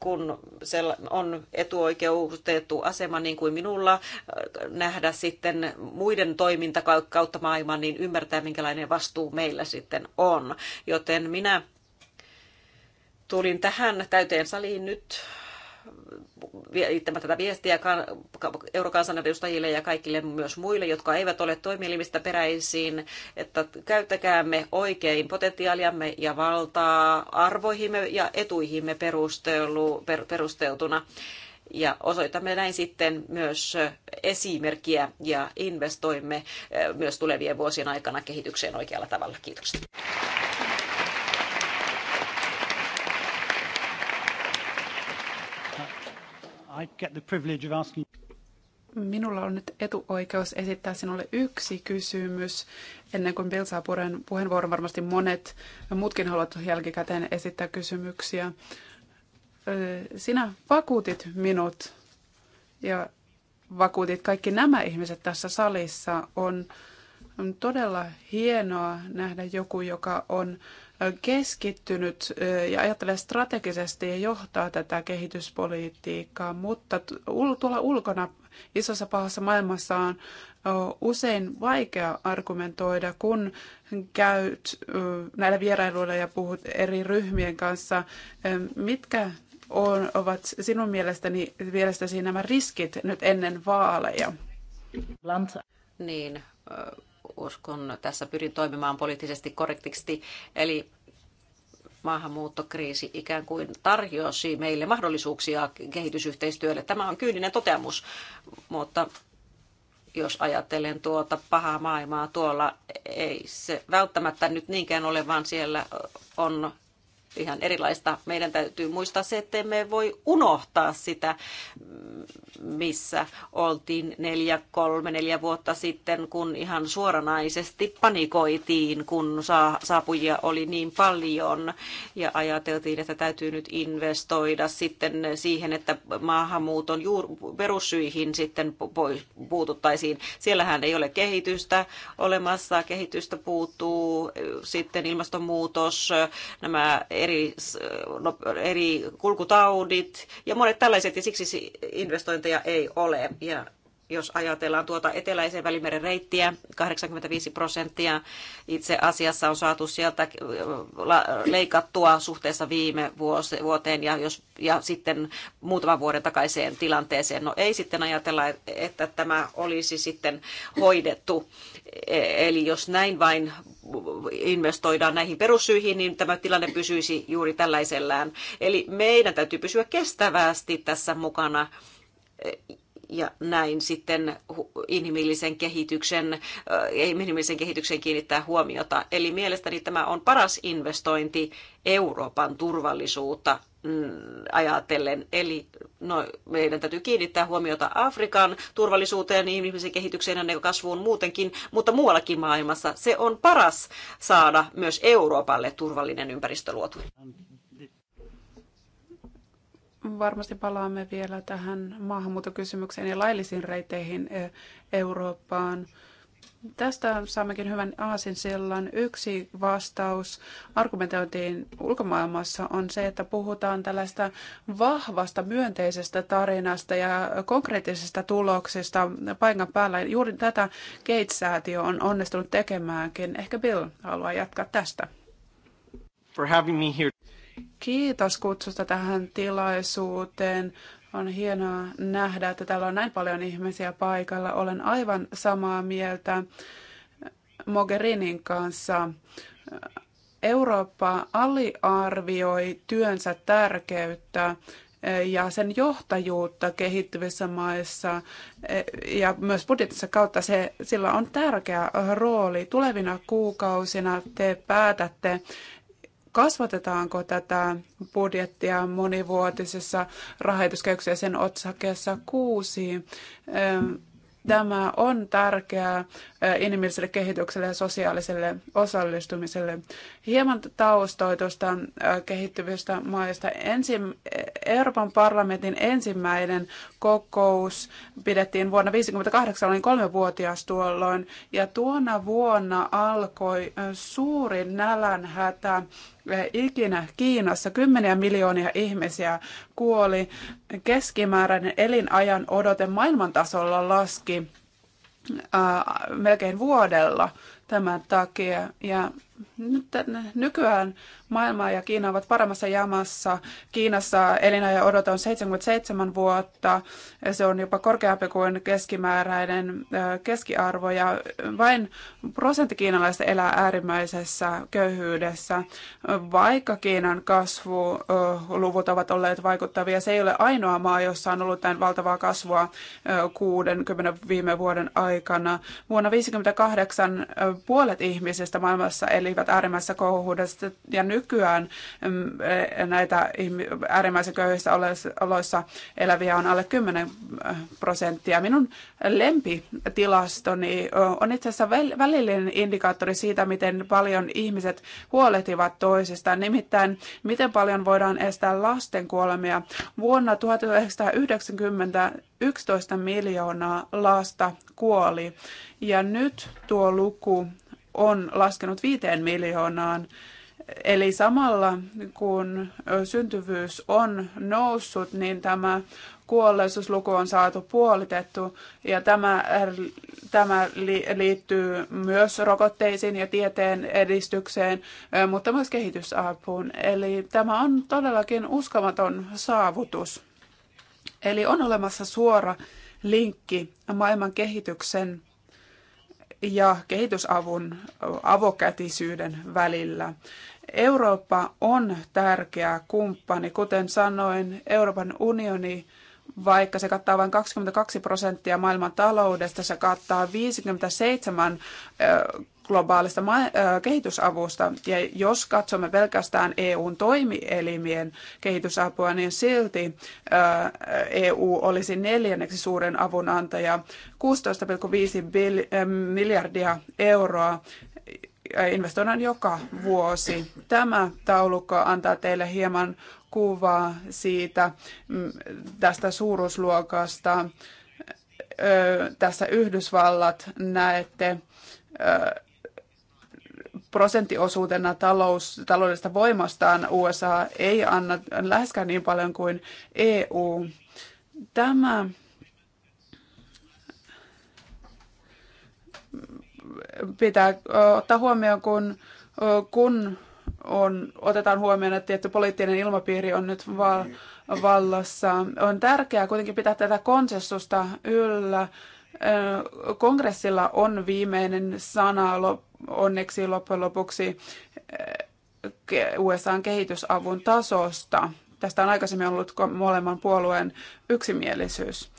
kun on etuoikeutettu asema niin kuin minulla, nähdä sitten muiden toiminta kautta maailman, niin ymmärtää minkälainen vastuu meillä sitten on. Joten minä tulin tähän täyteen saliin nyt viittämättä tätä viestiä eurokansanedustajille ja kaikille myös muille, jotka eivät ole toimielimistä peräisin, että käyttäkäämme oikein potentiaaliamme ja valtaa arvoihimme ja etuihimme perustelu, per, perusteltuna. Ja osoitamme näin sitten myös esimerkkiä ja investoimme eh, myös tulevien vuosien aikana kehitykseen oikealla tavalla. kiitos. Minulla on nyt etuoikeus esittää sinulle yksi kysymys. Ennen kuin Bill saa puheenvuoron, varmasti monet muutkin haluavat jälkikäteen esittää kysymyksiä. Sinä vakuutit minut ja vakuutit kaikki nämä ihmiset tässä salissa. On todella hienoa nähdä joku, joka on keskittynyt ja ajattelee strategisesti ja johtaa tätä kehityspolitiikkaa, mutta tuolla ulkona isossa pahassa maailmassa on usein vaikea argumentoida, kun käyt näillä vierailuilla ja puhut eri ryhmien kanssa. Mitkä on, ovat sinun mielestäni, mielestäsi nämä riskit nyt ennen vaaleja? Niin, uskon, tässä pyrin toimimaan poliittisesti korrektiksi, eli maahanmuuttokriisi ikään kuin tarjosi meille mahdollisuuksia kehitysyhteistyölle. Tämä on kyyninen toteamus, mutta jos ajattelen tuota pahaa maailmaa tuolla, ei se välttämättä nyt niinkään ole, vaan siellä on ihan erilaista. Meidän täytyy muistaa se, että me voi unohtaa sitä, missä oltiin neljä, kolme, neljä vuotta sitten, kun ihan suoranaisesti panikoitiin, kun saapujia oli niin paljon ja ajateltiin, että täytyy nyt investoida sitten siihen, että maahanmuuton juur, perussyihin sitten puututtaisiin. Siellähän ei ole kehitystä olemassa, kehitystä puuttuu, sitten ilmastonmuutos, nämä eri, no, eri kulkutaudit ja monet tällaiset, ja siksi investointeja ei ole. Ja jos ajatellaan tuota eteläisen välimeren reittiä, 85 prosenttia itse asiassa on saatu sieltä leikattua suhteessa viime vuoteen ja, jos, ja sitten muutaman vuoden takaiseen tilanteeseen. No ei sitten ajatella, että tämä olisi sitten hoidettu. E, eli jos näin vain investoidaan näihin perussyihin, niin tämä tilanne pysyisi juuri tällaisellään. Eli meidän täytyy pysyä kestävästi tässä mukana ja näin sitten inhimillisen kehityksen, inhimillisen kehityksen kiinnittää huomiota. Eli mielestäni tämä on paras investointi Euroopan turvallisuutta mm, ajatellen. Eli no, meidän täytyy kiinnittää huomiota Afrikan turvallisuuteen, ihmisen kehitykseen ja kasvuun muutenkin, mutta muuallakin maailmassa se on paras saada myös Euroopalle turvallinen ympäristö luotu varmasti palaamme vielä tähän maahanmuutokysymykseen ja laillisiin reiteihin eh, Eurooppaan. Tästä saammekin hyvän aasinsillan. Yksi vastaus argumentointiin ulkomaailmassa on se, että puhutaan tällaista vahvasta myönteisestä tarinasta ja konkreettisista tuloksista paikan päällä. Juuri tätä Gates-säätiö on onnistunut tekemäänkin. Ehkä Bill haluaa jatkaa tästä. Kiitos kutsusta tähän tilaisuuteen. On hienoa nähdä, että täällä on näin paljon ihmisiä paikalla. Olen aivan samaa mieltä Mogherinin kanssa. Eurooppa aliarvioi työnsä tärkeyttä ja sen johtajuutta kehittyvissä maissa ja myös budjetissa kautta se, sillä on tärkeä rooli. Tulevina kuukausina te päätätte kasvatetaanko tätä budjettia monivuotisessa rahoituskehyksessä sen otsakkeessa kuusi. Tämä on tärkeää inhimilliselle kehitykselle ja sosiaaliselle osallistumiselle. Hieman taustoitusta kehittyvistä maista. Ensi, Euroopan parlamentin ensimmäinen kokous pidettiin vuonna 1958, olin kolmevuotias tuolloin, ja tuona vuonna alkoi suurin nälänhätä ikinä Kiinassa. Kymmeniä miljoonia ihmisiä kuoli. Keskimääräinen elinajan odote maailmantasolla laski ää, melkein vuodella tämän takia. Ja nyt nykyään maailma ja Kiina ovat paremmassa jamassa. Kiinassa elinajan odota on 77 vuotta. Se on jopa korkeampi kuin keskimääräinen keskiarvo ja vain prosentti kiinalaista elää äärimmäisessä köyhyydessä. Vaikka Kiinan kasvuluvut ovat olleet vaikuttavia, se ei ole ainoa maa, jossa on ollut tämän valtavaa kasvua 60 viime vuoden aikana. Vuonna 1958 puolet ihmisistä maailmassa eli elivät äärimmäisessä kouhuudessa ja nykyään mm, e, näitä äärimmäisen köyhissä oloissa eläviä on alle 10 äh, prosenttia. Minun lempitilastoni on itse asiassa välillinen indikaattori siitä, miten paljon ihmiset huolehtivat toisistaan, nimittäin miten paljon voidaan estää lasten kuolemia. Vuonna 1990 11 miljoonaa lasta kuoli ja nyt tuo luku on laskenut viiteen miljoonaan. Eli samalla kun syntyvyys on noussut, niin tämä kuolleisuusluku on saatu puolitettu ja tämä, tämä liittyy myös rokotteisiin ja tieteen edistykseen, mutta myös kehitysapuun. Eli tämä on todellakin uskomaton saavutus. Eli on olemassa suora linkki maailman kehityksen ja kehitysavun avokätisyyden välillä. Eurooppa on tärkeä kumppani. Kuten sanoin, Euroopan unioni, vaikka se kattaa vain 22 prosenttia maailman taloudesta, se kattaa 57 globaalista kehitysavusta. Ja jos katsomme pelkästään EUn toimielimien kehitysapua, niin silti EU olisi neljänneksi suurin avunantaja, 16,5 miljardia euroa investoidaan joka vuosi. Tämä taulukko antaa teille hieman kuvaa siitä tästä suuruusluokasta. Tässä Yhdysvallat näette prosenttiosuutena talous, taloudesta voimastaan USA ei anna läheskään niin paljon kuin EU. Tämä pitää ottaa huomioon, kun, kun on, otetaan huomioon, että tietty poliittinen ilmapiiri on nyt vallassa. On tärkeää kuitenkin pitää tätä konsensusta yllä kongressilla on viimeinen sana onneksi loppujen lopuksi USAn kehitysavun tasosta. Tästä on aikaisemmin ollut molemman puolueen yksimielisyys.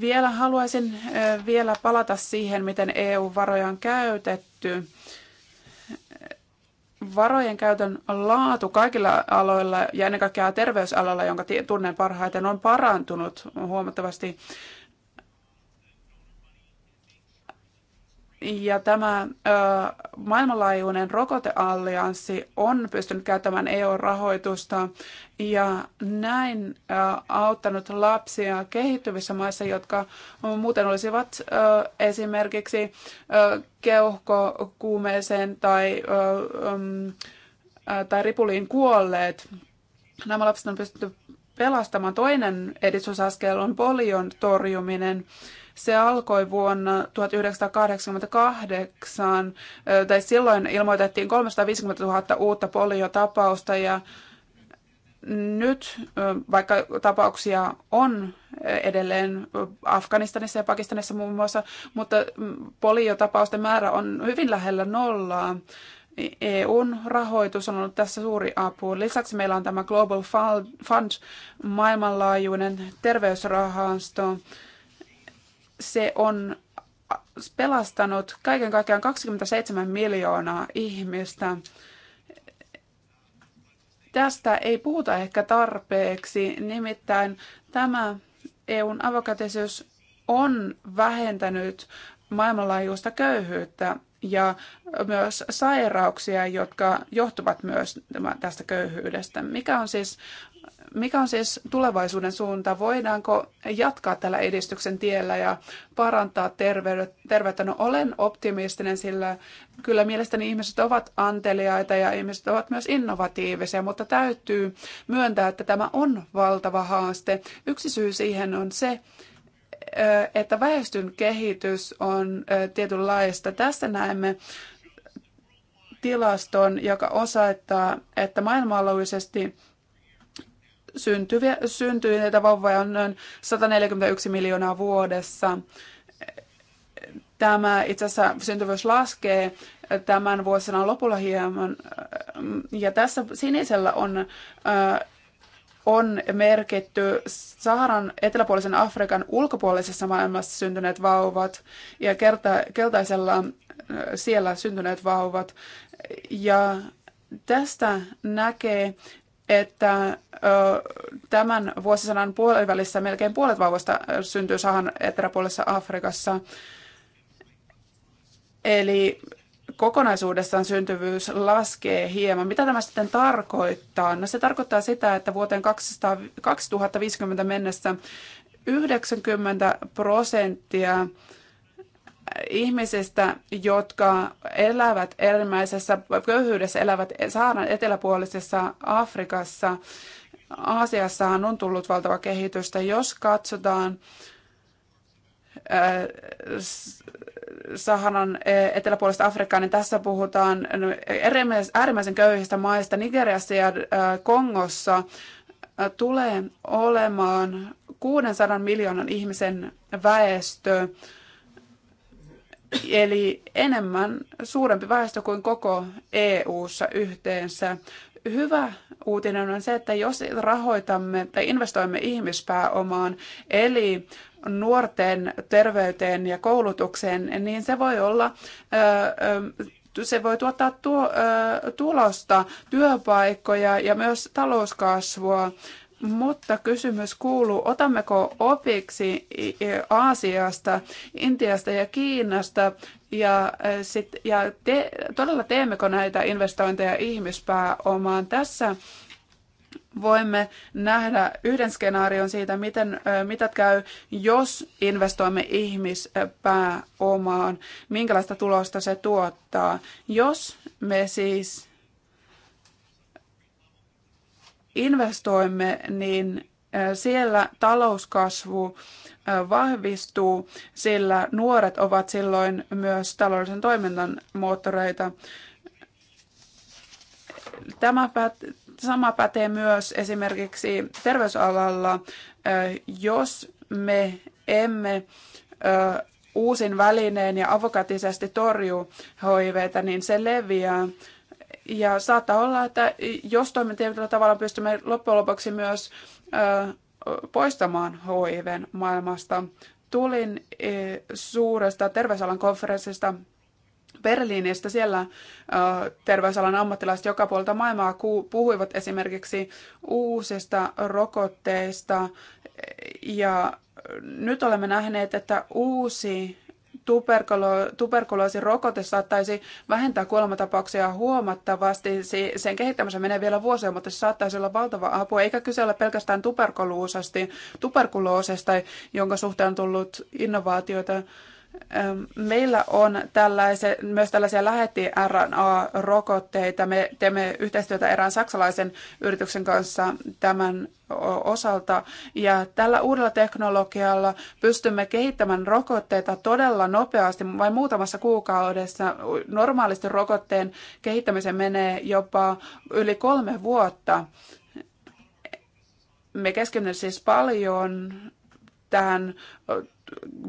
Vielä haluaisin vielä palata siihen, miten EU-varoja on käytetty. Varojen käytön laatu kaikilla aloilla ja ennen kaikkea terveysalalla, jonka tunnen parhaiten, on parantunut huomattavasti Ja tämä ö, maailmanlaajuinen rokoteallianssi on pystynyt käyttämään EU-rahoitusta ja näin ö, auttanut lapsia kehittyvissä maissa, jotka muuten olisivat ö, esimerkiksi keuhkokuumeeseen tai, tai ripuliin kuolleet. Nämä lapset on pystytty pelastamaan. Toinen edistysaskel on polion torjuminen. Ö, se alkoi vuonna 1988, tai silloin ilmoitettiin 350 000 uutta poliotapausta ja nyt, vaikka tapauksia on edelleen Afganistanissa ja Pakistanissa muun muassa, mutta mm, poliotapausten määrä on hyvin lähellä nollaa. EUn e rahoitus on ollut tässä suuri apu. Lisäksi meillä on tämä Global Fund, maailmanlaajuinen terveysrahasto, se on pelastanut kaiken kaikkiaan 27 miljoonaa ihmistä. Tästä ei puhuta ehkä tarpeeksi, nimittäin tämä EUn avokätisyys on vähentänyt maailmanlaajuista köyhyyttä ja myös sairauksia, jotka johtuvat myös tästä köyhyydestä. Mikä on siis mikä on siis tulevaisuuden suunta? Voidaanko jatkaa tällä edistyksen tiellä ja parantaa terveyttä? No olen optimistinen, sillä kyllä mielestäni ihmiset ovat anteliaita ja ihmiset ovat myös innovatiivisia, mutta täytyy myöntää, että tämä on valtava haaste. Yksi syy siihen on se, että väestön kehitys on tietynlaista. Tässä näemme tilaston, joka osoittaa, että maailmanlaajuisesti – syntyviä, syntyneitä vauvoja on noin 141 miljoonaa vuodessa. Tämä itse asiassa syntyvyys laskee tämän vuosina lopulla hieman. Ja tässä sinisellä on, on merkitty Saharan eteläpuolisen Afrikan ulkopuolisessa maailmassa syntyneet vauvat ja kerta, keltaisella siellä syntyneet vauvat. Ja tästä näkee, että tämän vuosisadan puolivälissä melkein puolet vauvoista syntyy sahan eteläpuolisessa Afrikassa. Eli kokonaisuudessaan syntyvyys laskee hieman. Mitä tämä sitten tarkoittaa? No se tarkoittaa sitä, että vuoteen 200, 2050 mennessä 90 prosenttia ihmisistä, jotka elävät erimäisessä köyhyydessä, elävät saaran eteläpuolisessa Afrikassa. Aasiassahan on tullut valtava kehitystä. Jos katsotaan äh, Saharan äh, eteläpuolista Afrikkaa, niin tässä puhutaan no, äärimmäisen köyhistä maista Nigeriassa ja äh, Kongossa tulee olemaan 600 miljoonan ihmisen väestö eli enemmän suurempi väestö kuin koko EU:ssa yhteensä. Hyvä uutinen on se, että jos rahoitamme tai investoimme ihmispääomaan, eli nuorten terveyteen ja koulutukseen, niin se voi olla se voi tuottaa tulosta, työpaikkoja ja myös talouskasvua. Mutta kysymys kuuluu, otammeko opiksi Aasiasta, Intiasta ja Kiinasta ja, eh, sit, ja te, todella teemmekö näitä investointeja ihmispääomaan tässä? voimme nähdä yhden skenaarion siitä, miten, eh, mitä käy, jos investoimme ihmispääomaan, minkälaista tulosta se tuottaa. Jos me siis investoimme, niin äh, siellä talouskasvu äh, vahvistuu, sillä nuoret ovat silloin myös taloudellisen toiminnan moottoreita. Tämä sama pätee myös esimerkiksi terveysalalla. Äh, jos me emme uusin välineen ja avokatisesti torju HIVtä, niin se leviää. Ja saattaa olla, että jos toimimme tietyllä tavalla, pystymme loppujen lopuksi myös poistamaan HIVn maailmasta. Tulin suuresta terveysalan konferenssista Berliinistä. Siellä terveysalan ammattilaiset joka puolta maailmaa puhuivat esimerkiksi uusista rokotteista. Ja nyt olemme nähneet, että uusi tuberkulo- tuberkuloosirokote saattaisi vähentää kuolematapauksia huomattavasti. Sen kehittämiseen menee vielä vuosia, mutta se saattaisi olla valtava apu. Eikä kyse ole pelkästään tuberkuloosesta, jonka suhteen on tullut innovaatioita Meillä on tällaise, myös tällaisia lähetti RNA-rokotteita. Me teemme yhteistyötä erään saksalaisen yrityksen kanssa tämän osalta. Ja tällä uudella teknologialla pystymme kehittämään rokotteita todella nopeasti, vain muutamassa kuukaudessa. Normaalisti rokotteen kehittämiseen menee jopa yli kolme vuotta. Me keskimme siis paljon tähän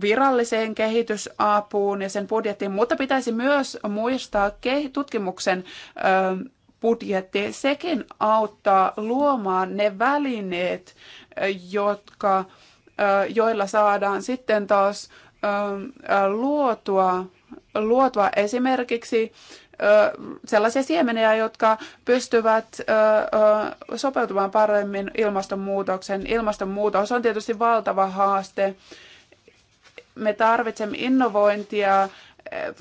viralliseen kehitysapuun ja sen budjettiin, mutta pitäisi myös muistaa tutkimuksen budjetti. Sekin auttaa luomaan ne välineet, jotka, joilla saadaan sitten taas luotua, luotua esimerkiksi sellaisia siemeniä, jotka pystyvät sopeutumaan paremmin ilmastonmuutoksen. Ilmastonmuutos on tietysti valtava haaste. Me tarvitsemme innovointia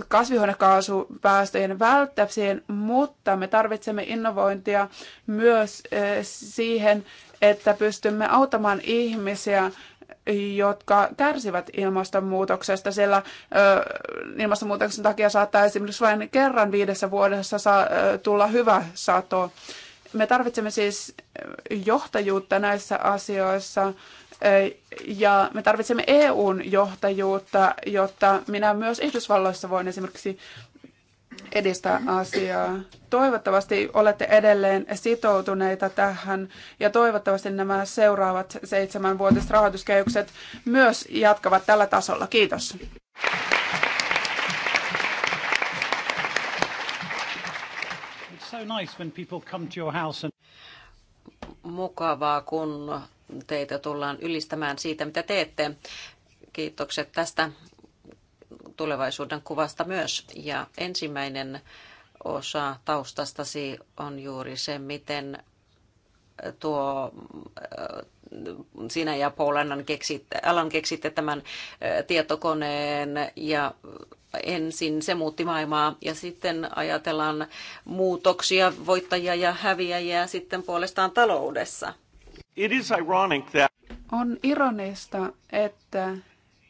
kasvihuonekaasupäästöjen välttämiseen, mutta me tarvitsemme innovointia myös siihen, että pystymme auttamaan ihmisiä jotka kärsivät ilmastonmuutoksesta, sillä ilmastonmuutoksen takia saattaa esimerkiksi vain kerran viidessä vuodessa saa, tulla hyvä sato. Me tarvitsemme siis johtajuutta näissä asioissa ja me tarvitsemme EUn johtajuutta, jotta minä myös Yhdysvalloissa voin esimerkiksi edistää asiaa. Toivottavasti olette edelleen sitoutuneita tähän ja toivottavasti nämä seuraavat seitsemänvuotiset rahoituskehykset myös jatkavat tällä tasolla. Kiitos. Mukavaa, kun teitä tullaan ylistämään siitä, mitä teette. Kiitokset tästä tulevaisuuden kuvasta myös. Ja ensimmäinen osa taustastasi on juuri se, miten tuo, äh, sinä ja Paul Annan keksitte, Alan keksitte tämän äh, tietokoneen ja ensin se muutti maailmaa ja sitten ajatellaan muutoksia, voittajia ja häviäjiä sitten puolestaan taloudessa. It is ironic that... On ironista, että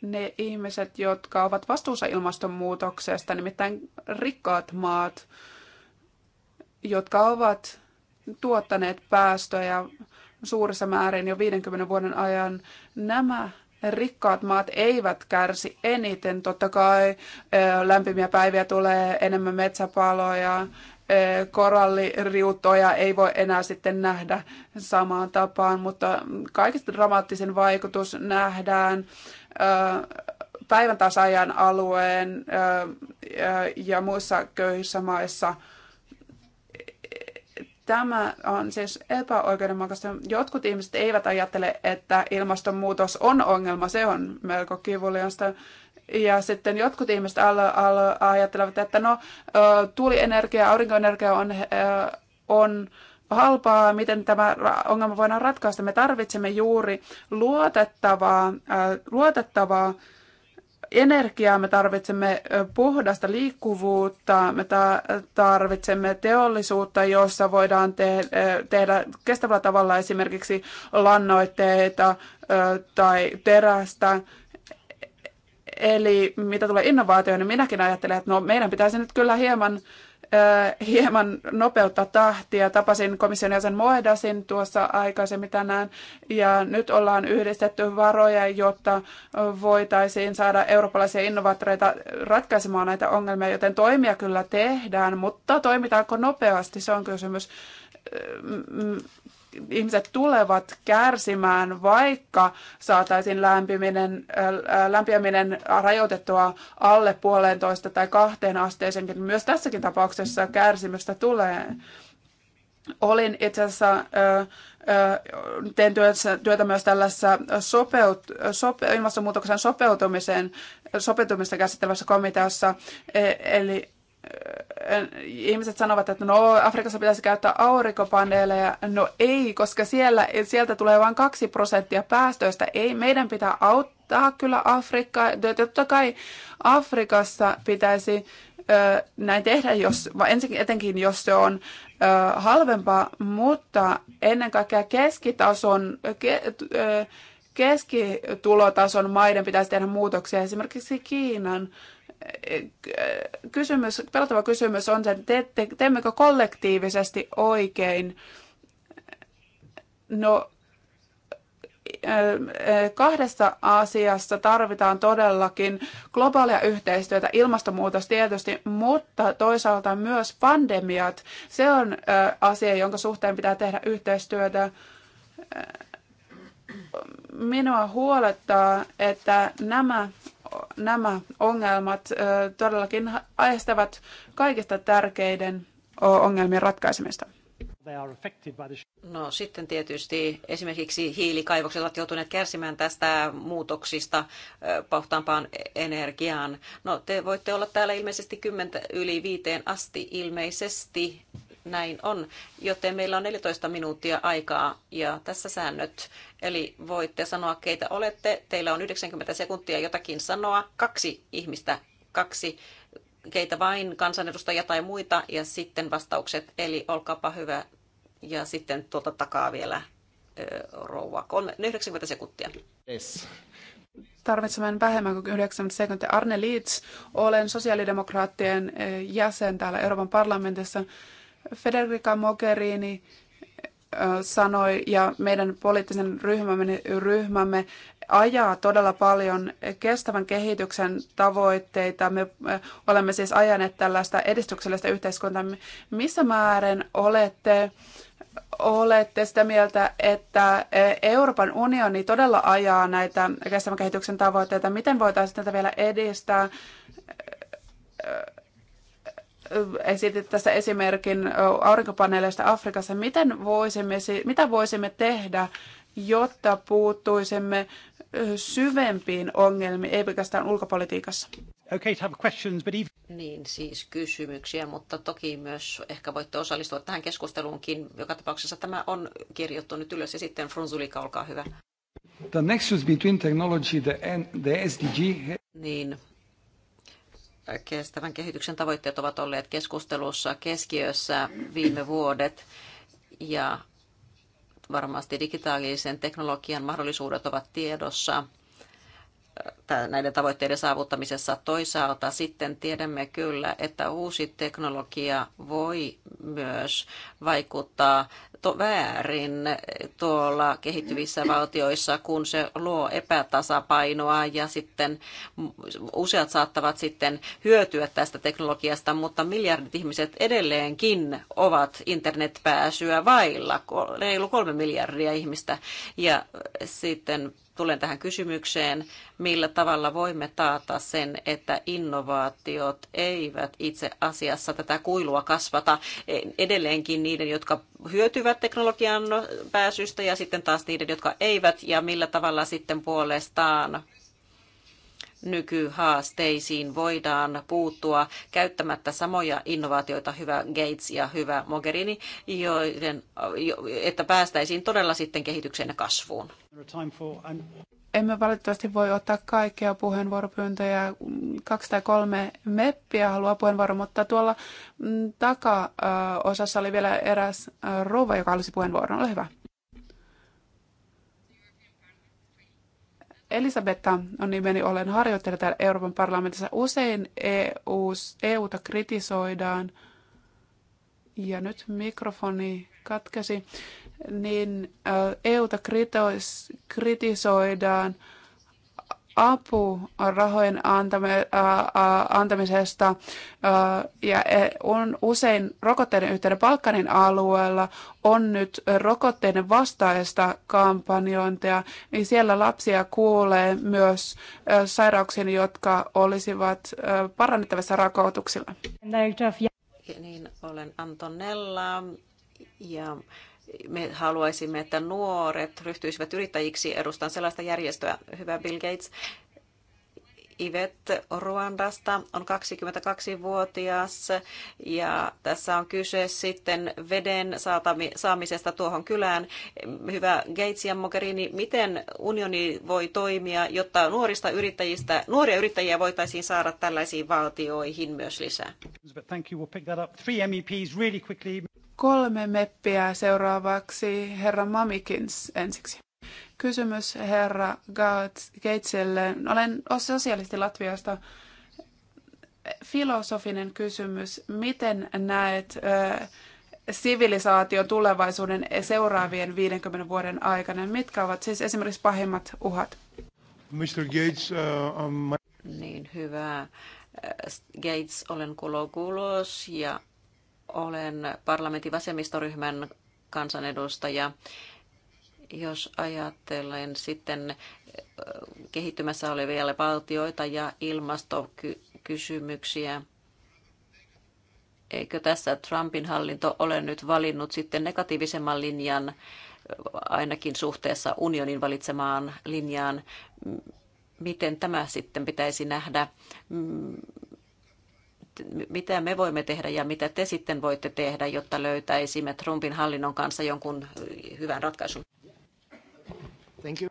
ne ihmiset, jotka ovat vastuussa ilmastonmuutoksesta, nimittäin rikkaat maat, jotka ovat tuottaneet päästöjä suurissa määrin jo 50 vuoden ajan, nämä rikkaat maat eivät kärsi eniten. Totta kai lämpimiä päiviä tulee enemmän metsäpaloja, koralliriuttoja ei voi enää sitten nähdä samaan tapaan, mutta kaikista dramaattisin vaikutus nähdään päivän tasajan alueen ja muissa köyhissä maissa. Tämä on siis epäoikeudenmukaista. Jotkut ihmiset eivät ajattele, että ilmastonmuutos on ongelma. Se on melko kivuliasta. Ja sitten jotkut ihmiset ajattelevat, että no, tuulienergia, aurinkoenergia on, on halpaa, miten tämä ongelma voidaan ratkaista. Me tarvitsemme juuri luotettavaa, äh, luotettavaa energiaa, me tarvitsemme äh, puhdasta liikkuvuutta, me tarvitsemme teollisuutta, jossa voidaan te- äh, tehdä kestävällä tavalla esimerkiksi lannoitteita tai terästä. Eli mitä tulee innovaatioon, niin minäkin ajattelen, että no, meidän pitäisi nyt kyllä hieman hieman nopeutta tahtia. Tapasin komission jäsen Moedasin tuossa aikaisemmin tänään ja nyt ollaan yhdistetty varoja, jotta voitaisiin saada eurooppalaisia innovaattoreita ratkaisemaan näitä ongelmia, joten toimia kyllä tehdään, mutta toimitaanko nopeasti, se on kysymys ihmiset tulevat kärsimään, vaikka saataisiin lämpiminen, äh, äh, lämpiäminen rajoitettua alle puolentoista tai kahteen asteeseenkin. Myös tässäkin tapauksessa kärsimystä tulee. Olin itse asiassa, äh, tein työtä myös tällaisessa sopeut, sope, ilmastonmuutoksen sopeutumisen, sopeutumista käsittelevässä komiteassa, e, eli ihmiset sanovat, että no Afrikassa pitäisi käyttää aurinkopaneeleja. No ei, koska siellä, sieltä tulee vain kaksi prosenttia päästöistä. Ei, meidän pitää auttaa kyllä Afrikkaa. Totta kai Afrikassa pitäisi näin tehdä, jos, ensin, etenkin jos se on ö, halvempaa, mutta ennen kaikkea keskitason, ke, ö, keskitulotason maiden pitäisi tehdä muutoksia, esimerkiksi Kiinan. Ö, kysymys, pelottava kysymys on se, että teemmekö kollektiivisesti oikein. No, kahdesta asiasta tarvitaan todellakin globaalia yhteistyötä, ilmastonmuutos tietysti, mutta toisaalta myös pandemiat. Se on asia, jonka suhteen pitää tehdä yhteistyötä. Minua huolettaa, että nämä nämä ongelmat todellakin estävät kaikista tärkeiden ongelmien ratkaisemista. No sitten tietysti esimerkiksi hiilikaivokset ovat joutuneet kärsimään tästä muutoksista pahtaampaan energiaan. No te voitte olla täällä ilmeisesti kymmentä yli viiteen asti ilmeisesti näin on, joten meillä on 14 minuuttia aikaa ja tässä säännöt. Eli voitte sanoa, keitä olette. Teillä on 90 sekuntia jotakin sanoa. Kaksi ihmistä, kaksi keitä vain, kansanedustajia tai muita, ja sitten vastaukset. Eli olkaapa hyvä. Ja sitten tuolta takaa vielä rouva. 90 sekuntia. Yes Tarvitsemme vähemmän kuin 90 sekuntia. Arne Leeds, olen sosiaalidemokraattien jäsen täällä Euroopan parlamentissa. Federica Mogherini sanoi, ja meidän poliittisen ryhmämme, ryhmämme ajaa todella paljon kestävän kehityksen tavoitteita. Me olemme siis ajaneet tällaista edistyksellistä yhteiskuntaa. Missä määrin olette, olette sitä mieltä, että Euroopan unioni todella ajaa näitä kestävän kehityksen tavoitteita? Miten voitaisiin tätä vielä edistää? esitit tässä esimerkin aurinkopaneeleista Afrikassa. Miten voisimme, mitä voisimme tehdä, jotta puuttuisimme syvempiin ongelmiin, ei pelkästään ulkopolitiikassa? Okay, to have questions, but even... Niin, siis kysymyksiä, mutta toki myös ehkä voitte osallistua tähän keskusteluunkin. Joka tapauksessa tämä on kirjoittu nyt ylös ja sitten Frunzulika, olkaa hyvä. The nexus between technology the, and the SDG... Niin, kestävän kehityksen tavoitteet ovat olleet keskustelussa keskiössä viime vuodet ja varmasti digitaalisen teknologian mahdollisuudet ovat tiedossa näiden tavoitteiden saavuttamisessa. Toisaalta sitten tiedämme kyllä, että uusi teknologia voi myös vaikuttaa to- väärin tuolla kehittyvissä valtioissa, kun se luo epätasapainoa ja sitten useat saattavat sitten hyötyä tästä teknologiasta, mutta miljardit ihmiset edelleenkin ovat internetpääsyä vailla, reilu kolme miljardia ihmistä ja sitten tulen tähän kysymykseen, millä tavalla voimme taata sen, että innovaatiot eivät itse asiassa tätä kuilua kasvata e, edelleenkin niiden, jotka hyötyvät teknologian no, pääsystä ja sitten taas niiden, jotka eivät ja millä tavalla sitten puolestaan nykyhaasteisiin voidaan puuttua käyttämättä samoja innovaatioita, hyvä Gates ja hyvä Mogherini, joiden, että päästäisiin todella sitten kehitykseen ja kasvuun. Emme valitettavasti voi ottaa kaikkia puheenvuoropyyntöjä. Kaksi tai kolme meppiä haluaa puheenvuoron, mutta tuolla mm, takaosassa oli vielä eräs äh, rouva, joka halusi puheenvuoron. Ole hyvä. Elisabetta on nimeni, olen harjoittelija täällä Euroopan parlamentissa. Usein EU, EUta kritisoidaan, ja nyt mikrofoni katkesi, niin EUta kritisoidaan – apu rahojen antamisesta ja e, on usein rokotteiden yhteyden Balkanin alueella on nyt rokotteiden vastaista kampanjointia, niin siellä lapsia kuulee myös sairauksiin, jotka olisivat parannettavissa rakoituksilla. Niin, olen Antonella ja me haluaisimme, että nuoret ryhtyisivät yrittäjiksi. Edustan sellaista järjestöä, hyvä Bill Gates. Ivet Ruandasta on 22-vuotias ja tässä on kyse sitten veden saamisesta tuohon kylään. Hyvä Gates ja Mogherini, miten unioni voi toimia, jotta nuorista yrittäjistä, nuoria yrittäjiä voitaisiin saada tällaisiin valtioihin myös lisää? Kolme meppiä seuraavaksi herra Mamikins ensiksi. Kysymys herra Gatesille. Olen sosiaalisti Latviasta. Filosofinen kysymys. Miten näet ö, sivilisaation tulevaisuuden seuraavien 50 vuoden aikana? Mitkä ovat siis esimerkiksi pahimmat uhat? Mr. Gates, uh, um, on Niin, hyvä. Gates, olen Kulokulos ja olen parlamentin vasemmistoryhmän kansanedustaja. Jos ajattelen sitten kehittymässä olevia valtioita ja ilmastokysymyksiä, eikö tässä Trumpin hallinto ole nyt valinnut sitten negatiivisemman linjan ainakin suhteessa unionin valitsemaan linjaan? Miten tämä sitten pitäisi nähdä? mitä me voimme tehdä ja mitä te sitten voitte tehdä, jotta löytäisimme Trumpin hallinnon kanssa jonkun äh, hyvän ratkaisun? Thank you.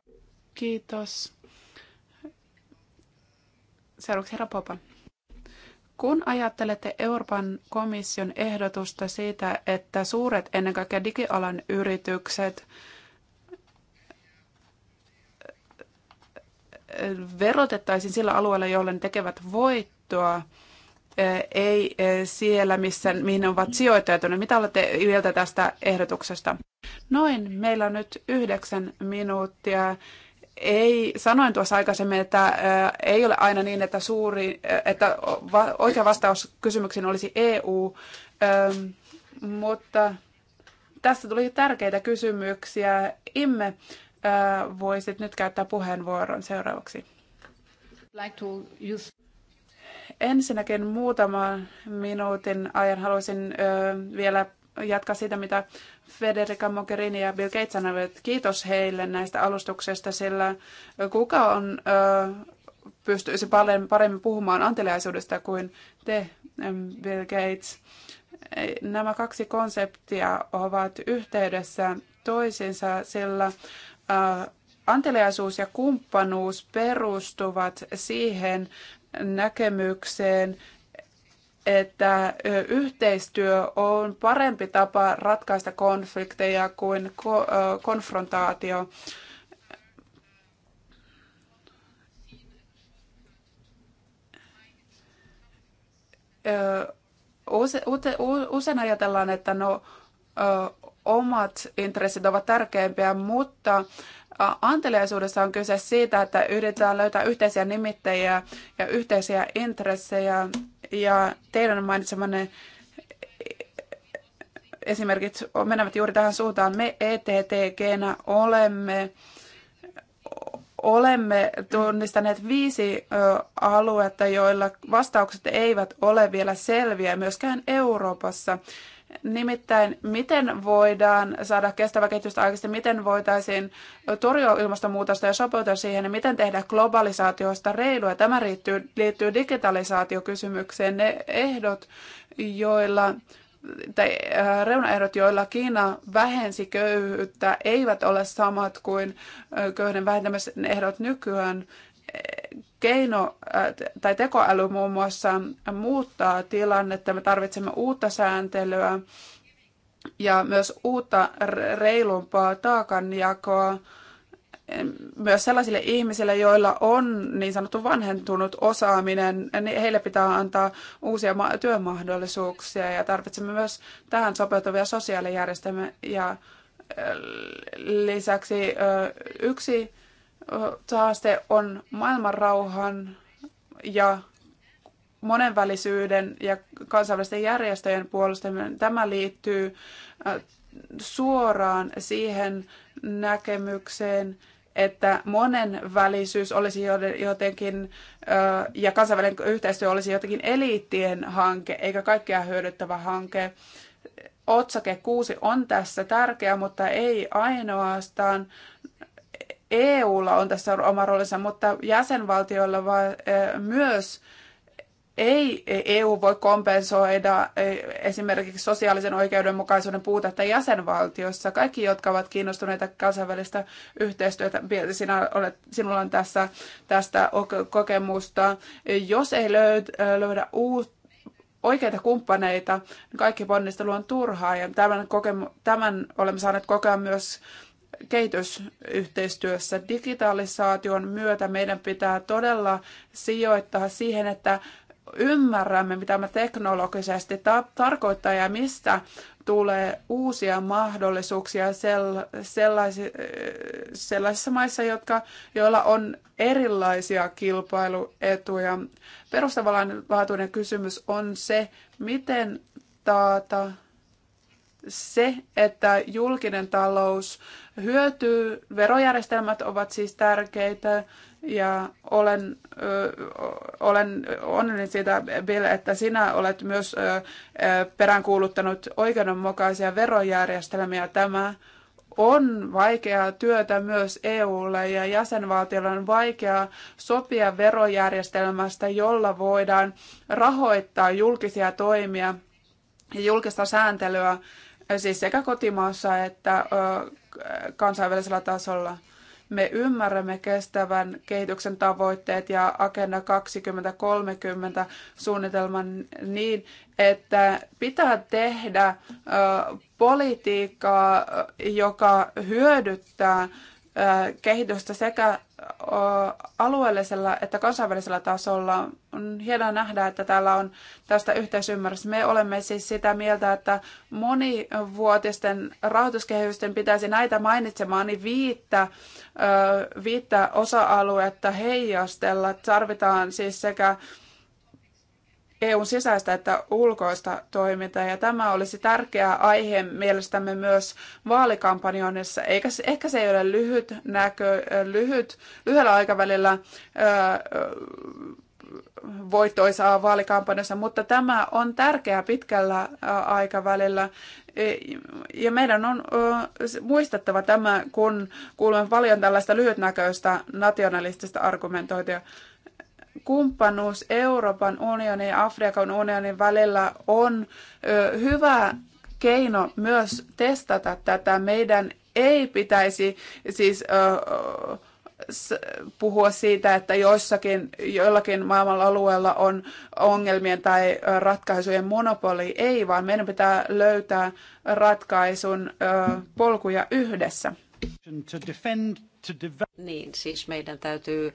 Kiitos. Seuraavaksi herra Popa. Kun ajattelette Euroopan komission ehdotusta siitä, että suuret ennen kaikkea digialan yritykset äh, verotettaisiin sillä alueella, jolle ne tekevät voittoa, ei siellä, missä, mihin ovat sijoittautuneet. Mitä olette mieltä tästä ehdotuksesta? Noin, meillä on nyt yhdeksän minuuttia. Ei, sanoin tuossa aikaisemmin, että ei ole aina niin, että, suuri, että oikea vastaus kysymyksiin olisi EU, mutta tässä tuli tärkeitä kysymyksiä. Imme, voisit nyt käyttää puheenvuoron seuraavaksi. Ensinnäkin muutaman minuutin ajan haluaisin ö, vielä jatkaa siitä, mitä Federica Mogherini ja Bill Gates sanoivat. Kiitos heille näistä alustuksesta, sillä kuka on ö, pystyisi paljon paremmin puhumaan anteliaisuudesta kuin te, Bill Gates. Nämä kaksi konseptia ovat yhteydessä toisiinsa, sillä anteliaisuus ja kumppanuus perustuvat siihen, näkemykseen, että yhteistyö on parempi tapa ratkaista konflikteja kuin konfrontaatio. Usein ajatellaan, että no, omat intressit ovat tärkeimpiä, mutta anteliaisuudessa on kyse siitä, että yritetään löytää yhteisiä nimittäjiä ja yhteisiä intressejä. Ja teidän mainitsemanne esimerkit menevät juuri tähän suuntaan. Me ETTGnä olemme olemme tunnistaneet viisi aluetta, joilla vastaukset eivät ole vielä selviä myöskään Euroopassa. Nimittäin, miten voidaan saada kestävä kehitystä aikaisesti, miten voitaisiin torjua ilmastonmuutosta ja sopeutua siihen, ja miten tehdä globalisaatiosta reilua. Tämä liittyy, liittyy digitalisaatiokysymykseen. Ne ehdot, joilla tai äh, reunaehdot, joilla Kiina vähensi köyhyyttä, eivät ole samat kuin äh, köyhden vähentämisen ehdot nykyään keino äh, tai tekoäly muun muassa muuttaa tilannetta. Me tarvitsemme uutta sääntelyä ja myös uutta reilumpaa taakanjakoa myös sellaisille ihmisille, joilla on niin sanottu vanhentunut osaaminen, niin heille pitää antaa uusia työmahdollisuuksia ja tarvitsemme myös tähän sopeutuvia sosiaalijärjestelmiä ja äh, lisäksi yksi taaste on maailmanrauhan ja monenvälisyyden ja kansainvälisten järjestöjen puolustaminen. Tämä liittyy äh, suoraan siihen näkemykseen, että monenvälisyys olisi jotenkin äh, ja kansainvälinen yhteistyö olisi jotenkin eliittien hanke eikä kaikkea hyödyttävä hanke. Otsake 6 on tässä tärkeä, mutta ei ainoastaan EUlla on tässä oma roolinsa, mutta jäsenvaltioilla vaan, eh, myös ei EU voi kompensoida eh, esimerkiksi sosiaalisen oikeudenmukaisuuden puutetta jäsenvaltiossa. Kaikki, jotka ovat kiinnostuneita kansainvälistä yhteistyötä, sinä olet, sinulla on tässä, tästä kokemusta. Jos ei eh, löydä uutta oikeita kumppaneita, niin kaikki ponnistelu on turhaa. Ja tämän, kokemu- tämän olemme saaneet kokea myös kehitysyhteistyössä. Digitalisaation myötä meidän pitää todella sijoittaa siihen, että ymmärrämme, mitä me teknologisesti ta- tarkoittaa ja mistä tulee uusia mahdollisuuksia sell- sellaisi- sellaisissa maissa, jotka, joilla on erilaisia kilpailuetuja. Perustavanlaatuinen kysymys on se, miten taata se, että julkinen talous hyötyy, verojärjestelmät ovat siis tärkeitä ja olen, ö, olen onnellinen siitä, Bill, että sinä olet myös ö, peräänkuuluttanut oikeudenmukaisia verojärjestelmiä. Tämä on vaikeaa työtä myös EUlle ja jäsenvaltiolle on vaikeaa sopia verojärjestelmästä, jolla voidaan rahoittaa julkisia toimia ja julkista sääntelyä siis sekä kotimaassa että kansainvälisellä tasolla. Me ymmärrämme kestävän kehityksen tavoitteet ja Agenda 2030 suunnitelman niin, että pitää tehdä politiikkaa, joka hyödyttää kehitystä sekä alueellisella että kansainvälisellä tasolla. On hienoa nähdä, että täällä on tästä yhteisymmärrys. Me olemme siis sitä mieltä, että monivuotisten rahoituskehitysten pitäisi näitä mainitsemaan. niin viittä, viittä osa-aluetta heijastella. Tarvitaan siis sekä EUn sisäistä että ulkoista toimintaa. Ja tämä olisi tärkeä aihe mielestämme myös vaalikampanjoinnissa. Eikä, ehkä se ei ole lyhyt näkö, lyhyt, lyhyellä aikavälillä voittoisaa vaalikampanjassa, mutta tämä on tärkeää pitkällä aikavälillä. E, ja meidän on muistettava tämä, kun kuulemme paljon tällaista lyhytnäköistä nationalistista argumentointia kumppanuus Euroopan unionin ja Afrikan unionin välillä on hyvä keino myös testata tätä. Meidän ei pitäisi siis puhua siitä, että joissakin, joillakin maailman alueella on ongelmien tai ratkaisujen monopoli. Ei, vaan meidän pitää löytää ratkaisun polkuja yhdessä. To defend niin, siis meidän täytyy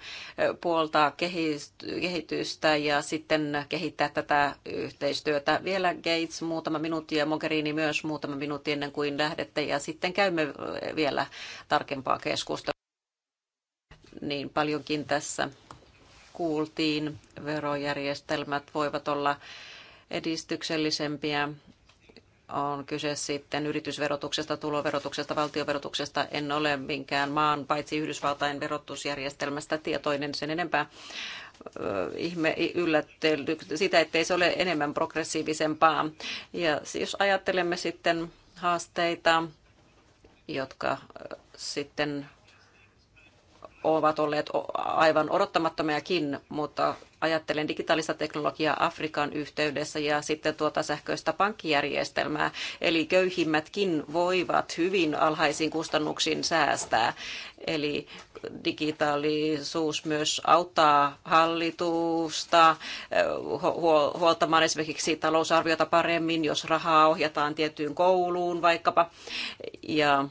puoltaa kehitystä ja sitten kehittää tätä yhteistyötä. Vielä Gates muutama minuutti ja Mogherini myös muutama minuutti ennen kuin lähdette ja sitten käymme vielä tarkempaa keskustelua. Niin paljonkin tässä kuultiin. Verojärjestelmät voivat olla edistyksellisempiä on kyse sitten yritysverotuksesta, tuloverotuksesta, valtioverotuksesta. En ole minkään maan, paitsi Yhdysvaltain verotusjärjestelmästä tietoinen sen enempää ihme yllättely sitä, ettei se ole enemmän progressiivisempaa. Ja jos ajattelemme sitten haasteita, jotka sitten ovat olleet aivan odottamattomiakin, mutta ajattelen digitaalista teknologiaa Afrikan yhteydessä ja sitten tuota sähköistä pankkijärjestelmää. Eli köyhimmätkin voivat hyvin alhaisiin kustannuksiin säästää. Eli digitaalisuus myös auttaa hallitusta eh, huoltamaan esimerkiksi talousarviota paremmin, jos rahaa ohjataan tiettyyn kouluun vaikkapa. Ja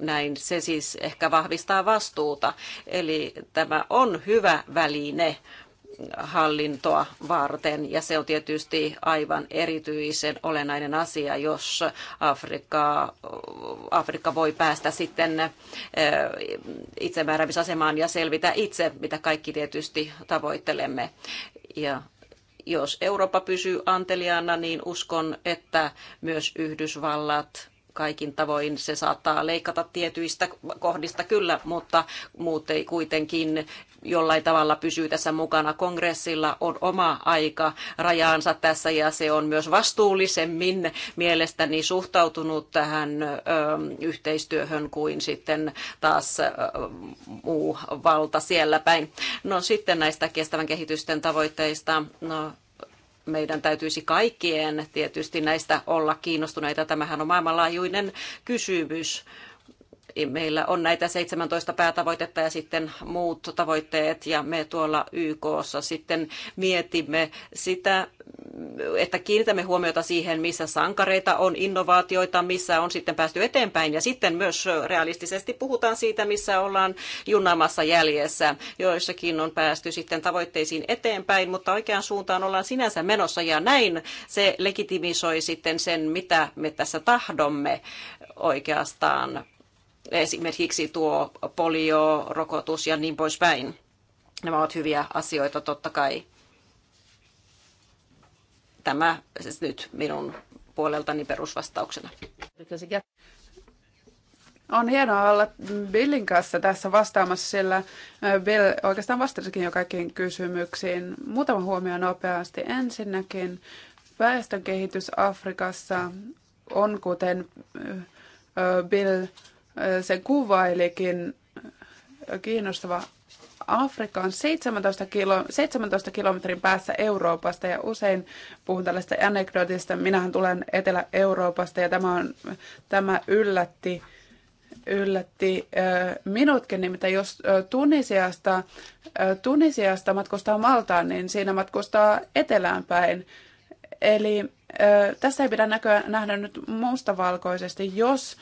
näin se siis ehkä vahvistaa vastuuta. Eli tämä on hyvä väline hallintoa varten. Ja se on tietysti aivan erityisen olennainen asia, jos Afrikka, Afrikka voi päästä sitten eh, itsemääräämisasemaan ja selvitä itse, mitä kaikki tietysti tavoittelemme. Ja jos Eurooppa pysyy anteliaana, niin uskon, että myös Yhdysvallat kaikin tavoin. Se saattaa leikata tietyistä kohdista kyllä, mutta muut ei kuitenkin jollain tavalla pysyy tässä mukana. Kongressilla on oma aika rajaansa tässä ja se on myös vastuullisemmin mielestäni suhtautunut tähän ö, yhteistyöhön kuin sitten taas ö, muu valta siellä päin. No sitten näistä kestävän kehitysten tavoitteista. No, meidän täytyisi kaikkien tietysti näistä olla kiinnostuneita. Tämähän on maailmanlaajuinen kysymys meillä on näitä 17 päätavoitetta ja sitten muut tavoitteet ja me tuolla YKssa sitten mietimme sitä, että kiinnitämme huomiota siihen, missä sankareita on, innovaatioita, missä on sitten päästy eteenpäin ja sitten myös realistisesti puhutaan siitä, missä ollaan junnaamassa jäljessä. Joissakin on päästy sitten tavoitteisiin eteenpäin, mutta oikeaan suuntaan ollaan sinänsä menossa ja näin se legitimisoi sitten sen, mitä me tässä tahdomme oikeastaan esimerkiksi tuo polio-rokotus ja niin poispäin. Nämä ovat hyviä asioita totta kai. Tämä siis nyt minun puoleltani perusvastauksena. On hienoa olla Billin kanssa tässä vastaamassa, sillä Bill oikeastaan vastasikin jo kaikkiin kysymyksiin. Muutama huomio nopeasti. Ensinnäkin kehitys Afrikassa on, kuten Bill sen kuvailikin. Kiinnostava Afrikka on 17, kilo, 17 kilometrin päässä Euroopasta ja usein puhun tällaista anekdotista. Minähän tulen Etelä-Euroopasta ja tämä, on, tämä yllätti, yllätti minutkin. Nimittäin jos Tunisiasta, Tunisiasta matkustaa Maltaan, niin siinä matkustaa etelään päin. Eli tässä ei pidä näköä, nähdä nyt mustavalkoisesti. Jos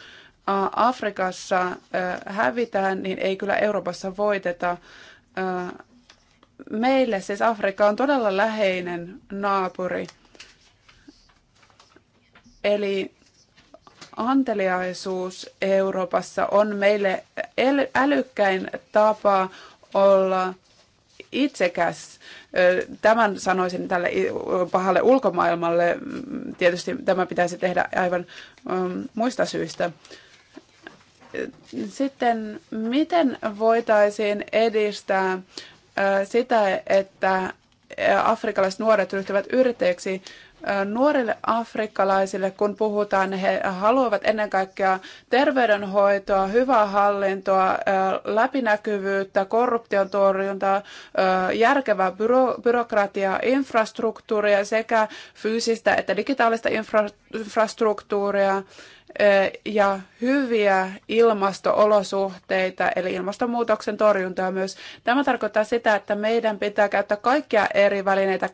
Afrikassa hävitään, niin ei kyllä Euroopassa voiteta. Meille siis Afrikka on todella läheinen naapuri. Eli anteliaisuus Euroopassa on meille älykkäin tapa olla itsekäs. Tämän sanoisin tälle pahalle ulkomaailmalle. Tietysti tämä pitäisi tehdä aivan muista syistä. Sitten miten voitaisiin edistää sitä, että afrikkalaiset nuoret ryhtyvät yrittäjiksi? Nuorille afrikkalaisille, kun puhutaan, he haluavat ennen kaikkea terveydenhoitoa, hyvää hallintoa, läpinäkyvyyttä, korruption torjuntaa, järkevää byro- byrokratiaa, infrastruktuuria sekä fyysistä että digitaalista infra- infrastruktuuria ja hyviä ilmastoolosuhteita, eli ilmastonmuutoksen torjuntaa myös. Tämä tarkoittaa sitä, että meidän pitää käyttää kaikkia eri välineitä.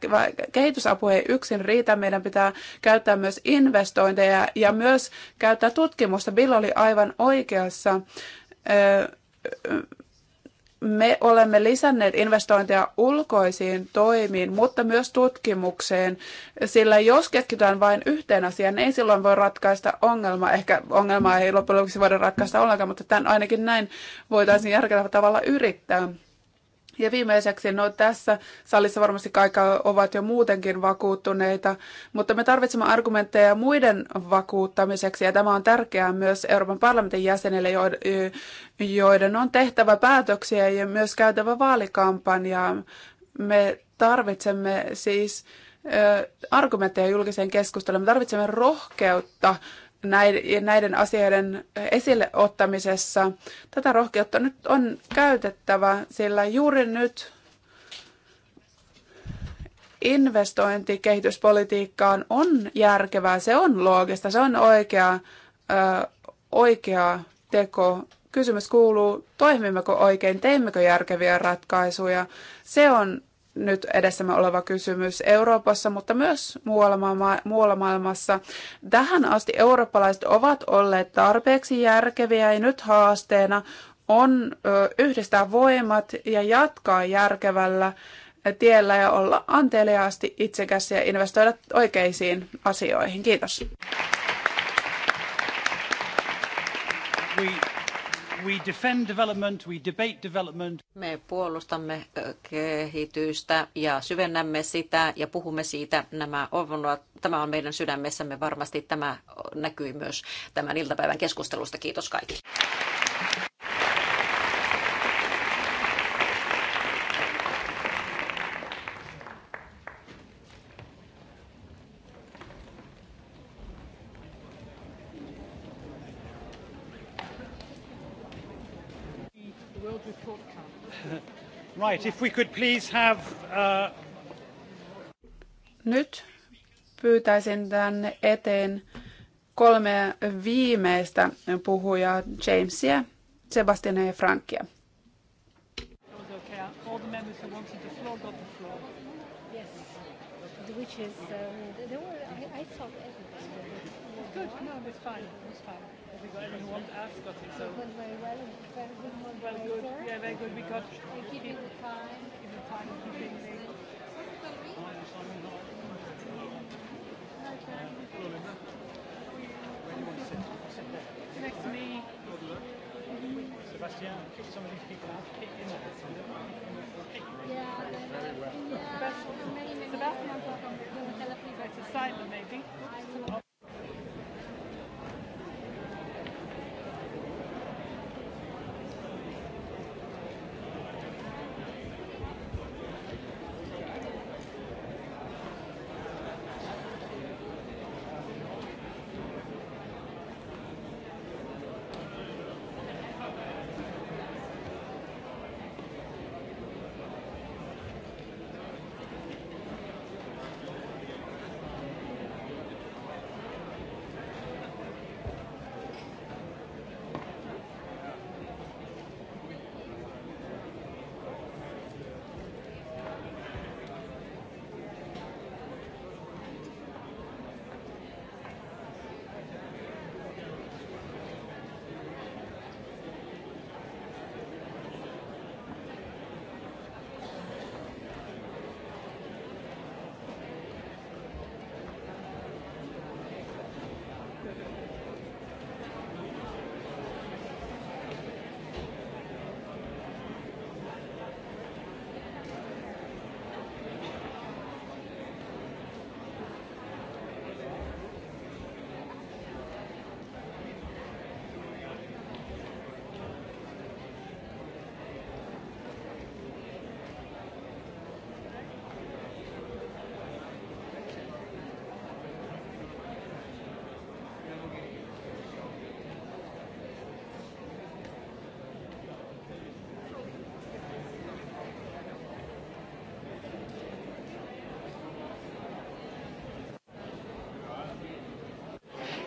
Kehitysapu ei yksin riitä, meidän pitää käyttää myös investointeja ja myös käyttää tutkimusta. Bill oli aivan oikeassa me olemme lisänneet investointeja ulkoisiin toimiin, mutta myös tutkimukseen, sillä jos keskitytään vain yhteen asiaan, niin ei silloin voi ratkaista ongelmaa. Ehkä ongelmaa ei loppujen lopuksi voida ratkaista ollenkaan, mutta tämän ainakin näin voitaisiin järkevällä tavalla yrittää. Ja viimeiseksi, no tässä salissa varmasti kaikki ovat jo muutenkin vakuuttuneita, mutta me tarvitsemme argumentteja muiden vakuuttamiseksi, ja tämä on tärkeää myös Euroopan parlamentin jäsenille, joiden on tehtävä päätöksiä ja myös käytävä vaalikampanjaa. Me tarvitsemme siis argumentteja julkiseen keskusteluun. Me tarvitsemme rohkeutta näiden asioiden esille ottamisessa. Tätä rohkeutta nyt on käytettävä, sillä juuri nyt investointi kehityspolitiikkaan on järkevää, se on loogista, se on oikea, ö, oikea teko. Kysymys kuuluu, toimimmeko oikein, teemmekö järkeviä ratkaisuja. Se on nyt edessämme oleva kysymys Euroopassa, mutta myös muualla, maailma, muualla maailmassa. Tähän asti eurooppalaiset ovat olleet tarpeeksi järkeviä ja nyt haasteena on yhdistää voimat ja jatkaa järkevällä tiellä ja olla anteliaasti itsekäs ja investoida oikeisiin asioihin. Kiitos. We We defend development, we debate development. Me puolustamme kehitystä ja syvennämme sitä ja puhumme siitä. Nämä ovat, tämä on meidän sydämessämme varmasti. Tämä näkyy myös tämän iltapäivän keskustelusta. Kiitos kaikille. Right, if we could please have, uh, Nyt pyytäisin tänne eteen kolme viimeistä puhujaa, Jamesia, Sebastian ja Frankia. Which is, uh, um, there were, I, I thought everybody. Good, no, it was fine, it was fine. Have you got anything want to ask us? it went very well. Very good moderator. Well, good. Yeah, very good. We got. We keep keep the time. Keep the time. Keep it. to sit? Sit Next to me. Sebastian, kick some of these people out. Kick in there. Yeah, very well. Yeah, Sebastian, Sebastian, Sebastian, Sebastian, Sebastian, maybe.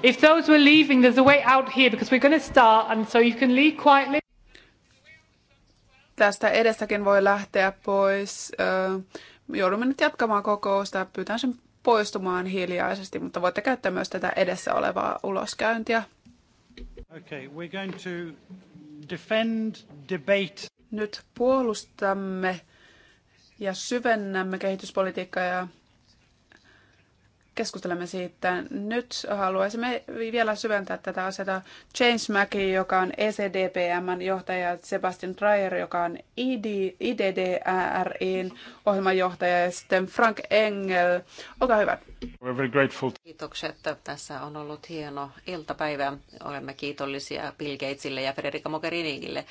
If those were leaving, there's a way out here because we're going to start and so you can leave quietly. Tästä edestäkin voi lähteä pois. Joudumme nyt jatkamaan kokousta. Pyytään sen poistumaan hiljaisesti, mutta voitte käyttää myös tätä edessä olevaa uloskäyntiä. Okay, we're going to defend, debate. Nyt puolustamme ja syvennämme kehityspolitiikkaa ja keskustelemme siitä. Nyt haluaisimme vielä syventää tätä asiaa Change joka on ECDPMn johtaja, Sebastian Dreyer, joka on ID, IDDRin ohjelmanjohtaja ja sitten Frank Engel. Olkaa hyvä. We're very grateful. Kiitokset. Tässä on ollut hieno iltapäivä. Olemme kiitollisia Bill Gatesille ja Federica Mogherinille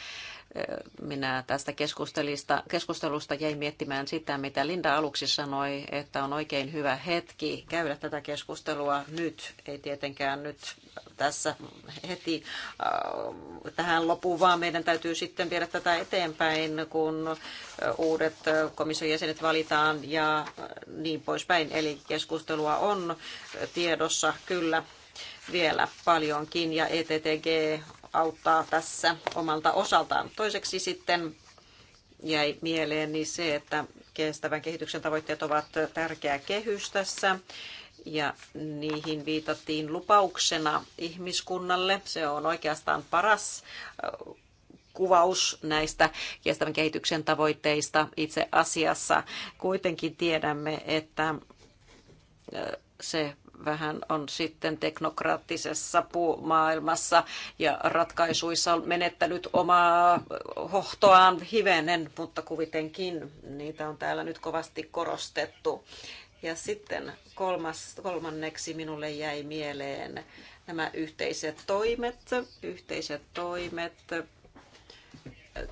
minä tästä keskustelusta keskustelusta jäin miettimään sitä, mitä Linda aluksi sanoi, että on oikein hyvä hetki käydä tätä keskustelua nyt. Ei tietenkään nyt tässä heti äh, tähän lopuun, vaan meidän täytyy sitten viedä tätä eteenpäin, kun äh, uudet äh, komission jäsenet valitaan ja niin poispäin. Eli keskustelua on tiedossa kyllä vielä paljonkin ja ETTG auttaa tässä omalta osaltaan. Toiseksi sitten jäi mieleen niin se, että kestävän kehityksen tavoitteet ovat tärkeä kehys tässä ja niihin viitattiin lupauksena ihmiskunnalle. Se on oikeastaan paras kuvaus näistä kestävän kehityksen tavoitteista itse asiassa. Kuitenkin tiedämme, että se vähän on sitten teknokraattisessa maailmassa ja ratkaisuissa on menettänyt omaa hohtoaan hivenen, mutta kuitenkin niitä on täällä nyt kovasti korostettu. Ja sitten kolmas, kolmanneksi minulle jäi mieleen nämä yhteiset toimet, yhteiset toimet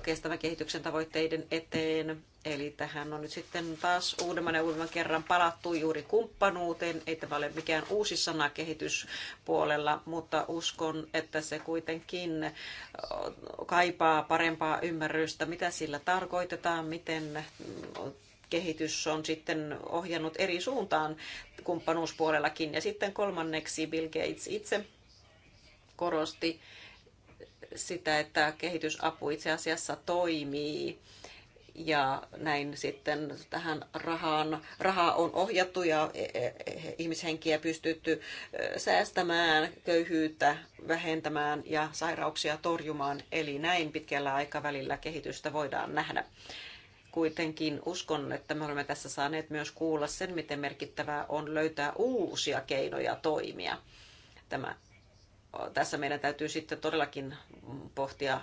kestävän kehityksen tavoitteiden eteen Eli tähän on nyt sitten taas uudemman ja uudemman kerran palattu juuri kumppanuuteen. Ei tämä ole mikään uusi sana kehityspuolella, mutta uskon, että se kuitenkin kaipaa parempaa ymmärrystä, mitä sillä tarkoitetaan, miten kehitys on sitten ohjannut eri suuntaan kumppanuuspuolellakin. Ja sitten kolmanneksi Bill Gates itse korosti sitä, että kehitysapu itse asiassa toimii ja näin sitten tähän rahaan, rahaa on ohjattu ja e, e, e, ihmishenkiä pystytty säästämään, köyhyyttä vähentämään ja sairauksia torjumaan. Eli näin pitkällä aikavälillä kehitystä voidaan nähdä kuitenkin uskon, että me olemme tässä saaneet myös kuulla sen, miten merkittävää on löytää uusia keinoja toimia. Tämä, tässä meidän täytyy sitten todellakin pohtia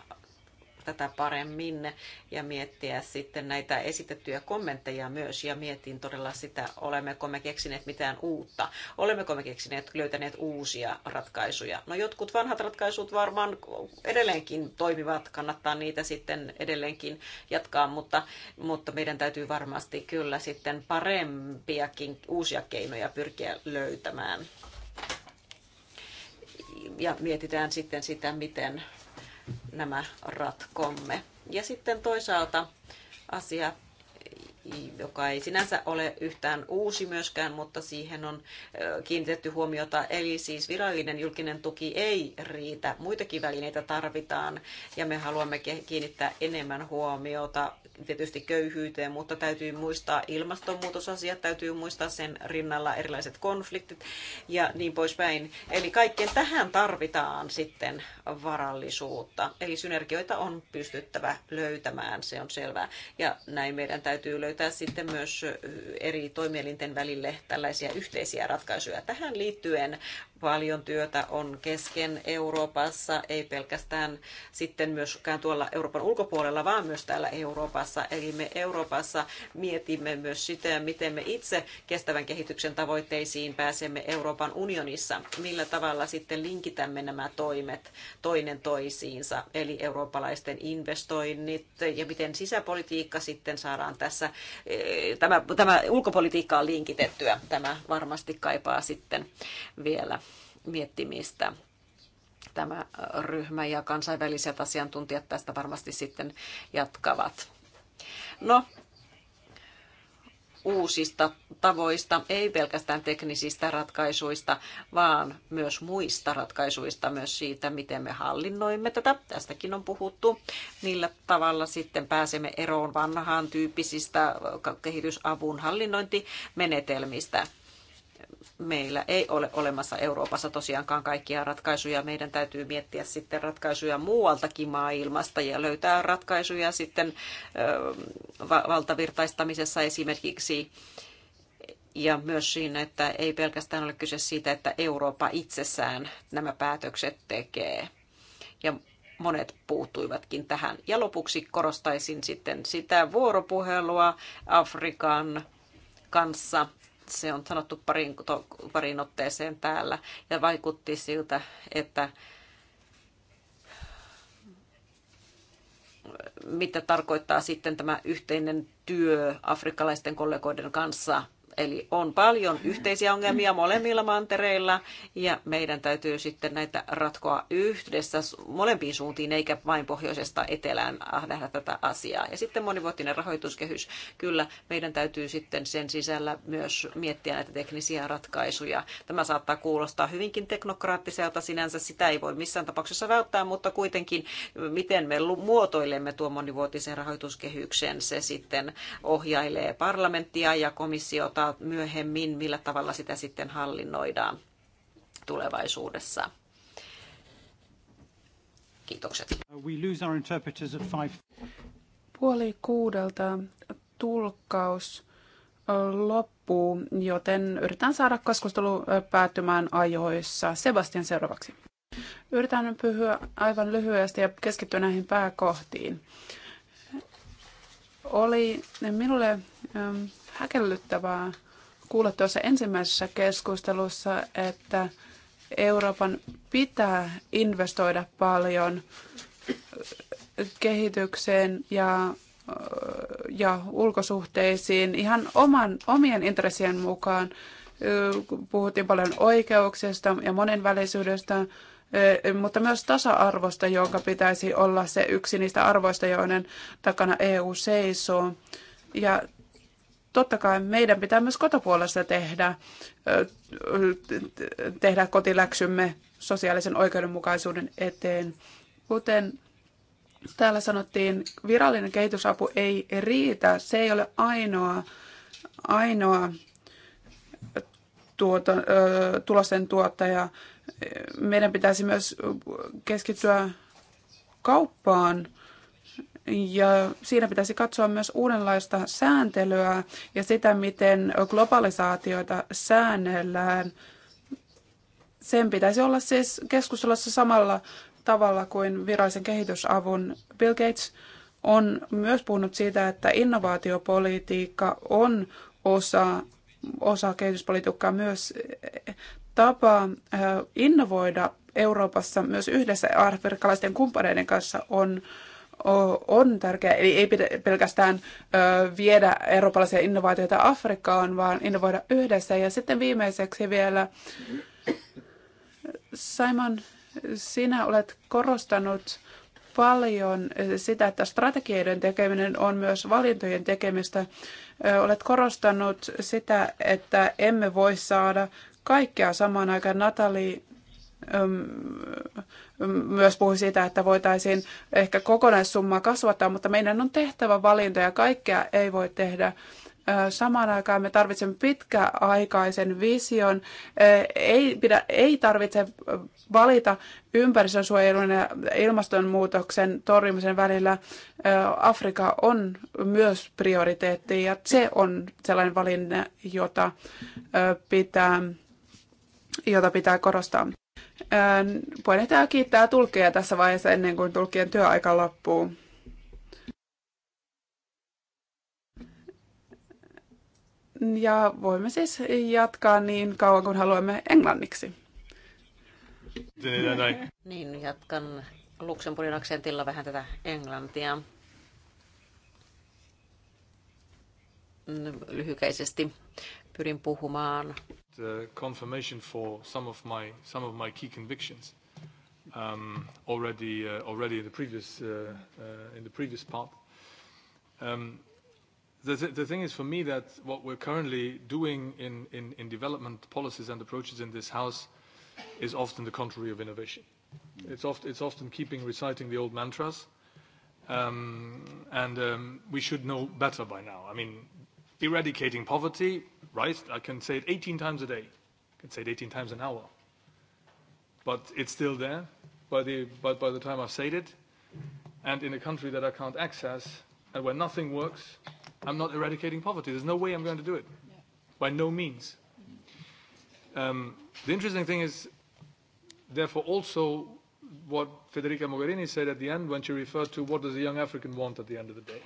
tätä paremmin ja miettiä sitten näitä esitettyjä kommentteja myös ja mietin todella sitä, olemmeko me keksineet mitään uutta, olemmeko me keksineet, löytäneet uusia ratkaisuja. No jotkut vanhat ratkaisut varmaan edelleenkin toimivat, kannattaa niitä sitten edelleenkin jatkaa, mutta, mutta meidän täytyy varmasti kyllä sitten parempiakin uusia keinoja pyrkiä löytämään. Ja mietitään sitten sitä, miten nämä ratkomme. Ja sitten toisaalta asia joka ei sinänsä ole yhtään uusi myöskään, mutta siihen on kiinnitetty huomiota. Eli siis virallinen julkinen tuki ei riitä, muitakin välineitä tarvitaan ja me haluamme kiinnittää enemmän huomiota tietysti köyhyyteen, mutta täytyy muistaa ilmastonmuutosasiat, täytyy muistaa sen rinnalla erilaiset konfliktit ja niin poispäin. Eli kaikkeen tähän tarvitaan sitten varallisuutta. Eli synergioita on pystyttävä löytämään, se on selvää. Ja näin meidän täytyy löytää löytää sitten myös eri toimielinten välille tällaisia yhteisiä ratkaisuja. Tähän liittyen paljon työtä on kesken Euroopassa, ei pelkästään sitten myöskään tuolla Euroopan ulkopuolella, vaan myös täällä Euroopassa. Eli me Euroopassa mietimme myös sitä, miten me itse kestävän kehityksen tavoitteisiin pääsemme Euroopan unionissa, millä tavalla sitten linkitämme nämä toimet toinen toisiinsa, eli eurooppalaisten investoinnit ja miten sisäpolitiikka sitten saadaan tässä, eh, tämä, tämä ulkopolitiikkaan linkitettyä. Tämä varmasti kaipaa sitten vielä miettimistä tämä ryhmä ja kansainväliset asiantuntijat tästä varmasti sitten jatkavat. No, uusista tavoista, ei pelkästään teknisistä ratkaisuista, vaan myös muista ratkaisuista, myös siitä, miten me hallinnoimme tätä. Tästäkin on puhuttu, millä tavalla sitten pääsemme eroon vanhaan tyyppisistä kehitysavun hallinnointimenetelmistä meillä ei ole olemassa Euroopassa tosiaankaan kaikkia ratkaisuja. Meidän täytyy miettiä sitten ratkaisuja muualtakin maailmasta ja löytää ratkaisuja sitten valtavirtaistamisessa esimerkiksi. Ja myös siinä, että ei pelkästään ole kyse siitä, että Eurooppa itsessään nämä päätökset tekee. Ja monet puuttuivatkin tähän. Ja lopuksi korostaisin sitten sitä vuoropuhelua Afrikan kanssa se on sanottu parin, to, parin otteeseen täällä ja vaikutti siltä, että mitä tarkoittaa sitten tämä yhteinen työ afrikkalaisten kollegoiden kanssa – Eli on paljon yhteisiä ongelmia molemmilla mantereilla ja meidän täytyy sitten näitä ratkoa yhdessä molempiin suuntiin eikä vain pohjoisesta etelään nähdä tätä asiaa. Ja sitten monivuotinen rahoituskehys. Kyllä meidän täytyy sitten sen sisällä myös miettiä näitä teknisiä ratkaisuja. Tämä saattaa kuulostaa hyvinkin teknokraattiselta sinänsä, sitä ei voi missään tapauksessa välttää, mutta kuitenkin miten me muotoilemme tuo monivuotisen rahoituskehyksen, se sitten ohjailee parlamenttia ja komissiota vaikuttaa myöhemmin, millä tavalla sitä sitten hallinnoidaan tulevaisuudessa. Kiitokset. We lose our interpreters at five. Puoli kuudelta tulkkaus loppuu, joten yritän saada keskustelu päättymään ajoissa. Sebastian seuraavaksi. Yritän nyt pyhyä aivan lyhyesti ja keskittyä näihin pääkohtiin. Oli minulle häkellyttävää kuulla tuossa ensimmäisessä keskustelussa, että Euroopan pitää investoida paljon kehitykseen ja, ja ulkosuhteisiin ihan oman, omien intressien mukaan. Puhuttiin paljon oikeuksista ja monenvälisyydestä, mutta myös tasa-arvosta, joka pitäisi olla se yksi niistä arvoista, joiden takana EU seisoo. Ja totta kai meidän pitää myös kotopuolessa tehdä, tehdä kotiläksymme sosiaalisen oikeudenmukaisuuden eteen. Kuten täällä sanottiin, virallinen kehitysapu ei riitä. Se ei ole ainoa, ainoa tuota, tulosten tuottaja. Meidän pitäisi myös keskittyä kauppaan ja siinä pitäisi katsoa myös uudenlaista sääntelyä ja sitä, miten globalisaatioita säännellään. Sen pitäisi olla siis keskustelussa samalla tavalla kuin virallisen kehitysavun. Bill Gates on myös puhunut siitä, että innovaatiopolitiikka on osa, osa kehityspolitiikkaa myös tapa äh, innovoida Euroopassa myös yhdessä afrikkalaisten kumppaneiden kanssa on on tärkeä. Eli ei pidä pelkästään viedä eurooppalaisia innovaatioita Afrikkaan, vaan innovoida yhdessä. Ja sitten viimeiseksi vielä, Simon, sinä olet korostanut paljon sitä, että strategioiden tekeminen on myös valintojen tekemistä. Olet korostanut sitä, että emme voi saada kaikkea samaan aikaan. Natali myös puhui siitä, että voitaisiin ehkä kokonaissummaa kasvattaa, mutta meidän on tehtävä valintoja. Kaikkea ei voi tehdä samaan aikaan me tarvitsemme pitkäaikaisen vision. Ei, pidä, ei tarvitse valita ympäristönsuojelun ja ilmastonmuutoksen torjumisen välillä. Afrika on myös prioriteetti ja se on sellainen valinne, jota pitää, jota pitää korostaa. Puheenjohtaja kiittää tulkkeja tässä vaiheessa ennen kuin tulkien työaika loppuu. Ja voimme siis jatkaa niin kauan kuin haluamme englanniksi. Niin, jatkan Luxemburgin aksentilla vähän tätä englantia. Lyhykäisesti pyrin puhumaan Uh, confirmation for some of my some of my key convictions um, already uh, already in the previous uh, uh, in the previous part. Um, the, th the thing is for me that what we're currently doing in, in, in development policies and approaches in this house is often the contrary of innovation. It's, often it's often keeping reciting the old mantras, um, and um, we should know better by now. I mean, eradicating poverty, right? I can say it 18 times a day. I can say it 18 times an hour. But it's still there by the, by, by the time I've said it. And in a country that I can't access and where nothing works, I'm not eradicating poverty. There's no way I'm going to do it. Yeah. By no means. Um, the interesting thing is, therefore, also what Federica Mogherini said at the end when she referred to what does a young African want at the end of the day.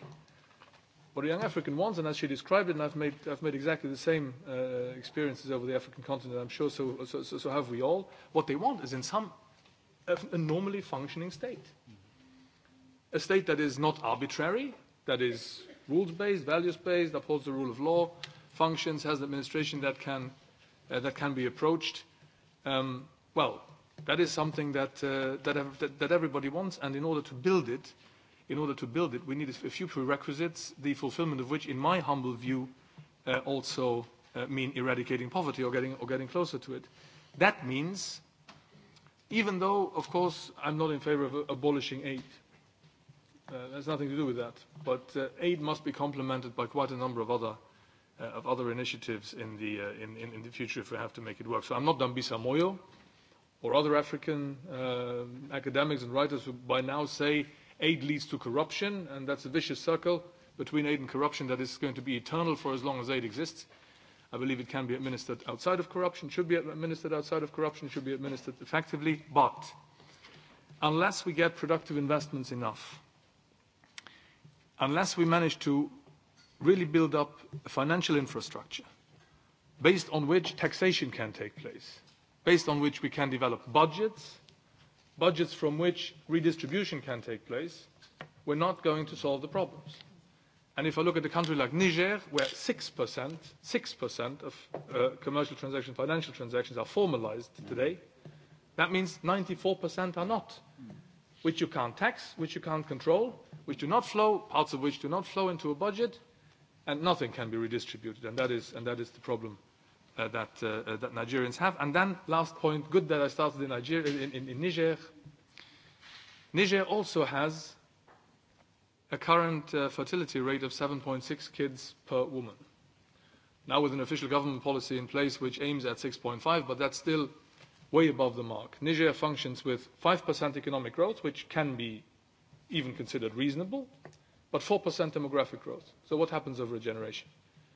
But the young African ones, and as she described it, and I've made, I've made exactly the same uh, experiences over the African continent, I'm sure, so, so, so, so have we all, what they want is in some a normally functioning state. A state that is not arbitrary, that is rules-based, values-based, upholds the rule of law, functions, has an administration that can, uh, that can be approached. Um, well, that is something that, uh, that, that, that everybody wants, and in order to build it, in order to build it, we need a few prerequisites, the fulfillment of which, in my humble view, uh, also uh, mean eradicating poverty or getting, or getting closer to it. That means, even though, of course, I'm not in favor of uh, abolishing aid, uh, there's nothing to do with that, but uh, aid must be complemented by quite a number of other uh, of other initiatives in the, uh, in, in, in the future if we have to make it work. So I'm not Dambisa Moyo or other African uh, academics and writers who by now say aid leads to corruption, and that's a vicious circle between aid and corruption that is going to be eternal for as long as aid exists. I believe it can be administered outside of corruption, should be administered outside of corruption, should be administered effectively. But unless we get productive investments enough, unless we manage to really build up a financial infrastructure based on which taxation can take place, based on which we can develop budgets, budgets from which redistribution can take place, we're not going to solve the problems. And if I look at a country like Niger, where 6%, 6% of uh, commercial transactions, financial transactions are formalized today, that means 94% are not, which you can't tax, which you can't control, which do not flow, parts of which do not flow into a budget, and nothing can be redistributed. And that is, and that is the problem uh, that, uh, uh, that Nigerians have. And then last point, good that I started in, Nigeria, in, in, in Niger. Niger also has a current uh, fertility rate of 7.6 kids per woman. Now with an official government policy in place which aims at 6.5, but that's still way above the mark. Niger functions with 5% economic growth, which can be even considered reasonable, but 4% demographic growth. So what happens over a generation?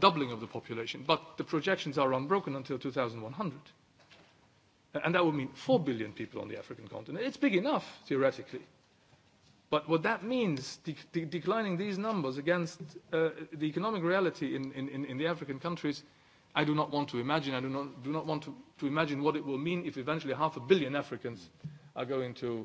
doubling of the population, but the projections are unbroken until 2100. And that would mean 4 billion people on the African continent. It's big enough, theoretically. But what that means, de de declining these numbers against uh, the economic reality in, in, in the African countries, I do not want to imagine. I do not, do not want to, to imagine what it will mean if eventually half a billion Africans are going to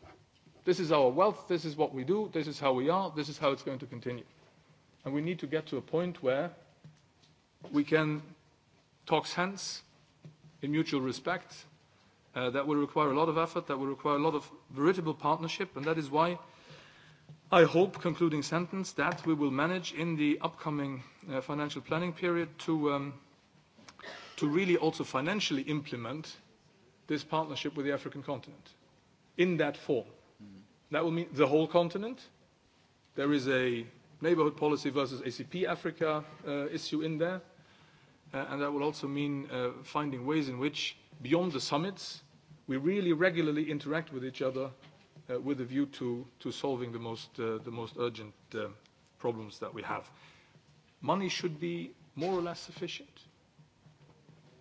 This is our wealth. This is what we do. This is how we are. This is how it's going to continue. And we need to get to a point where we can talk sense in mutual respect. Uh, that will require a lot of effort. That will require a lot of veritable partnership. And that is why I hope, concluding sentence, that we will manage in the upcoming uh, financial planning period to, um, to really also financially implement this partnership with the African continent in that form That will mean the whole continent. There is a neighborhood policy versus ACP Africa uh, issue in there. Uh, and that will also mean uh, finding ways in which, beyond the summits, we really regularly interact with each other uh, with a view to, to solving the most, uh, the most urgent uh, problems that we have. Money should be more or less sufficient.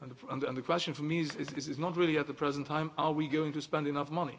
And the, and the, and the question for me is, is, is not really at the present time, are we going to spend enough money?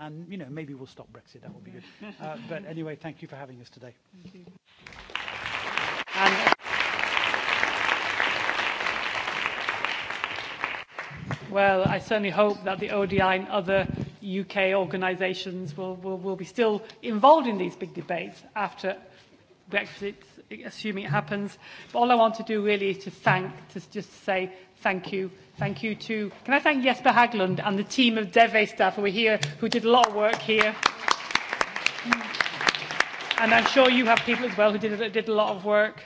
And, you know, maybe we'll stop Brexit. That would be good. Uh, but anyway, thank you for having us today. Thank you. And, Well, I certainly hope that the ODI and other UK organisations will, will, will be still involved in these big debates after Brexit, assuming it happens. But all I want to do really is to thank, to just say Thank you. Thank you to, can I thank Jesper Haglund and the team of DEVE staff who are here, who did a lot of work here. And I'm sure you have people as well who did, did a lot of work.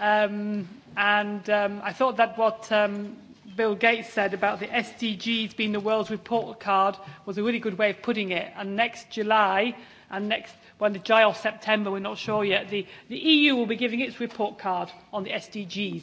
Um, and um, I thought that what um, Bill Gates said about the SDGs being the world's report card was a really good way of putting it. And next July and next, when the July or September, we're not sure yet, the, the EU will be giving its report card on the SDGs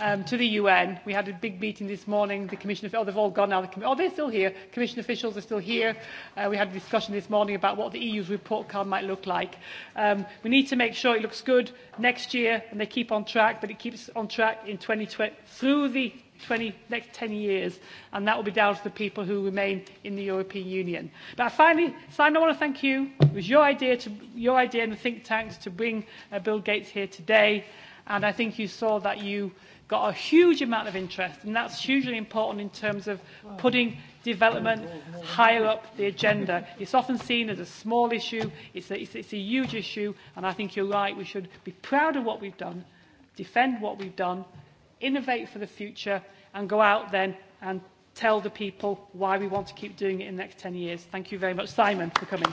um, to the UN. We had a big meeting this morning. The commission, oh, they've all gone now. The, oh, they're still here. Commission officials are still here. Uh, we had a discussion this morning about what the EU's report card might look like. Um, we need to make sure it looks good next year, and they keep on track, but it keeps on track in 2020 through the 20, next 10 years, and that will be down to the people who remain in the European Union. But finally, Simon, I want to thank you. It was your idea, to, your idea in the think tanks to bring uh, Bill Gates here today, and I think you saw that you got a huge amount of interest, and that's hugely important in terms of putting development higher up the agenda. It's often seen as a small issue, it's a, it's, it's a huge issue, and I think you're right, we should be proud of what we've done, defend what we've done, innovate for the future, and go out then and tell the people why we want to keep doing it in the next 10 years. Thank you very much, Simon, for coming.